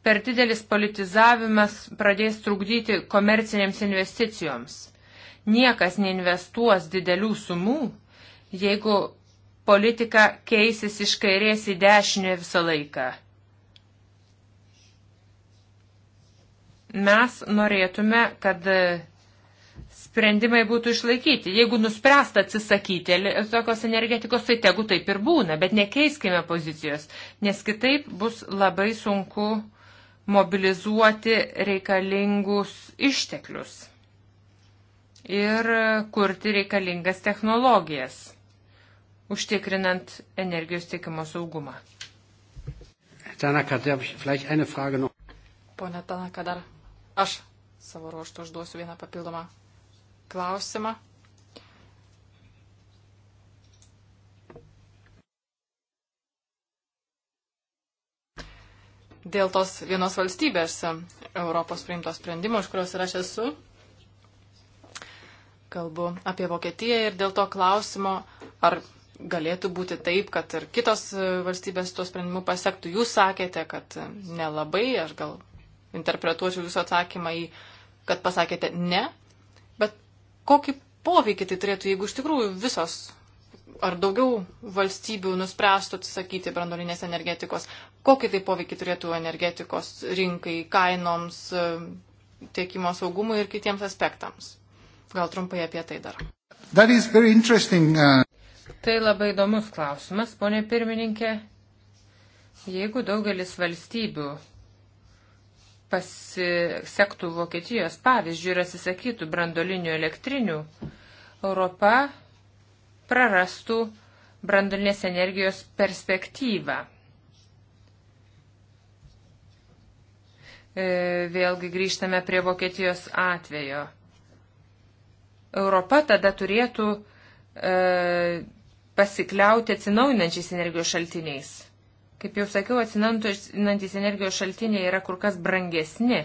per didelis politizavimas pradės trukdyti komercinėms investicijoms. Niekas neinvestuos didelių sumų, jeigu politika keisis iš kairės į dešinę visą laiką. Mes norėtume, kad e, sprendimai būtų išlaikyti. Jeigu nuspręsta atsisakyti tokios energetikos, tai tegu taip ir būna, bet nekeiskime pozicijos, nes kitaip bus labai sunku mobilizuoti reikalingus išteklius ir e, kurti reikalingas technologijas užtikrinant energijos tiekimo saugumą. Tai Pone Tanaka, dar aš savo ruoštų užduosiu vieną papildomą klausimą. Dėl tos vienos valstybės Europos priimto sprendimo, iš kurios ir aš esu, kalbu apie Vokietiją ir dėl to klausimo, ar galėtų būti taip, kad ir kitos e, valstybės tuo sprendimu pasiektų. Jūs sakėte, kad e, nelabai, aš gal interpretuočiau jūsų atsakymą į, kad pasakėte ne, bet kokį poveikį tai turėtų, jeigu iš tikrųjų visos ar daugiau valstybių nuspręstų atsisakyti brandolinės energetikos, kokį tai poveikį turėtų energetikos rinkai, kainoms, e, tiekimo saugumui ir kitiems aspektams. Gal trumpai apie tai dar. Uh... Tai labai įdomus klausimas, ponė pirmininkė. Jeigu daugelis valstybių pasisektų Vokietijos pavyzdžių ir atsisakytų brandolinių elektrinių, Europa prarastų brandolinės energijos perspektyvą. E, vėlgi grįžtame prie Vokietijos atvejo. Europa tada turėtų e, pasikliauti atsinaujinančiais energijos šaltiniais. Kaip jau sakiau, atsinaujinantis energijos šaltiniai yra kur kas brangesni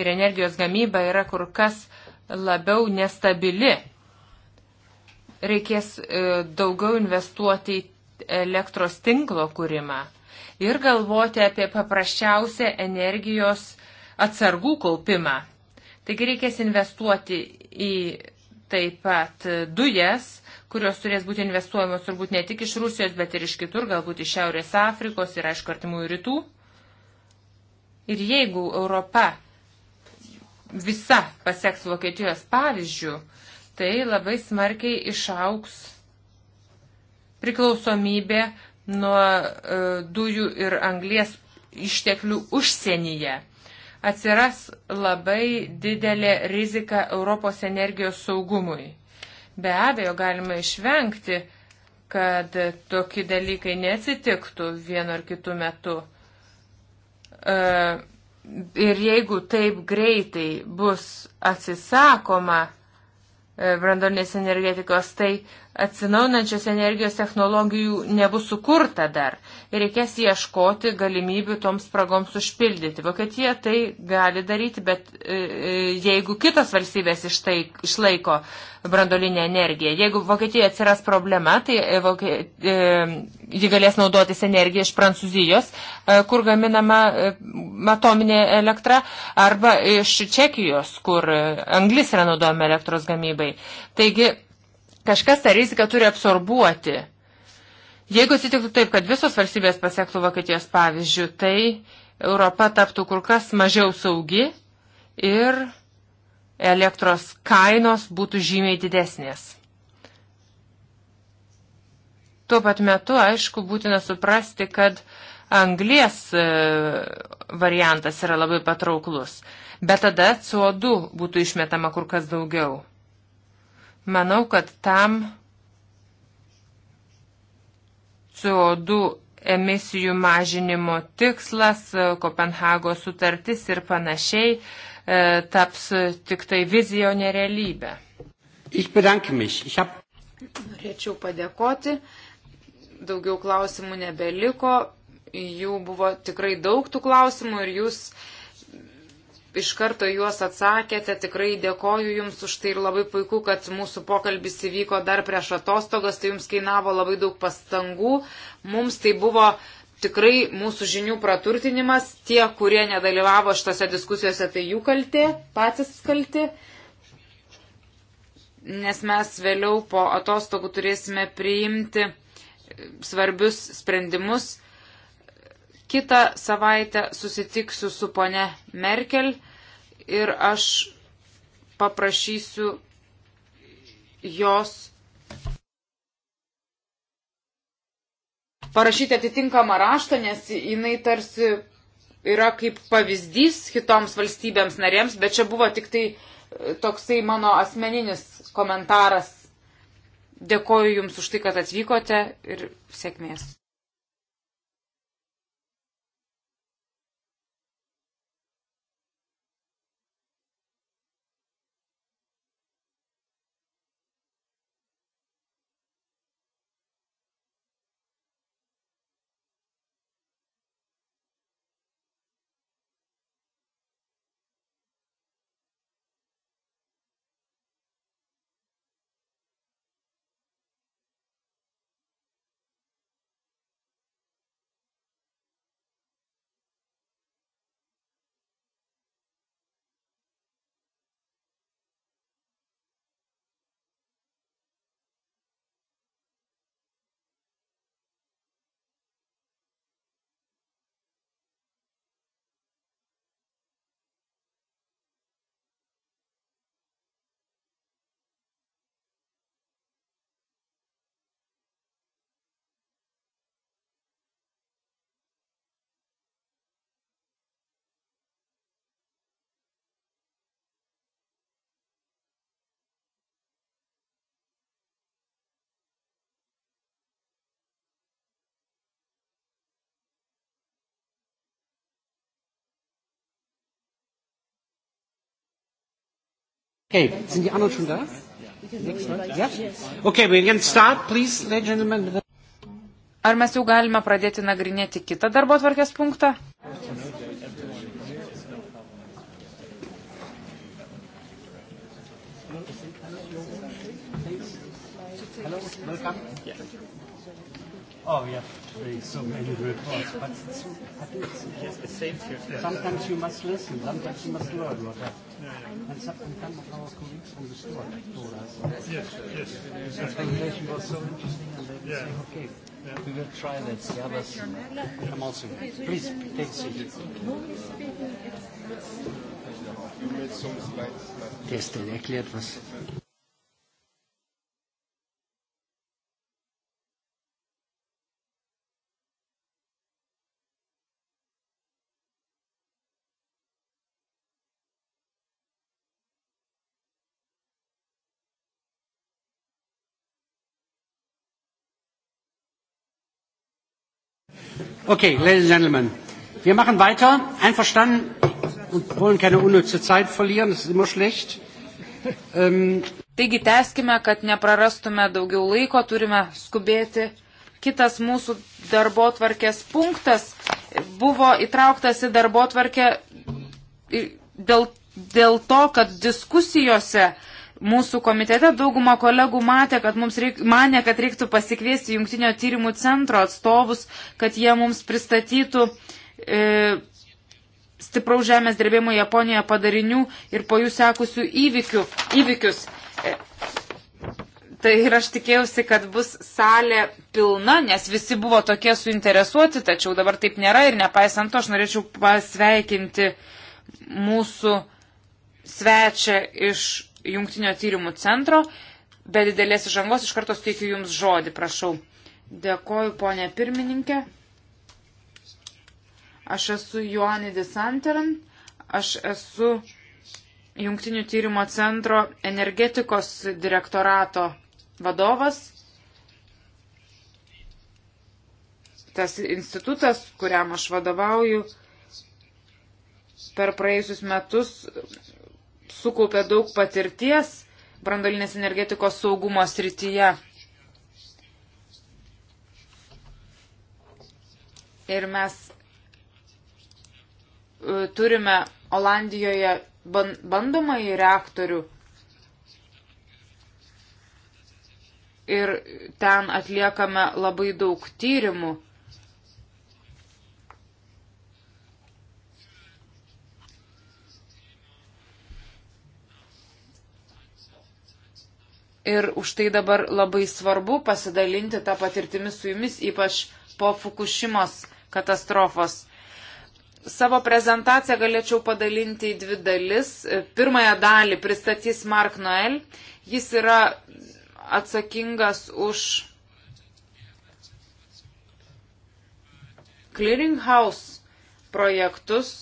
ir energijos gamyba yra kur kas labiau nestabili. Reikės e, daugiau investuoti į elektros tinklo kūrimą ir galvoti apie paprasčiausią energijos atsargų kaupimą. Taigi reikės investuoti į taip pat dujas, kurios turės būti investuojamos turbūt ne tik iš Rusijos, bet ir iš kitur, galbūt iš Šiaurės Afrikos ir, aišku, artimųjų rytų. Ir jeigu Europa visa paseks Vokietijos pavyzdžių, tai labai smarkiai išauks priklausomybė nuo e, dujų ir anglės išteklių užsienyje. Atsiras labai didelė rizika Europos energijos saugumui. Be abejo, galima išvengti, kad tokie dalykai neatsitiktų vienu ar kitu metu. E, ir jeigu taip greitai bus atsisakoma e, brandonės energetikos, tai Atsinaunančios energijos technologijų nebus sukurta dar ir reikės ieškoti galimybių toms spragoms užpildyti. Vokietija tai gali daryti, bet e, e, jeigu kitos valstybės ištai, išlaiko brandolinę energiją, jeigu Vokietijoje atsiras problema, tai e, Vokie, ji galės naudotis energiją iš Prancūzijos, kur gaminama atominė elektra, arba iš Čekijos, kur anglis yra naudojama elektros gamybai. Taigi, Kažkas tą riziką turi absorbuoti. Jeigu atsitiktų taip, kad visos valstybės pasiektų Vokietijos pavyzdžių, tai Europa taptų kur kas mažiau saugi ir elektros kainos būtų žymiai didesnės. Tuo pat metu, aišku, būtina suprasti, kad anglies e, variantas yra labai patrauklus, bet tada CO2 būtų išmetama kur kas daugiau. Manau, kad tam CO2 emisijų mažinimo tikslas, Kopenhagos sutartis ir panašiai e, taps tik tai vizijo nerealybė. Hab... Norėčiau padėkoti. Daugiau klausimų nebeliko. Jų buvo tikrai daug tų klausimų ir jūs iš karto juos atsakėte, tikrai dėkoju Jums už tai ir labai puiku, kad mūsų pokalbis įvyko dar prieš atostogas, tai Jums kainavo labai daug pastangų, mums tai buvo tikrai mūsų žinių praturtinimas, tie, kurie nedalyvavo šitose diskusijose, tai jų kalti, patys kalti, nes mes vėliau po atostogų turėsime priimti svarbius sprendimus Kita savaitė susitiksiu su pone Merkel ir aš paprašysiu jos parašyti atitinkamą raštą, nes jinai tarsi yra kaip pavyzdys kitoms valstybėms narėms, bet čia buvo tik tai e, toksai mano asmeninis komentaras. Dėkoju Jums už tai, kad atvykote ir sėkmės. Okay, sind die anderen schon da? Okay, we can start, please, ladies and gentlemen. Ar mes jau galime pradėti nagrinėti kitą darbo tvarkės punktą? Hello, welcome. Yeah. Oh, yeah, so many reports, but it's, yes, the same here. Sometimes you must listen, sometimes you must learn what happened yeah, yeah. And something come from our colleagues from the store told us. Yes, yes. Exactly. This presentation was so interesting, and they yeah. said, okay, yeah. we will try that. The others come also. Please, take a seat. Gestern erklärt, was Okay, ladies and gentlemen, wir machen weiter. Einverstanden und wollen keine unnütze Zeit verlieren, das ist immer schlecht. Ähm, Taigi teskime, kad neprarastume daugiau laiko, turime skubėti. Kitas mūsų darbo tvarkės punktas buvo įtrauktas į darbo tvarkę dėl, dėl to, kad diskusijose uh, Mūsų komitete dauguma kolegų matė, kad mums reik, mane, kad reiktų pasikviesti jungtinio tyrimų centro atstovus, kad jie mums pristatytų e, stipraus žemės drebėjimo Japonijoje padarinių ir po jų sekusių įvykių, įvykius. E, tai ir aš tikėjausi, kad bus salė pilna, nes visi buvo tokie suinteresuoti, tačiau dabar taip nėra ir nepaisant to aš norėčiau pasveikinti mūsų svečią iš jungtinio tyrimų centro. Be didelės žangos iš karto suteikiu Jums žodį, prašau. Dėkoju, ponė pirmininkė. Aš esu Joanidis Santeran. Aš esu Jungtinių tyrimo centro energetikos direktorato vadovas. Tas institutas, kuriam aš vadovauju, per praėjusius metus sukaupė daug patirties brandolinės energetikos saugumo srityje. Ir mes e, turime Olandijoje bandomąjį reaktorių ir ten atliekame labai daug tyrimų. Ir už tai dabar labai svarbu pasidalinti tą patirtimį su jumis, ypač po Fukushimos katastrofos. Savo prezentaciją galėčiau padalinti į dvi dalis. Pirmąją dalį pristatys Mark Noel. Jis yra atsakingas už clearinghouse projektus.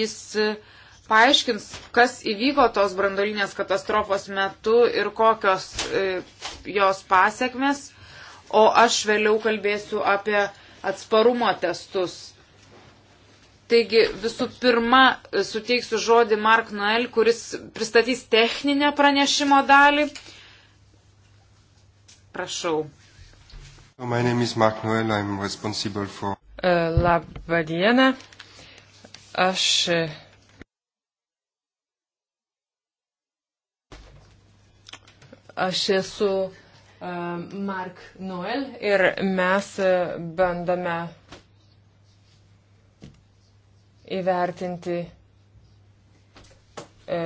Jis uh, paaiškins, kas įvyko tos brandolinės katastrofos metu ir kokios e, jos pasiekmes, o aš vėliau kalbėsiu apie atsparumo testus. Taigi visų pirma suteiksiu žodį Mark Noel, kuris pristatys techninę pranešimo dalį. Prašau. Noel, for... Labą dieną. Aš Aš esu e, Mark Noel ir mes e, bandome įvertinti e,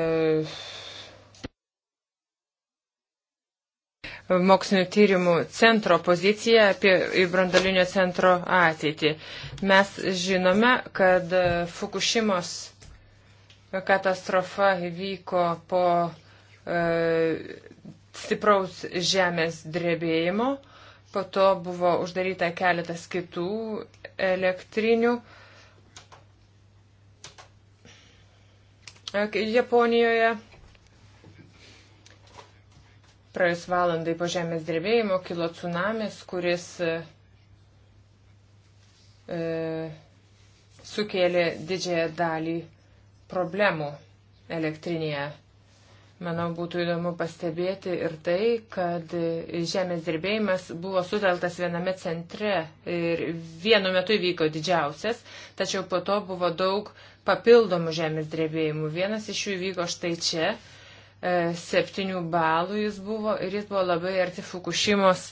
mokslinio tyrimų centro poziciją apie brandolinio centro ateitį. Mes žinome, kad Fukushimos katastrofa įvyko po stipraus žemės drebėjimo, po to buvo uždaryta keletas kitų elektrinių. Japonijoje praėjus valandai po žemės drebėjimo kilo tsunamis, kuris e, e sukėlė didžiąją dalį problemų elektrinėje Manau, būtų įdomu pastebėti ir tai, kad žemės dirbėjimas buvo suteltas viename centre ir vienu metu įvyko didžiausias, tačiau po to buvo daug papildomų žemės drebėjimų. Vienas iš jų įvyko štai čia, e, septynių balų jis buvo ir jis buvo labai arti Fukushimos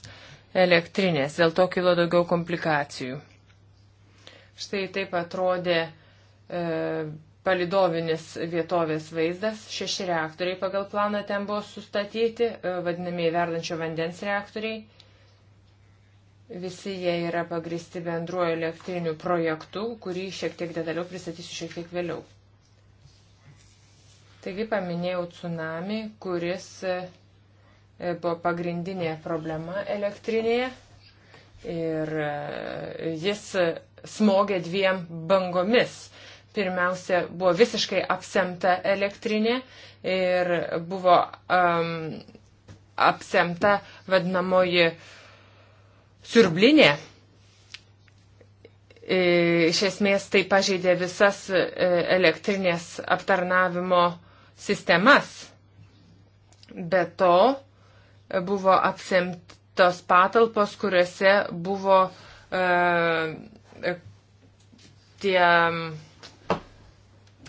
elektrinės, dėl to kilo daugiau komplikacijų. Štai taip atrodė. E, palidovinis vietovės vaizdas, šeši reaktoriai pagal planą ten buvo sustatyti, e, vadinamieji verdančio vandens reaktoriai. Visi jie yra pagristi bendruoju elektriniu projektu, kurį šiek tiek detaliau pristatysiu šiek tiek vėliau. Taigi paminėjau tsunami, kuris e, e, buvo pagrindinė problema elektrinėje ir jis smogė dviem bangomis Pirmiausia, buvo visiškai apsemta elektrinė ir buvo um, apsemta vadinamoji siurblinė. E, iš esmės tai pažeidė visas e, elektrinės aptarnavimo sistemas. Be to e, buvo apsimtos patalpos, kuriuose buvo e, tie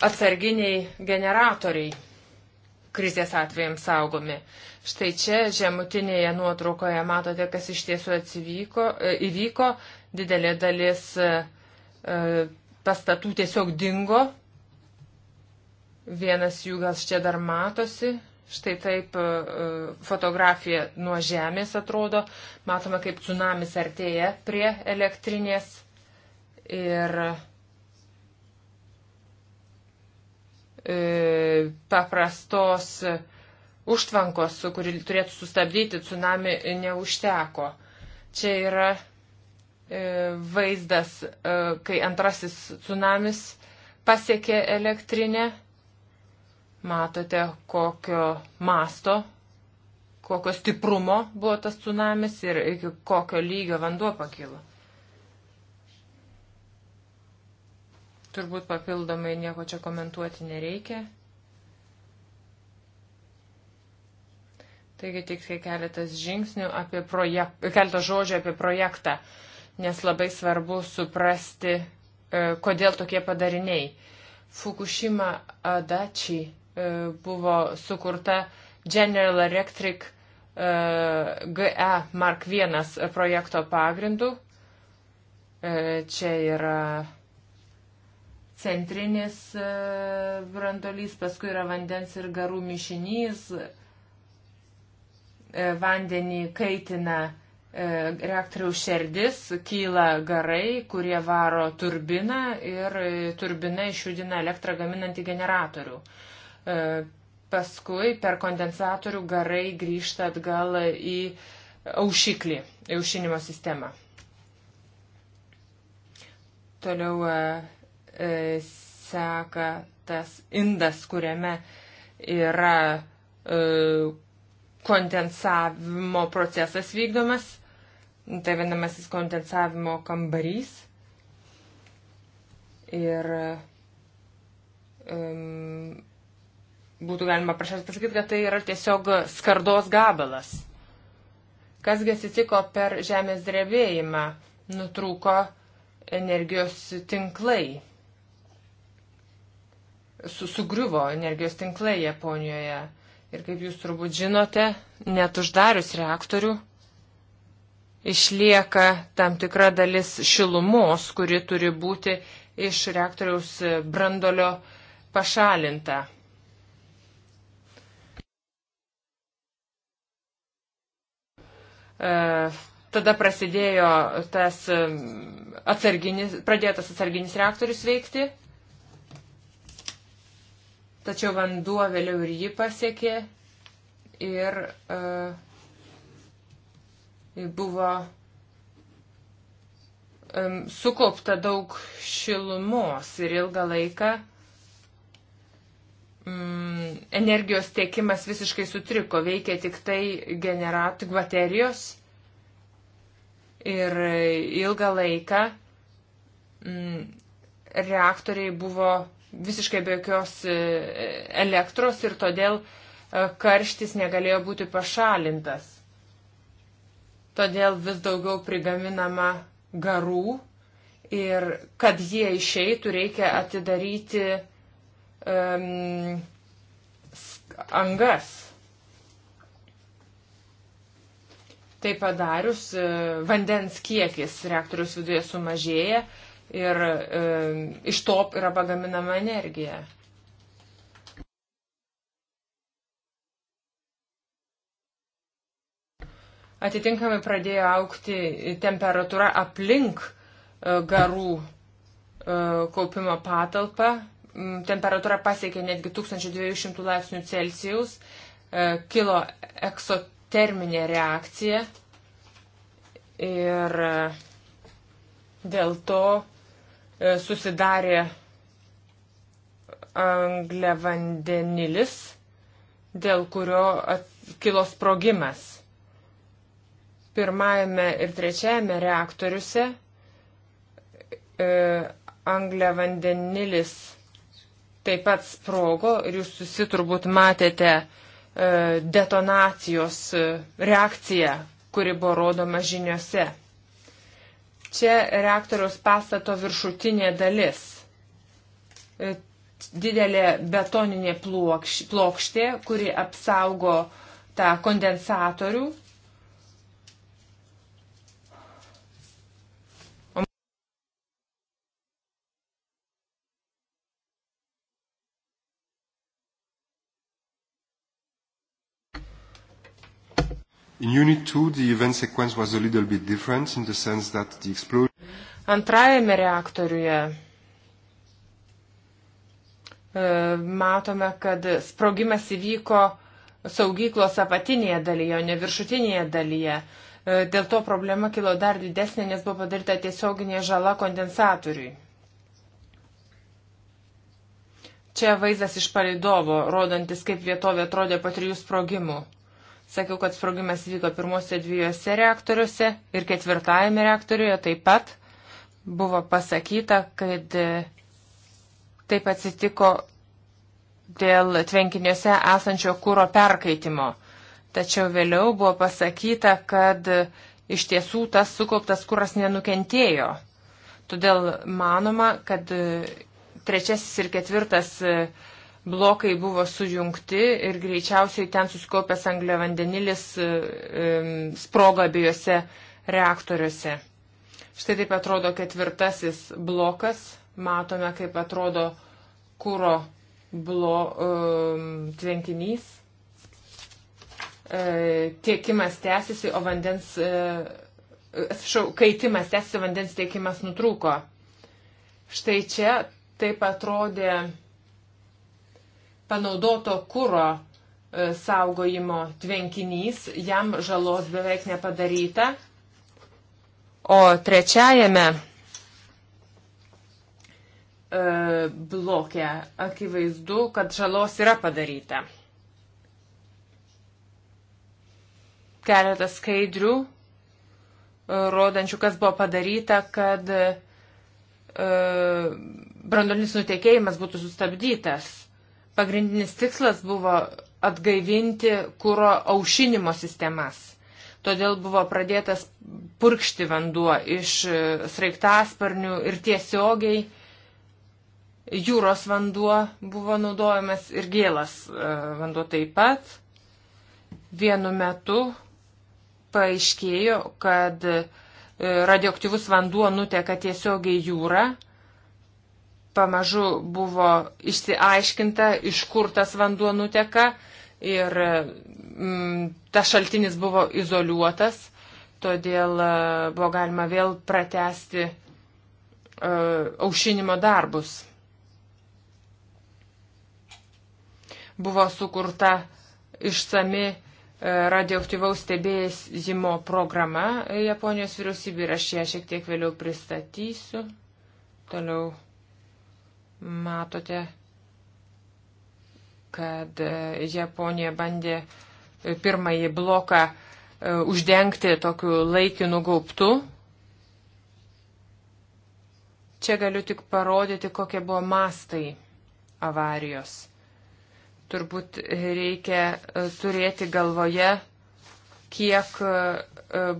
atsarginiai generatoriai krizės atvejams saugomi. Štai čia žemutinėje nuotraukoje matote, kas iš tiesų atsivyko, e, įvyko. Didelė dalis e, e, pastatų tiesiog dingo. Vienas jų gal čia dar matosi. Štai taip fotografija nuo žemės atrodo. Matome, kaip tsunamis artėja prie elektrinės. Ir E, paprastos užtvankos, kuri turėtų sustabdyti tsunami, neužteko. Čia yra e, vaizdas, e, kai antrasis tsunamis pasiekė elektrinę. Matote, kokio masto, kokio stiprumo buvo tas tsunamis ir iki kokio lygio vanduo pakilo. Turbūt papildomai nieko čia komentuoti nereikia. Taigi tik tai keletas žingsnių apie projektą, keletas žodžių apie projektą, nes labai svarbu suprasti, e, kodėl tokie padariniai. Fukushima Adachi e, buvo sukurta General Electric GE e Mark I projekto pagrindu. Čia yra centrinis e, brandolys, paskui yra vandens ir garų mišinys, e, vandenį kaitina e, reaktoriaus šerdis, kyla garai, kurie varo turbiną ir turbina išjudina elektrą gaminantį generatorių. Paskui per kondensatorių garai grįžta atgal į aušiklį, aušinimo sistemą. Toliau E, seka tas indas, kuriame yra e, kondensavimo procesas vykdomas, tai vienamasis kondensavimo kambarys. Ir um, būtų galima prašęs pasakyti, kad tai yra tiesiog skardos gabalas. Kasgi atsitiko per žemės drebėjimą, nutrūko energijos tinklai su, sugriuvo energijos tinklai Japonijoje. Ir kaip jūs turbūt žinote, net uždarius reaktorių išlieka tam tikra dalis šilumos, kuri turi būti iš reaktoriaus brandolio pašalinta. E, tada prasidėjo tas mm, atsarginis, pradėjo tas atsarginis reaktorius veikti tačiau vanduo vėliau ir jį pasiekė ir uh, buvo um, sukaupta daug šilumos ir ilgą laiką um, energijos tiekimas visiškai sutriko, veikia tik tai generatų baterijos ir ilgą laiką um, reaktoriai buvo visiškai be jokios e, elektros ir todėl e, karštis negalėjo būti pašalintas. Todėl vis daugiau prigaminama garų ir kad jie išeitų, reikia atidaryti um, angas. Tai padarius, e, vandens kiekis reaktorius viduje sumažėja ir e, iš to yra pagaminama energija. Atitinkamai pradėjo aukti temperatūra aplink e, garų e, kaupimo patalpą. Temperatūra pasiekė netgi 1200 laipsnių Celsijaus, e, kilo eksoterminė reakcija ir e, dėl to E, susidarė angliavandenilis, dėl kurio kilo sprogimas. Pirmajame ir trečiajame reaktoriuose e, angliavandenilis taip pat sprogo ir jūs visi turbūt matėte e, detonacijos e, reakciją, kuri buvo rodoma žiniuose. Čia reaktoriaus pastato viršutinė dalis. E, didelė betoninė plokštė, kuri apsaugo tą kondensatorių In Unit 2, the event sequence was a little bit different in the sense that the explosion. Antrajame reaktoriuje e, matome, kad sprogimas įvyko saugyklos apatinėje dalyje, o ne viršutinėje dalyje. E, dėl to problema kilo dar didesnė, nes buvo padaryta tiesioginė žala kondensatoriui. Čia vaizdas iš palidovo, rodantis, kaip vietovė atrodė po trijų sprogimų. Sakiau, kad sprogimas vyko pirmose dviejose reaktoriuose ir ketvirtajame reaktoriuje taip pat buvo pasakyta, kad e, taip atsitiko dėl tvenkiniuose esančio kūro perkaitimo. Tačiau vėliau buvo pasakyta, kad e, iš tiesų tas sukauptas kūras nenukentėjo. Todėl manoma, kad e, trečiasis ir ketvirtas blokai buvo sujungti ir greičiausiai ten suskaupęs angliavandenilis e, sprogo abiejose reaktoriuose. Štai taip atrodo ketvirtasis blokas. Matome, kaip atrodo kūro blo, um, tvenkinys. E, tiekimas tęsiasi, o vandens, e, atsiprašau, kaitimas tęsiasi, vandens tiekimas nutrūko. Štai čia taip atrodė panaudoto kūro e, saugojimo tvenkinys, jam žalos beveik nepadaryta. O trečiajame e, bloke akivaizdu, kad žalos yra padaryta. Keletas skaidrių, e, rodančių, kas buvo padaryta, kad brandolinis nutekėjimas būtų sustabdytas. Pagrindinis tikslas buvo atgaivinti kūro aušinimo sistemas. Todėl buvo pradėtas purkšti vanduo iš e, sraigtasparnių ir tiesiogiai jūros vanduo buvo naudojamas ir gėlas e, vanduo taip pat. Vienu metu paaiškėjo, kad e, radioaktyvus vanduo nuteka tiesiogiai jūra pamažu buvo išsiaiškinta, iš kur tas vanduo nuteka ir mm, tas šaltinis buvo izoliuotas, todėl e, buvo galima vėl pratesti uh, aušinimo darbus. Buvo sukurta išsami e, radioaktyvaus stebėjimo programa Japonijos vyriausybė ir aš ją šiek tiek vėliau pristatysiu. Toliau matote, kad Japonija bandė pirmąjį bloką e, uždengti tokiu laikinu gaubtu. Čia galiu tik parodyti, kokie buvo mastai avarijos. Turbūt reikia e, turėti galvoje, kiek e,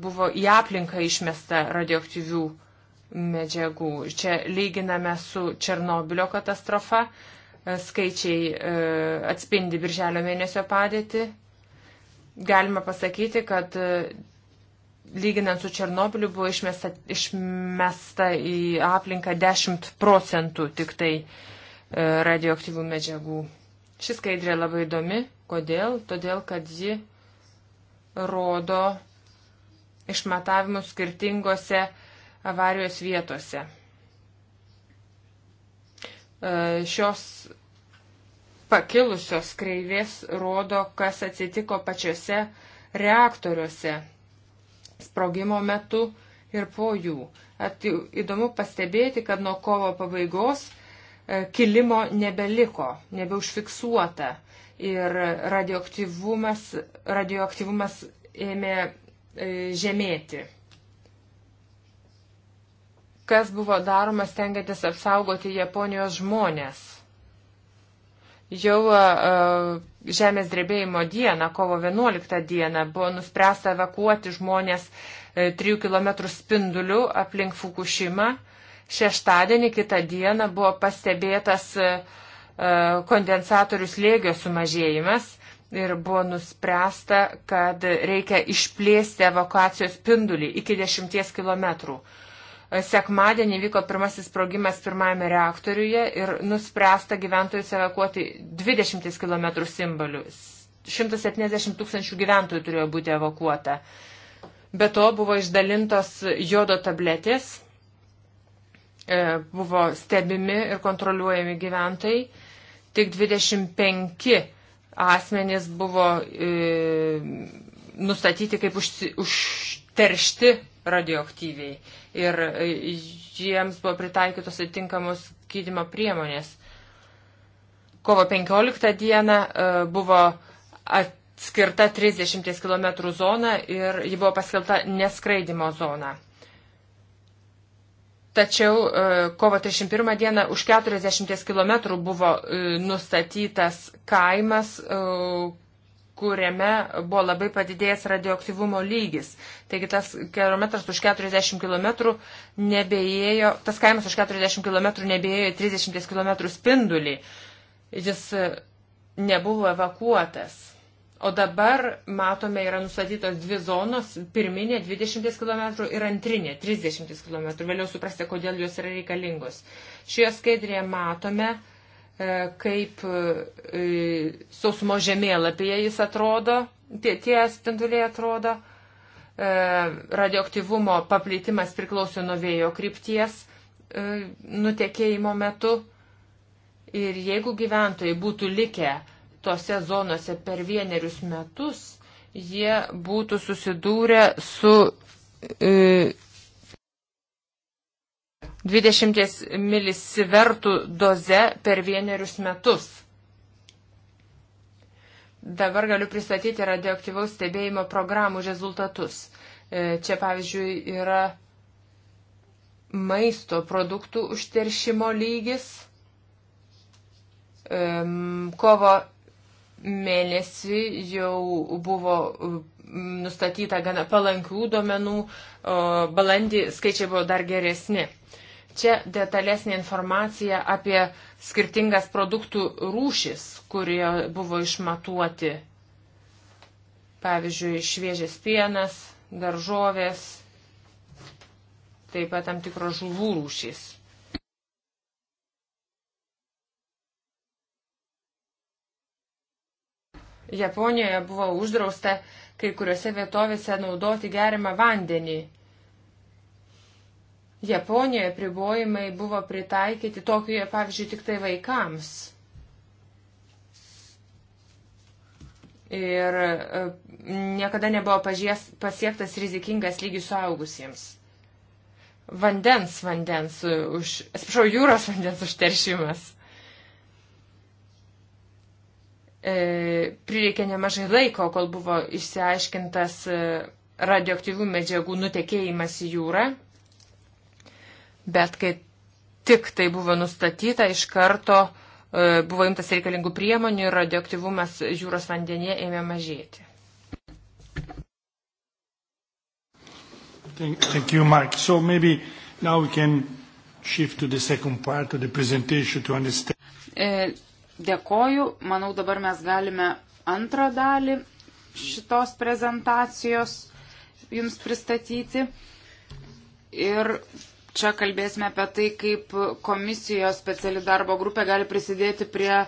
buvo į aplinką išmesta radioaktyvių medžiagų. Čia lyginame su Černobilio katastrofa. E, skaičiai e, atspindi birželio mėnesio padėtį. Galima pasakyti, kad e, lyginant su Černobiliu buvo išmesta, išmesta į aplinką 10 procentų tik tai radioaktyvių medžiagų. Ši skaidrė labai įdomi. Kodėl? Todėl, kad ji rodo išmatavimus skirtingose uh, avarijos vietose. E, šios pakilusios kreivės rodo, kas atsitiko pačiose reaktoriuose sprogimo metu ir po jų. At, įdomu pastebėti, kad nuo kovo pabaigos e, kilimo nebeliko, nebeužfiksuota ir radioaktyvumas, radioaktyvumas ėmė e, žemėti kas buvo daroma stengiantis apsaugoti Japonijos žmonės. Jau uh, žemės drebėjimo dieną, kovo 11 dieną, buvo nuspręsta evakuoti žmonės uh, 3 km spinduliu aplink Fukushimą. Šeštadienį kitą dieną buvo pastebėtas uh, kondensatorių slėgio sumažėjimas ir buvo nuspręsta, kad reikia išplėsti evakuacijos spindulį iki 10 km. Uh, Sekmadienį vyko pirmasis sprogimas pirmajame reaktoriuje ir nuspręsta gyventojus evakuoti 20 km simbolius. 170 tūkstančių gyventojų turėjo būti evakuota. Be to buvo išdalintos jodo tabletės, e, buvo stebimi ir kontroliuojami gyventojai. Tik 25 asmenys buvo e, nustatyti kaip užteršti radioaktyviai ir e, jiems buvo pritaikytos atitinkamos gydimo priemonės. Kovo 15 dieną e, buvo atskirta 30 km zona ir ji buvo paskelta neskraidimo zona. Tačiau e, kovo 31 dieną už 40 km buvo nustatytas kaimas, kuriame buvo labai padidėjęs radioaktyvumo lygis. Taigi tas kilometras už 40 km nebejėjo, tas kaimas už 40 km nebejėjo 30 km spindulį. Jis e, nebuvo evakuotas. O dabar, matome, yra nustatytos dvi zonos - pirminė 20 km ir antrinė 30 km. Vėliau suprasite, kodėl jos yra reikalingos. Šioje skaidrėje matome, E, kaip e, sausumo žemėlapyje jis atrodo, tie, tie spinduliai atrodo. E, radioaktyvumo paplitimas priklauso nuo vėjo krypties nutekėjimo metu. Ir jeigu gyventojai būtų likę tose zonose per vienerius metus, jie būtų susidūrę su e, 20 milisivertų doze per vienerius metus. Dabar galiu pristatyti radioaktyvaus stebėjimo programų rezultatus. E, čia pavyzdžiui yra maisto produktų užteršimo lygis. E, kovo mėnesį jau buvo e, nustatyta gana palankių duomenų, balandį skaičiai buvo dar geresni. Čia detalesnė informacija apie skirtingas produktų rūšis, kurie buvo išmatuoti. Pavyzdžiui, šviežias pienas, daržovės, taip pat tam tikros žuvų rūšys. Japonijoje buvo uždrausta kai kuriuose vietovėse naudoti gerimą vandenį Japonijoje pribojimai buvo pritaikyti Tokijoje, pavyzdžiui, tik tai vaikams. Ir e, niekada nebuvo pažies, pasiektas rizikingas lygis suaugusiems. Vandens vandens už, atsiprašau, jūros vandens užteršimas. E, prireikė nemažai laiko, kol buvo išsiaiškintas e, radioaktyvių medžiagų nutekėjimas į jūrą bet kai tik tai buvo nustatyta, iš karto e, buvo imtas reikalingų priemonių ir radioaktyvumas jūros vandenyje ėmė mažėti. Thank, thank you, Mark. So maybe now we can shift to the second part of the presentation to understand. E, dėkoju. Manau, dabar mes galime antrą dalį šitos prezentacijos jums pristatyti. Ir Čia kalbėsime apie tai, kaip komisijos speciali darbo grupė gali prisidėti prie e,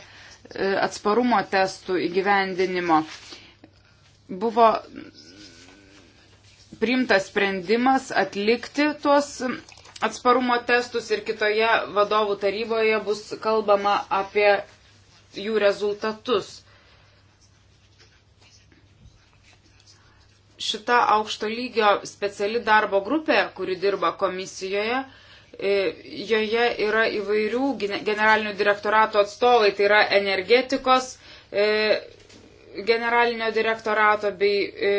atsparumo testų įgyvendinimo. Buvo priimtas sprendimas atlikti tuos atsparumo testus ir kitoje vadovų taryboje bus kalbama apie jų rezultatus. šita aukšto lygio speciali darbo grupė, kuri dirba komisijoje, e, joje yra įvairių generalinių direktorato atstovai, tai yra energetikos e, generalinio direktorato bei e,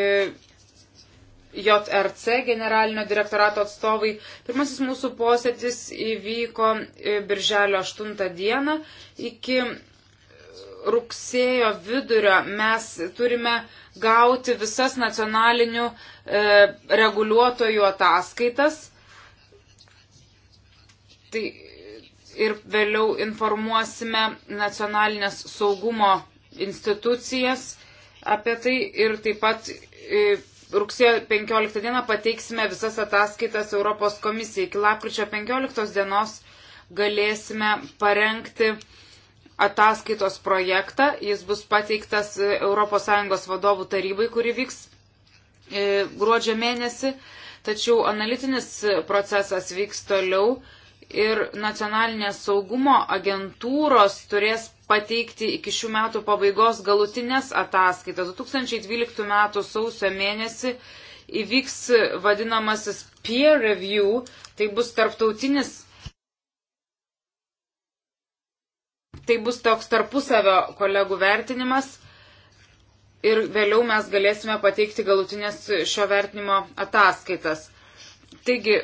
JRC generalinio direktorato atstovai. Pirmasis mūsų posėdis įvyko birželio 8 dieną. Iki rugsėjo vidurio mes turime gauti visas nacionalinių e, reguliuotojų ataskaitas. Tai ir vėliau informuosime nacionalinės saugumo institucijas apie tai ir taip pat e, rugsėjo 15 dieną pateiksime visas ataskaitas Europos komisijai. Iki lapkričio 15 dienos galėsime parengti ataskaitos projektą. Jis bus pateiktas ES vadovų tarybai, kuri vyks e, gruodžio mėnesį. Tačiau analitinis procesas vyks toliau ir nacionalinės saugumo agentūros turės pateikti iki šių metų pabaigos galutinės ataskaitas. 2012 metų sausio mėnesį įvyks vadinamasis peer review, tai bus tarptautinis tai bus toks tarpusavio kolegų vertinimas ir vėliau mes galėsime pateikti galutinės šio vertinimo ataskaitas. Taigi,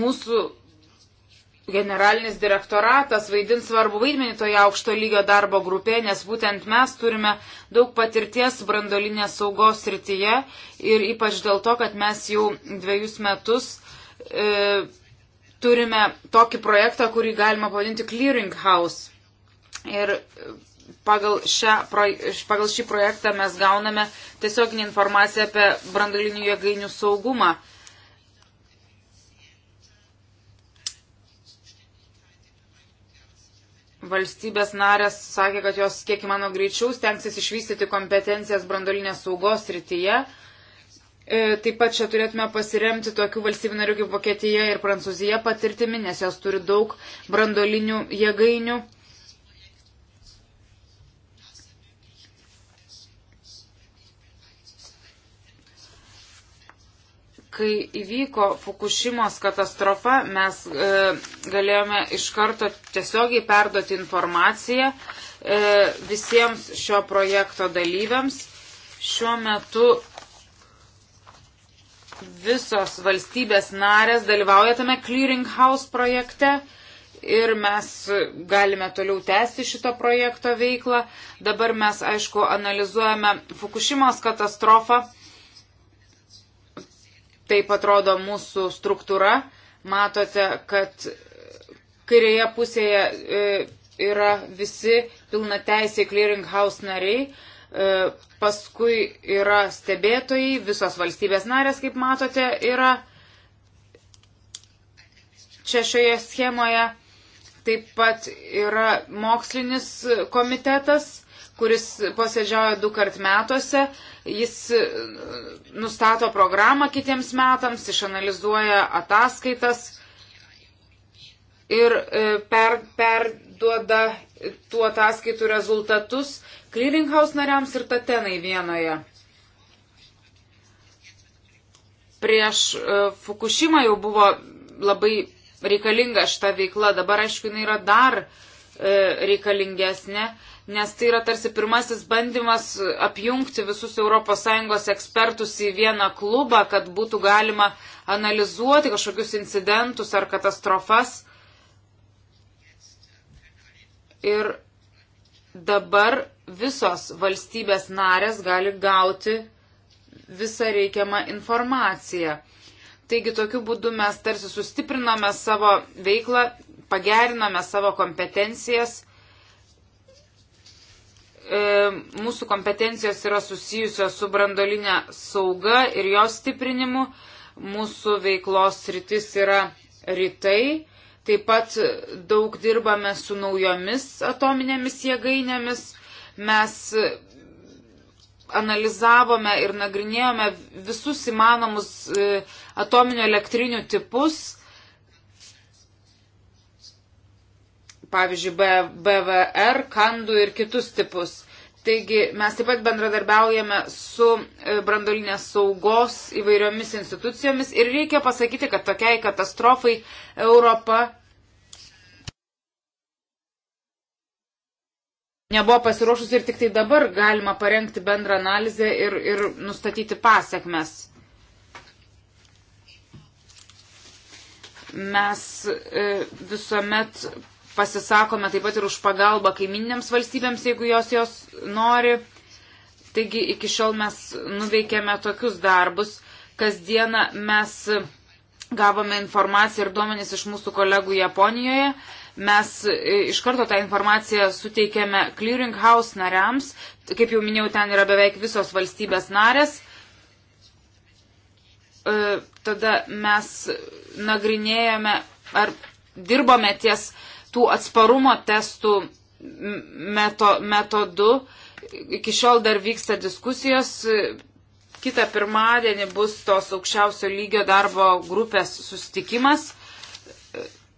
mūsų generalinis direktoratas vaidins svarbu vaidmenį toje aukšto lygio darbo grupėje, nes būtent mes turime daug patirties brandolinės saugos srityje ir ypač dėl to, kad mes jau dviejus metus e, turime tokį projektą, kurį galima pavadinti Clearing House. Ir pagal, šią, pagal šį projektą mes gauname tiesioginį informaciją apie brandolinių jėgainių saugumą. E, valstybės narės sakė, kad jos kiek įmano greičiau stengsis išvystyti kompetencijas brandolinės saugos rytyje. E, taip pat čia turėtume pasiremti tokių valstybių narių kaip Vokietija ir Prancūzija patirtimi, nes jos turi daug brandolinių jėgainių. kai įvyko Fukushimos katastrofa, mes e, galėjome iš karto tiesiogiai perduoti informaciją e, visiems šio projekto dalyviams. Šiuo metu visos valstybės narės dalyvauja tame clearinghouse projekte ir mes galime toliau tęsti šito projekto veiklą. Dabar mes, aišku, analizuojame Fukushimos katastrofą taip atrodo mūsų struktūra. Matote, kad kairėje pusėje e, yra visi pilnateisiai clearinghouse nariai, e, paskui yra stebėtojai, visos valstybės narės, kaip matote, yra čia šioje schemoje. Taip pat yra mokslinis komitetas, kuris posėdžioja du kart metuose, jis e, nustato programą kitiems metams, išanalizuoja ataskaitas ir e, per, perduoda tų ataskaitų rezultatus clearinghouse nariams ir tatenai vienoje. Prieš e, Fukushimą jau buvo labai reikalinga šita veikla, dabar aišku, jinai yra dar reikalingesnė, nes tai yra tarsi pirmasis bandymas apjungti visus ES ekspertus į vieną klubą, kad būtų galima analizuoti kažkokius incidentus ar katastrofas. Ir dabar visos valstybės narės gali gauti visą reikiamą informaciją. Taigi tokiu būdu mes tarsi sustiprinome savo veiklą, pagerinome savo kompetencijas E, mūsų kompetencijos yra susijusios su brandolinė sauga ir jos stiprinimu. Mūsų veiklos rytis yra rytai. Taip pat daug dirbame su naujomis atominėmis jėgainėmis. Mes analizavome ir nagrinėjome visus įmanomus e, atominio elektrinių tipus pavyzdžiui, BVR, kandų ir kitus tipus. Taigi mes taip pat bendradarbiaujame su e, brandolinės saugos įvairiomis institucijomis ir reikia pasakyti, kad tokiai katastrofai Europa nebuvo pasiruošus ir tik tai dabar galima parengti bendrą analizę ir, ir nustatyti pasiekmes. Mes e, visuomet pasisakome taip pat ir už pagalbą kaiminėms valstybėms, jeigu jos jos nori. Taigi iki šiol mes nuveikėme tokius darbus. Kasdieną mes gavome informaciją ir duomenys iš mūsų kolegų Japonijoje. Mes e, iš karto tą informaciją suteikėme Clearing House nariams. Kaip jau minėjau, ten yra beveik visos valstybės narės. E, tada mes nagrinėjame ar dirbome ties tų atsparumo testų meto, metodu. Iki šiol dar vyksta diskusijos. Kita pirmadienį bus tos aukščiausio lygio darbo grupės sustikimas.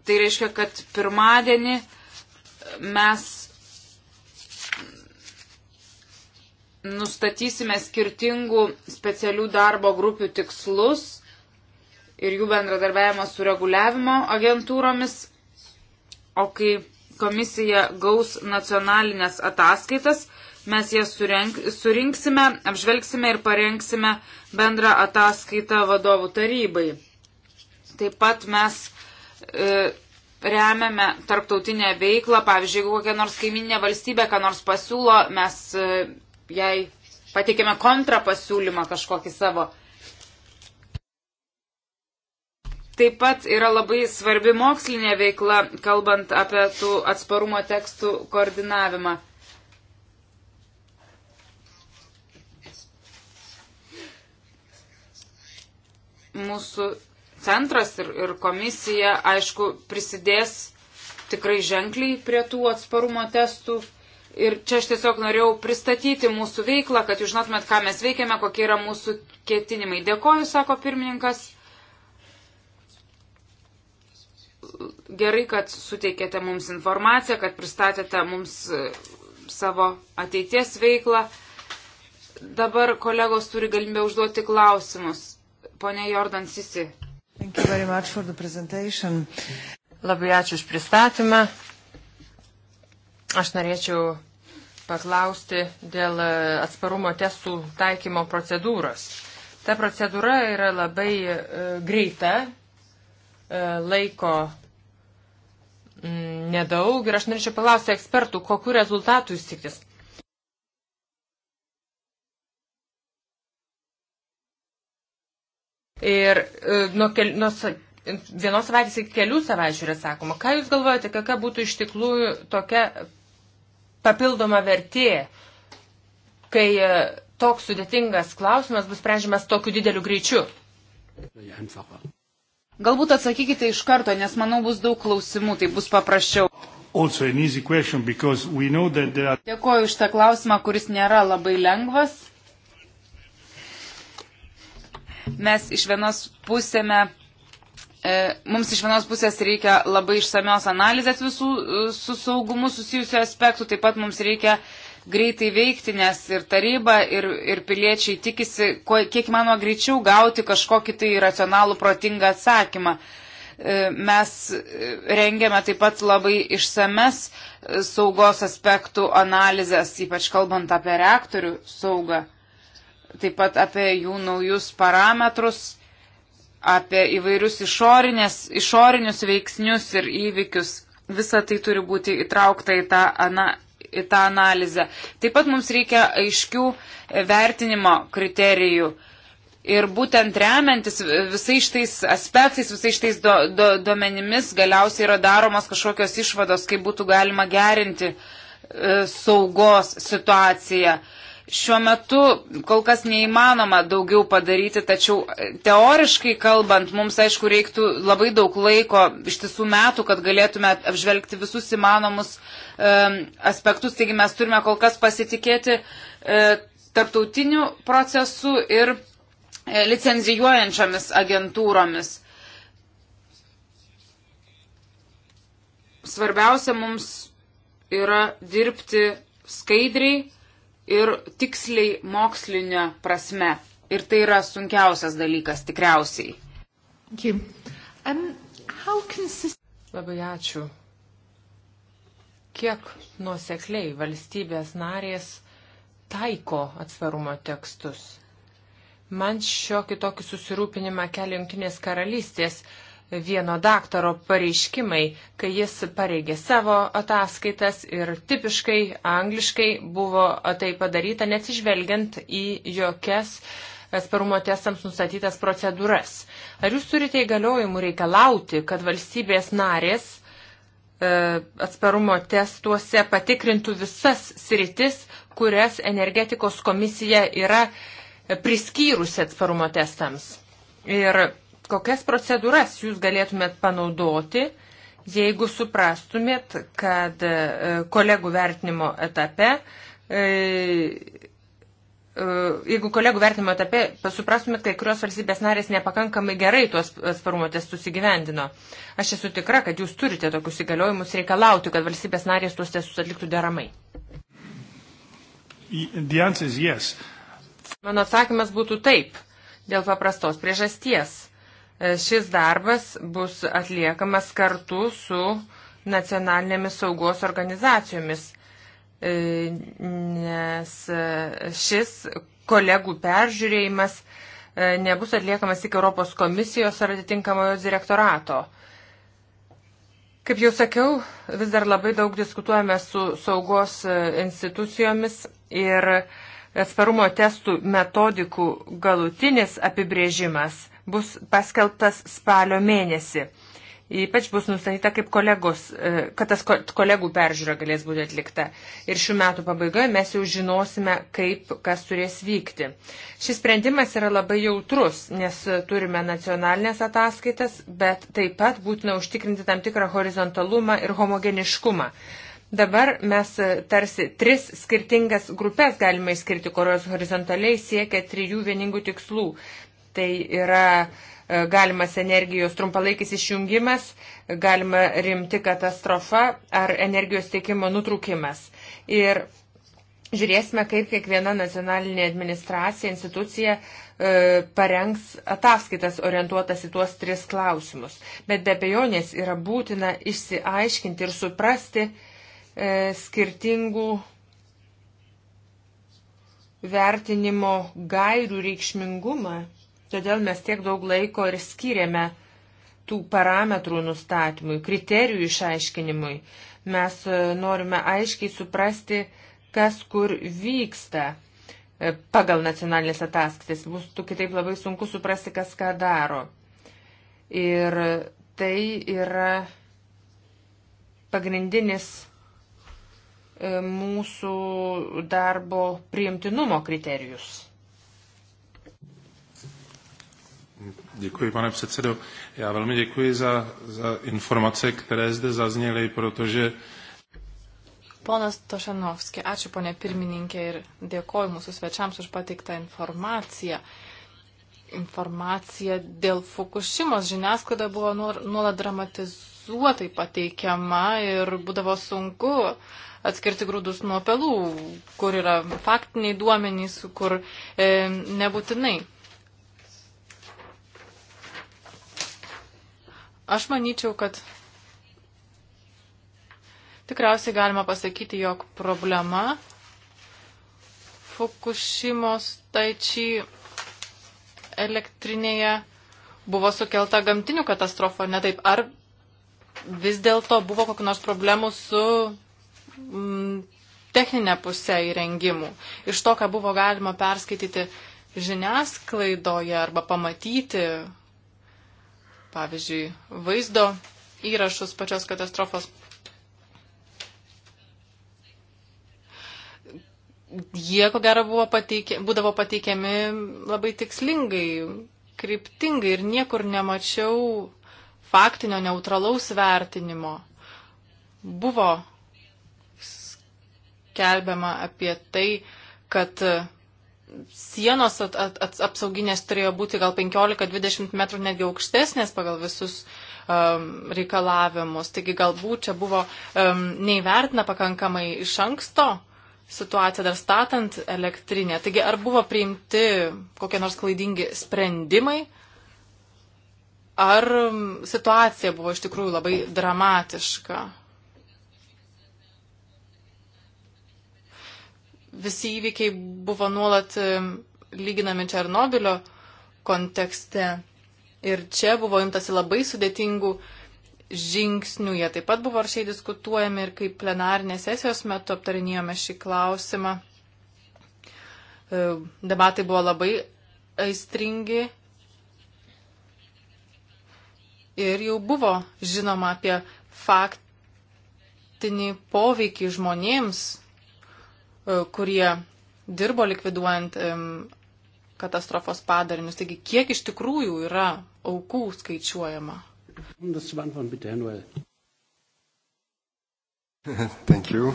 Tai reiškia, kad pirmadienį mes nustatysime skirtingų specialių darbo grupių tikslus ir jų bendradarbiavimą su reguliavimo agentūromis. O kai komisija gaus nacionalinės ataskaitas, mes jas surenk, surinksime, apžvelgsime ir parengsime bendrą ataskaitą vadovų tarybai. Taip pat mes e, remiame tarptautinę veiklą, pavyzdžiui, jeigu kokia nors kaiminė valstybė, ką nors pasiūlo, mes e, jai patikėme kontrapasiūlymą kažkokį savo. taip pat yra labai svarbi mokslinė veikla, kalbant apie tų atsparumo tekstų koordinavimą. Mūsų centras ir, ir komisija, aišku, prisidės tikrai ženkliai prie tų atsparumo testų. Ir čia aš tiesiog norėjau pristatyti mūsų veiklą, kad jūs žinotumėt, ką mes veikiame, kokie yra mūsų ketinimai. Dėkoju, sako pirmininkas. gerai, kad suteikėte mums informaciją, kad pristatėte mums e, savo ateities veiklą. Dabar kolegos turi galimybę užduoti klausimus. Pone Jordan Sisi. Labai ačiū už pristatymą. Aš norėčiau paklausti dėl e, atsparumo testų taikymo procedūros. Ta procedūra yra labai e, greita, laiko nedaug ir aš norėčiau paklausti ekspertų, kokiu rezultatu jūs tikis. Ir e, nuo, kel, nuo vienos savaitės iki kelių savaičių yra sakoma, ką jūs galvojate, kokia būtų iš tikrųjų tokia papildoma vertė, kai e, toks sudėtingas klausimas bus sprendžiamas tokiu dideliu greičiu. Ja, Galbūt atsakykite iš karto, nes manau bus daug klausimų, tai bus paprasčiau. Are... Dėkuoju už tą klausimą, kuris nėra labai lengvas. Mes iš vienos pusėme e, Mums iš vienos pusės reikia labai išsamios analizės visų e, su saugumu susijusių aspektų, taip pat mums reikia greitai veikti, nes ir taryba, ir, ir piliečiai tikisi, kuo, kiek mano greičiau gauti kažkokį tai racionalų, protingą atsakymą. E, mes e, rengiame taip pat labai išsames e, saugos aspektų analizės, ypač kalbant apie reaktorių saugą, taip pat apie jų naujus parametrus apie įvairius išorinius veiksnius ir įvykius. Visa tai turi būti įtraukta į tą ana, į tą analizę. Taip pat mums reikia aiškių vertinimo kriterijų. Ir būtent remiantis visais šitais aspektais, visais šitais do, do, duomenimis galiausiai yra daromos kažkokios išvados, kaip būtų galima gerinti e, saugos situaciją. Šiuo metu kol kas neįmanoma daugiau padaryti, tačiau e, teoriškai kalbant, mums aišku reiktų labai daug laiko, iš tiesų metų, kad galėtume apžvelgti visus įmanomus e, aspektus, taigi mes turime kol kas pasitikėti e, tarptautiniu procesu ir e, licenzijuojančiomis agentūromis. Svarbiausia mums yra dirbti skaidriai ir tiksliai mokslinė prasme. Ir tai yra sunkiausias dalykas tikriausiai. Um, consist... Labai ačiū kiek nuosekliai valstybės narės taiko atsvarumo tekstus. Man šiokį tokį susirūpinimą kelia Junktinės karalystės vieno daktaro pareiškimai, kai jis pareigė savo ataskaitas ir tipiškai angliškai buvo tai padaryta, neatsižvelgiant į jokias atsparumo testams nustatytas procedūras. Ar jūs turite įgaliojimų reikalauti, kad valstybės narės E, atsparumo testuose patikrintų visas sritis, kurias energetikos komisija yra priskyrusi atsparumo testams. Ir kokias procedūras jūs galėtumėt panaudoti, jeigu suprastumėt, kad e, kolegų vertinimo etape e, E, jeigu kolegų vertinimo etape suprastumėt, kai kurios valstybės narės nepakankamai gerai tuos atsparumo testus įgyvendino. Aš esu tikra, kad jūs turite tokius įgaliojimus reikalauti, kad valstybės narės tuos testus atliktų deramai. Yes. Mano atsakymas būtų taip, dėl paprastos priežasties. E, šis darbas bus atliekamas kartu su nacionalinėmis saugos organizacijomis E, nes e, šis kolegų peržiūrėjimas e, nebus atliekamas tik Europos komisijos ar atitinkamojo direktorato. Kaip jau sakiau, vis dar labai daug diskutuojame su saugos institucijomis ir atsparumo testų metodikų galutinis apibrėžimas bus paskelbtas spalio mėnesį. Ypač bus nustatyta, kaip kolegos, e, kad tas kolegų peržiūra galės būti atlikta. Ir šių metų pabaigoje mes jau žinosime, kaip kas turės vykti. Šis sprendimas yra labai jautrus, nes turime nacionalinės ataskaitas, bet taip pat būtina užtikrinti tam tikrą horizontalumą ir homogeniškumą. Dabar mes e, tarsi tris skirtingas grupės galime išskirti, kurios horizontaliai siekia trijų vieningų tikslų. Tai yra uh, galimas energijos trumpalaikis išjungimas, galima rimti katastrofa ar energijos tiekimo nutrūkimas. Ir žiūrėsime, kaip kiekviena nacionalinė administracija, institucija e, parengs ataskaitas orientuotas į tuos tris klausimus. Bet be abejonės yra būtina išsiaiškinti ir suprasti e, skirtingų vertinimo gairių reikšmingumą Todėl mes tiek daug laiko ir skiriame tų parametrų nustatymui, kriterijų išaiškinimui. Mes e, norime aiškiai suprasti, kas kur vyksta e, pagal nacionalinės ataskaitas. Bus kitaip labai sunku suprasti, kas ką daro. Ir tai yra pagrindinis e, mūsų darbo priimtinumo kriterijus. Děkuji, pane předsedo. Já velmi děkuji za, za informace, které zde zazněly, protože. Ponas Tošanovski, ačiū ponė pirmininkė ir dėkoju mūsų svečiams už pateiktą informaciją. Informacija dėl Fukushimos žiniasklaida buvo nuolat dramatizuotai pateikiama ir būdavo sunku atskirti grūdus nuo pelų, kur yra faktiniai duomenys, kur e, nebūtinai Aš manyčiau, kad tikriausiai galima pasakyti, jog problema Fukushimos taičiai elektrinėje buvo sukelta gamtinių katastrofų, ne taip. Ar vis dėlto buvo kokių nors problemų su mm, techninė pusė įrengimų? Iš to, ką buvo galima perskaityti žiniasklaidoje arba pamatyti pavyzdžiui, vaizdo įrašus pačios katastrofos. Jie, ko gero, buvo pateikė, būdavo pateikiami labai tikslingai, kryptingai ir niekur nemačiau faktinio neutralaus vertinimo. Buvo skelbiama apie tai, kad sienos at, at, at, apsauginės turėjo būti gal 15-20 metrų netgi aukštesnės pagal visus um, reikalavimus. Taigi galbūt čia buvo um, neįvertina pakankamai iš anksto situacija dar statant elektrinę. Taigi ar buvo priimti kokie nors klaidingi sprendimai, ar um, situacija buvo iš tikrųjų labai dramatiška. visi įvykiai buvo nuolat lyginami Černobilio kontekste. Ir čia buvo imtasi labai sudėtingų žingsnių. Jie taip pat buvo aršiai diskutuojami ir kaip plenarinės sesijos metu aptarinėjome šį klausimą. E, debatai buvo labai aistringi ir jau buvo žinoma apie faktinį poveikį žmonėms E, kurie dirbo likviduojant katastrofos padarinius. Taigi, kiek iš tikrųjų yra aukų skaičiuojama? Thank you.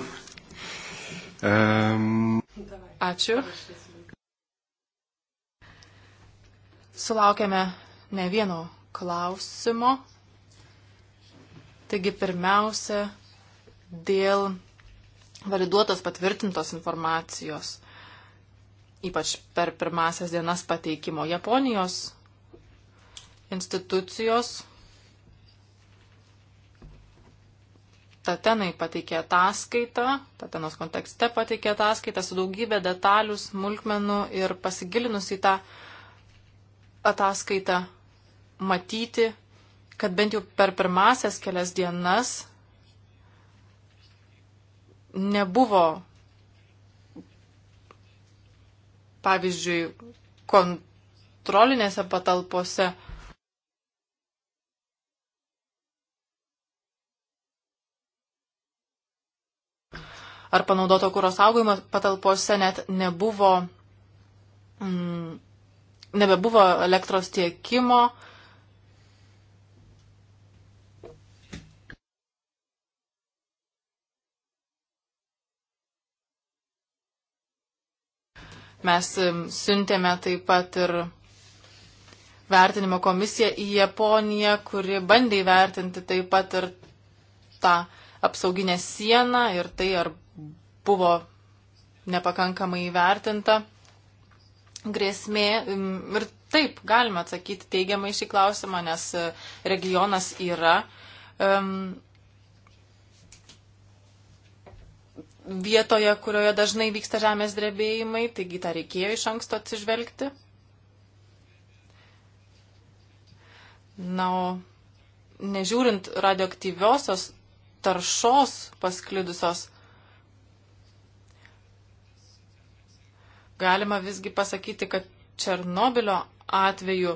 Um... Ačiū. Sulaukėme ne vieno klausimo. Taigi pirmiausia, dėl validuotos patvirtintos informacijos, ypač per pirmasias dienas pateikimo. Japonijos institucijos Tatenai pateikė ataskaitą, Tatenos kontekste pateikė ataskaitą su daugybė detalių, smulkmenų ir pasigilinus į tą ataskaitą matyti, kad bent jau per pirmasias kelias dienas nebuvo, pavyzdžiui, kontrolinėse patalpose. Ar panaudoto kūro saugojimo patalpose net nebuvo, mm, nebebuvo elektros tiekimo, Mes siuntėme taip pat ir vertinimo komisiją į Japoniją, kuri bandė įvertinti taip pat ir tą apsauginę sieną ir tai, ar buvo nepakankamai įvertinta grėsmė. Ir taip, galime atsakyti teigiamai šį klausimą, nes e, regionas yra um, vietoje, kurioje dažnai vyksta žemės drebėjimai, taigi tą reikėjo iš anksto atsižvelgti. Na, o nežiūrint radioaktyviosios taršos pasklidusios, galima visgi pasakyti, kad Černobilio atveju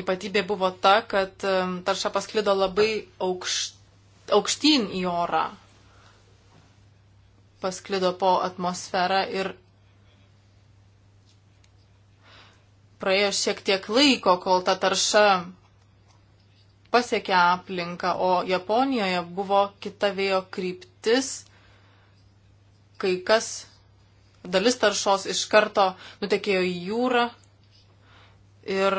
ypatybė buvo ta, kad um, tarša pasklido labai aukštyn į orą pasklido po atmosferą ir praėjo šiek tiek laiko, kol ta tarša pasiekė aplinką, o Japonijoje buvo kita vėjo kryptis, kai kas dalis taršos iš karto nutekėjo į jūrą ir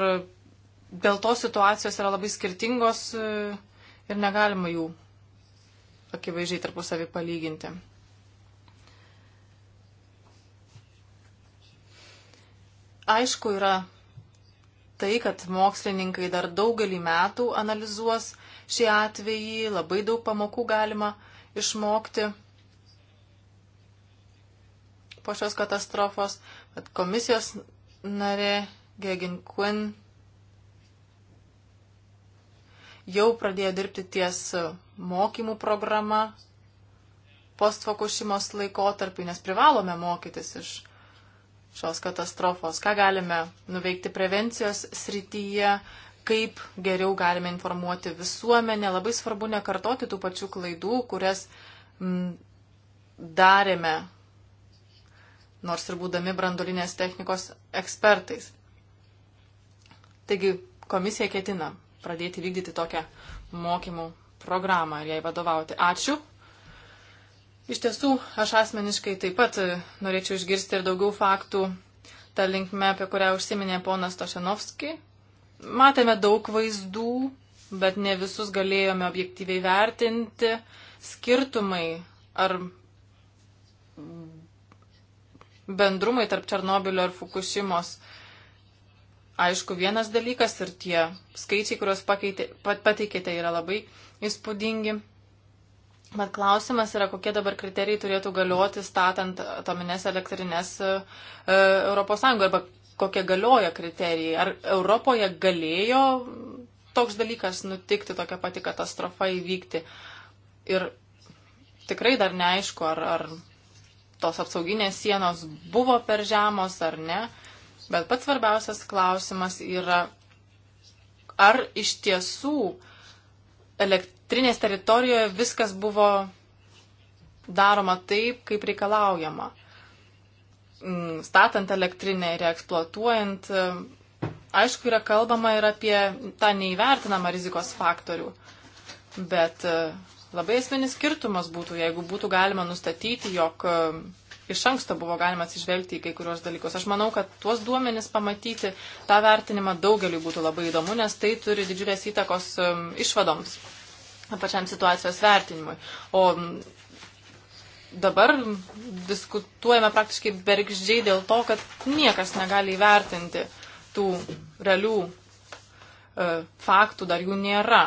dėl to situacijos yra labai skirtingos e, ir negalima jų akivaizdžiai tarpusavį palyginti. Aišku yra tai, kad mokslininkai dar daugelį metų analizuos šį atvejį, labai daug pamokų galima išmokti po šios katastrofos, bet komisijos narė Gegin Quinn jau pradėjo dirbti ties mokymų programa postfokušimos laikotarpį, nes privalome mokytis iš šios katastrofos, ką galime nuveikti prevencijos srityje, kaip geriau galime informuoti visuomenę. Labai svarbu nekartoti tų pačių klaidų, kurias m, darėme, nors ir būdami brandolinės technikos ekspertais. Taigi komisija ketina pradėti vykdyti tokią mokymų programą ir jai vadovauti. Ačiū Iš tiesų, aš asmeniškai taip pat e, norėčiau išgirsti ir daugiau faktų tą linkmę, apie kurią užsiminė ponas Tošenovski. Matėme daug vaizdų, bet ne visus galėjome objektyviai vertinti. Skirtumai ar bendrumai tarp Černobilio ir Fukushimos. Aišku, vienas dalykas ir tie skaičiai, kuriuos pakeitė, pateikėte, yra labai įspūdingi. Bet klausimas yra, kokie dabar kriterijai turėtų galioti statant atominės elektrinės ES e, arba kokie galioja kriterijai. Ar Europoje galėjo toks dalykas nutikti, tokia pati katastrofa įvykti? Ir tikrai dar neaišku, ar, ar tos apsauginės sienos buvo per žemos ar ne. Bet pats svarbiausias klausimas yra, ar iš tiesų elektroninė Centrinės teritorijoje viskas buvo daroma taip, kaip reikalaujama. Mm, statant elektrinę ir eksploatuojant, aišku, yra kalbama ir apie tą neįvertinamą rizikos faktorių. Bet e, labai esminis skirtumas būtų, jeigu būtų galima nustatyti, jog e, iš anksto buvo galima atsižvelgti į kai kurios dalykus. Aš manau, kad tuos duomenis pamatyti, tą vertinimą daugeliu būtų labai įdomu, nes tai turi didžiulės įtakos e, išvadoms pačiam situacijos vertinimui. O dabar diskutuojame praktiškai bergždžiai dėl to, kad niekas negali įvertinti tų realių e, faktų, dar jų nėra.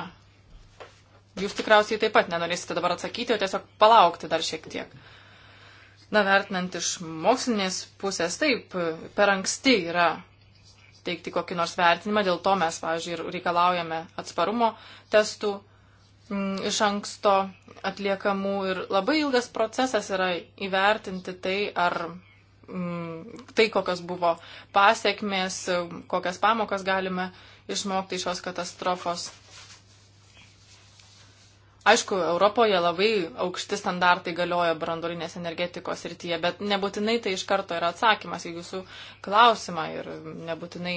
Jūs tikriausiai taip pat nenorėsite dabar atsakyti, o tiesiog palaukti dar šiek tiek. Na, vertinant iš mokslinės pusės, taip, per anksti yra teikti kokį nors vertinimą, dėl to mes, pavyzdžiui, reikalaujame atsparumo testų Mm, iš anksto atliekamų ir labai ilgas procesas yra įvertinti tai, ar mm, tai, kokios buvo pasiekmės, kokias pamokas galime išmokti iš šios katastrofos. Aišku, Europoje labai aukšti standartai galioja brandolinės energetikos rytyje, bet nebūtinai tai iš karto yra atsakymas į jūsų klausimą ir nebūtinai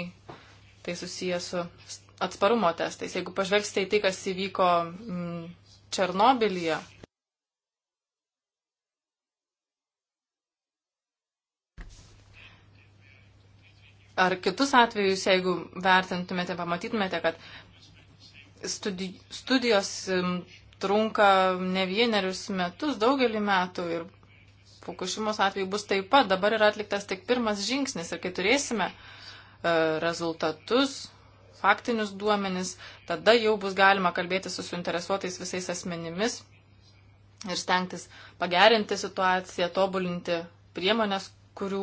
tai susijęs su atsparumo testais. Jeigu pažvelgsite į tai, kas įvyko mm, Černobilyje, ar kitus atvejus, jeigu vertintumėte, pamatytumėte, kad studijos mm, trunka ne vienerius metus, daugelį metų ir Fukushimos atveju bus taip pat. Dabar yra atliktas tik pirmas žingsnis ir kai turėsime e, rezultatus, faktinius duomenis, tada jau bus galima kalbėti su suinteresuotais visais asmenimis ir stengtis pagerinti situaciją, tobulinti priemonės, kurių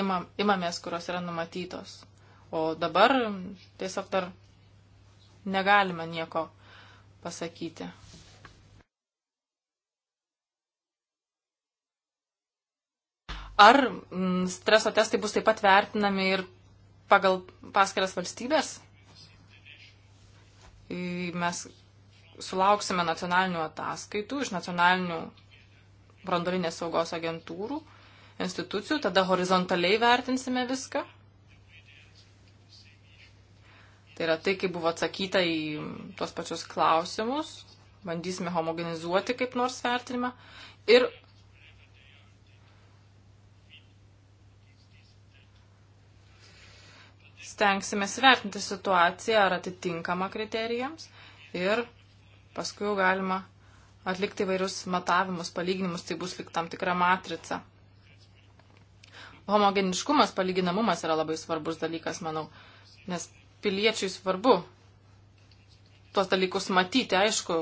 imam, imamės, kurios yra numatytos. O dabar tiesiog dar negalime nieko pasakyti. Ar mm, streso testai bus taip pat vertinami ir pagal paskiras valstybės? mes sulauksime nacionalinių ataskaitų iš nacionalinių brandolinės saugos agentūrų, institucijų, tada horizontaliai vertinsime viską. Tai yra tai, kaip buvo atsakyta į tuos pačius klausimus, bandysime homogenizuoti kaip nors vertinimą ir stengsime svertinti situaciją ar atitinkama kriterijams ir paskui jau galima atlikti vairius matavimus, palyginimus, tai bus lik tam tikra matrica. Homogeniškumas, palyginamumas yra labai svarbus dalykas, manau, nes piliečiui svarbu tuos dalykus matyti, aišku,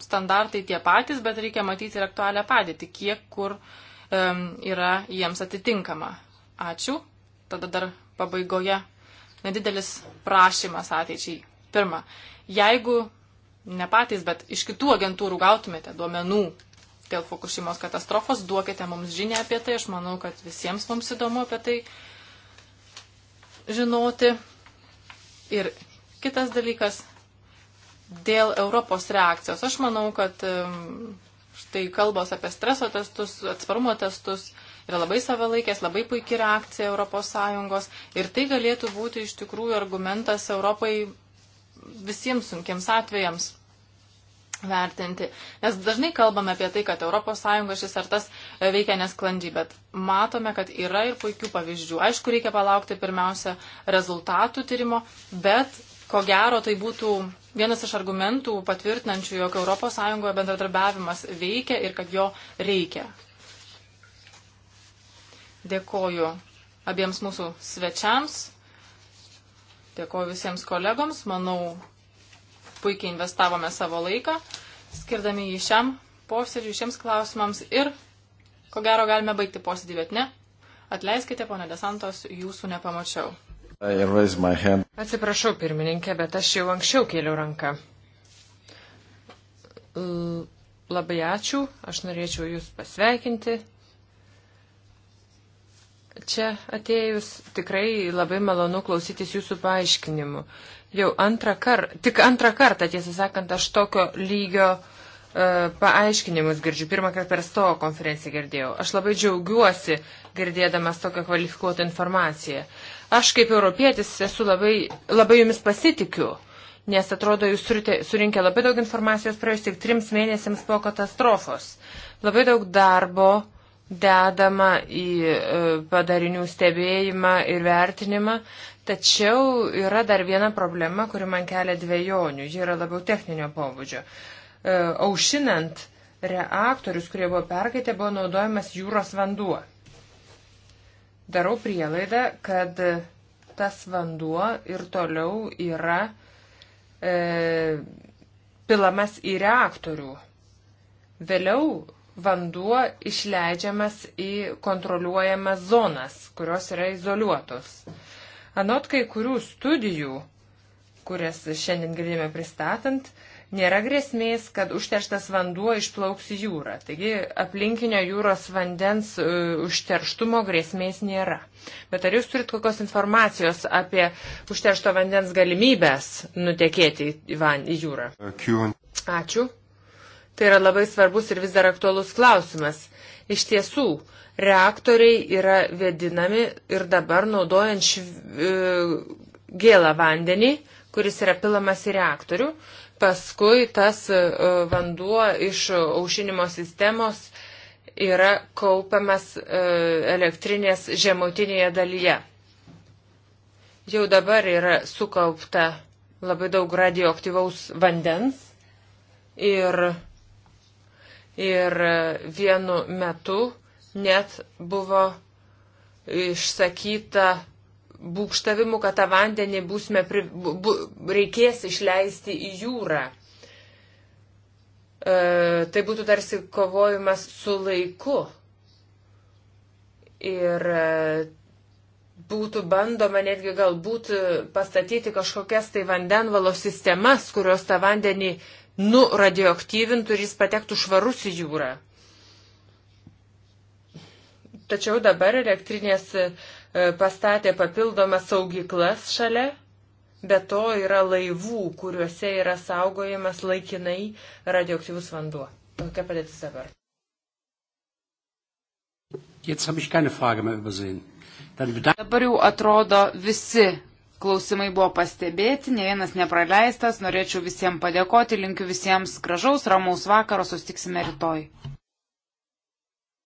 standartai tie patys, bet reikia matyti ir aktualią padėtį, kiek kur um, yra jiems atitinkama. Ačiū. Tada dar pabaigoje nedidelis prašymas ateičiai. Pirma, jeigu ne patys, bet iš kitų agentūrų gautumėte duomenų dėl Fukushimos katastrofos, duokite mums žinę apie tai. Aš manau, kad visiems mums įdomu apie tai žinoti. Ir kitas dalykas, dėl Europos reakcijos. Aš manau, kad um, štai kalbos apie streso testus, atsparumo testus, yra labai savalaikės, labai puikia reakcija ES ir tai galėtų būti iš tikrųjų argumentas Europai visiems sunkiems atvejams vertinti. Nes dažnai kalbame apie tai, kad ES šis ar tas e, veikia nesklandžiai, bet matome, kad yra ir puikių pavyzdžių. Aišku, reikia palaukti pirmiausia rezultatų tyrimo, bet ko gero tai būtų vienas iš argumentų patvirtinančių, jog ES bendradarbiavimas veikia ir kad jo reikia. Dėkoju abiems mūsų svečiams, dėkoju visiems kolegoms. Manau, puikiai investavome savo laiką, skirdami jį šiam posėdžiui, šiems klausimams ir, ko gero, galime baigti posėdį, bet ne. Atleiskite, ponė Desantos, jūsų nepamačiau. Atsiprašau, pirmininkė, bet aš jau anksčiau kėliau ranką. Labai ačiū, aš norėčiau Jūs pasveikinti Čia atėjus tikrai labai malonu klausytis jūsų paaiškinimų. Jau antrą kartą, tik antrą kartą, tiesą sakant, aš tokio lygio e, paaiškinimus girdžiu. Pirmą kartą per stovo konferenciją girdėjau. Aš labai džiaugiuosi girdėdamas tokią kvalifikuotą informaciją. Aš kaip europietis esu labai, labai jumis pasitikiu, nes atrodo, jūs turite surinkę labai daug informacijos praėjus tik trims mėnesiams po katastrofos. Labai daug darbo dedama į e, padarinių stebėjimą ir vertinimą, tačiau yra dar viena problema, kuri man kelia dviejonių, ji yra labiau techninio pobūdžio. E, aušinant reaktorius, kurie buvo perkaitę, buvo naudojamas jūros vanduo. Darau prielaidą, kad tas vanduo ir toliau yra e, pilamas į reaktorių. Vėliau vanduo išleidžiamas į kontroliuojamas zonas, kurios yra izoliuotos. Anot kai kurių studijų, kurias šiandien girdėjome pristatant, nėra grėsmės, kad užterštas vanduo išplauks į jūrą. Taigi aplinkinio jūros vandens e, užterštumo grėsmės nėra. Bet ar jūs turit kokios informacijos apie užteršto vandens galimybės nutekėti į, van, į jūrą? Ačiū. Tai yra labai svarbus ir vis dar aktuolus klausimas. Iš tiesų, reaktoriai yra vedinami ir dabar naudojant šv... E, gėlą vandenį, kuris yra pilamas į reaktorių. Paskui tas e, vanduo iš aušinimo sistemos yra kaupiamas e, elektrinės žemutinėje dalyje. Jau dabar yra sukaupta labai daug radioaktyvaus vandens ir Ir vienu metu net buvo išsakyta būkštavimų, kad tą vandenį būsime, pri, bu, reikės išleisti į jūrą. E, tai būtų tarsi kovojimas su laiku. Ir e, būtų bandoma netgi galbūt pastatyti kažkokias tai vandenvalo sistemas, kurios tą vandenį e, nuradioaktyvintų ir jis patektų švarus į jūrą. Tačiau dabar elektrinės e, pastatė papildomas saugyklas šalia, bet to yra laivų, kuriuose yra saugojamas laikinai radioaktyvus vanduo. Tokia padėtis dabar. Dabar jau atrodo visi klausimai buvo pastebėti, ne vienas nepraleistas, norėčiau visiems padėkoti, linkiu visiems gražaus, ramaus vakaro, sustiksime rytoj.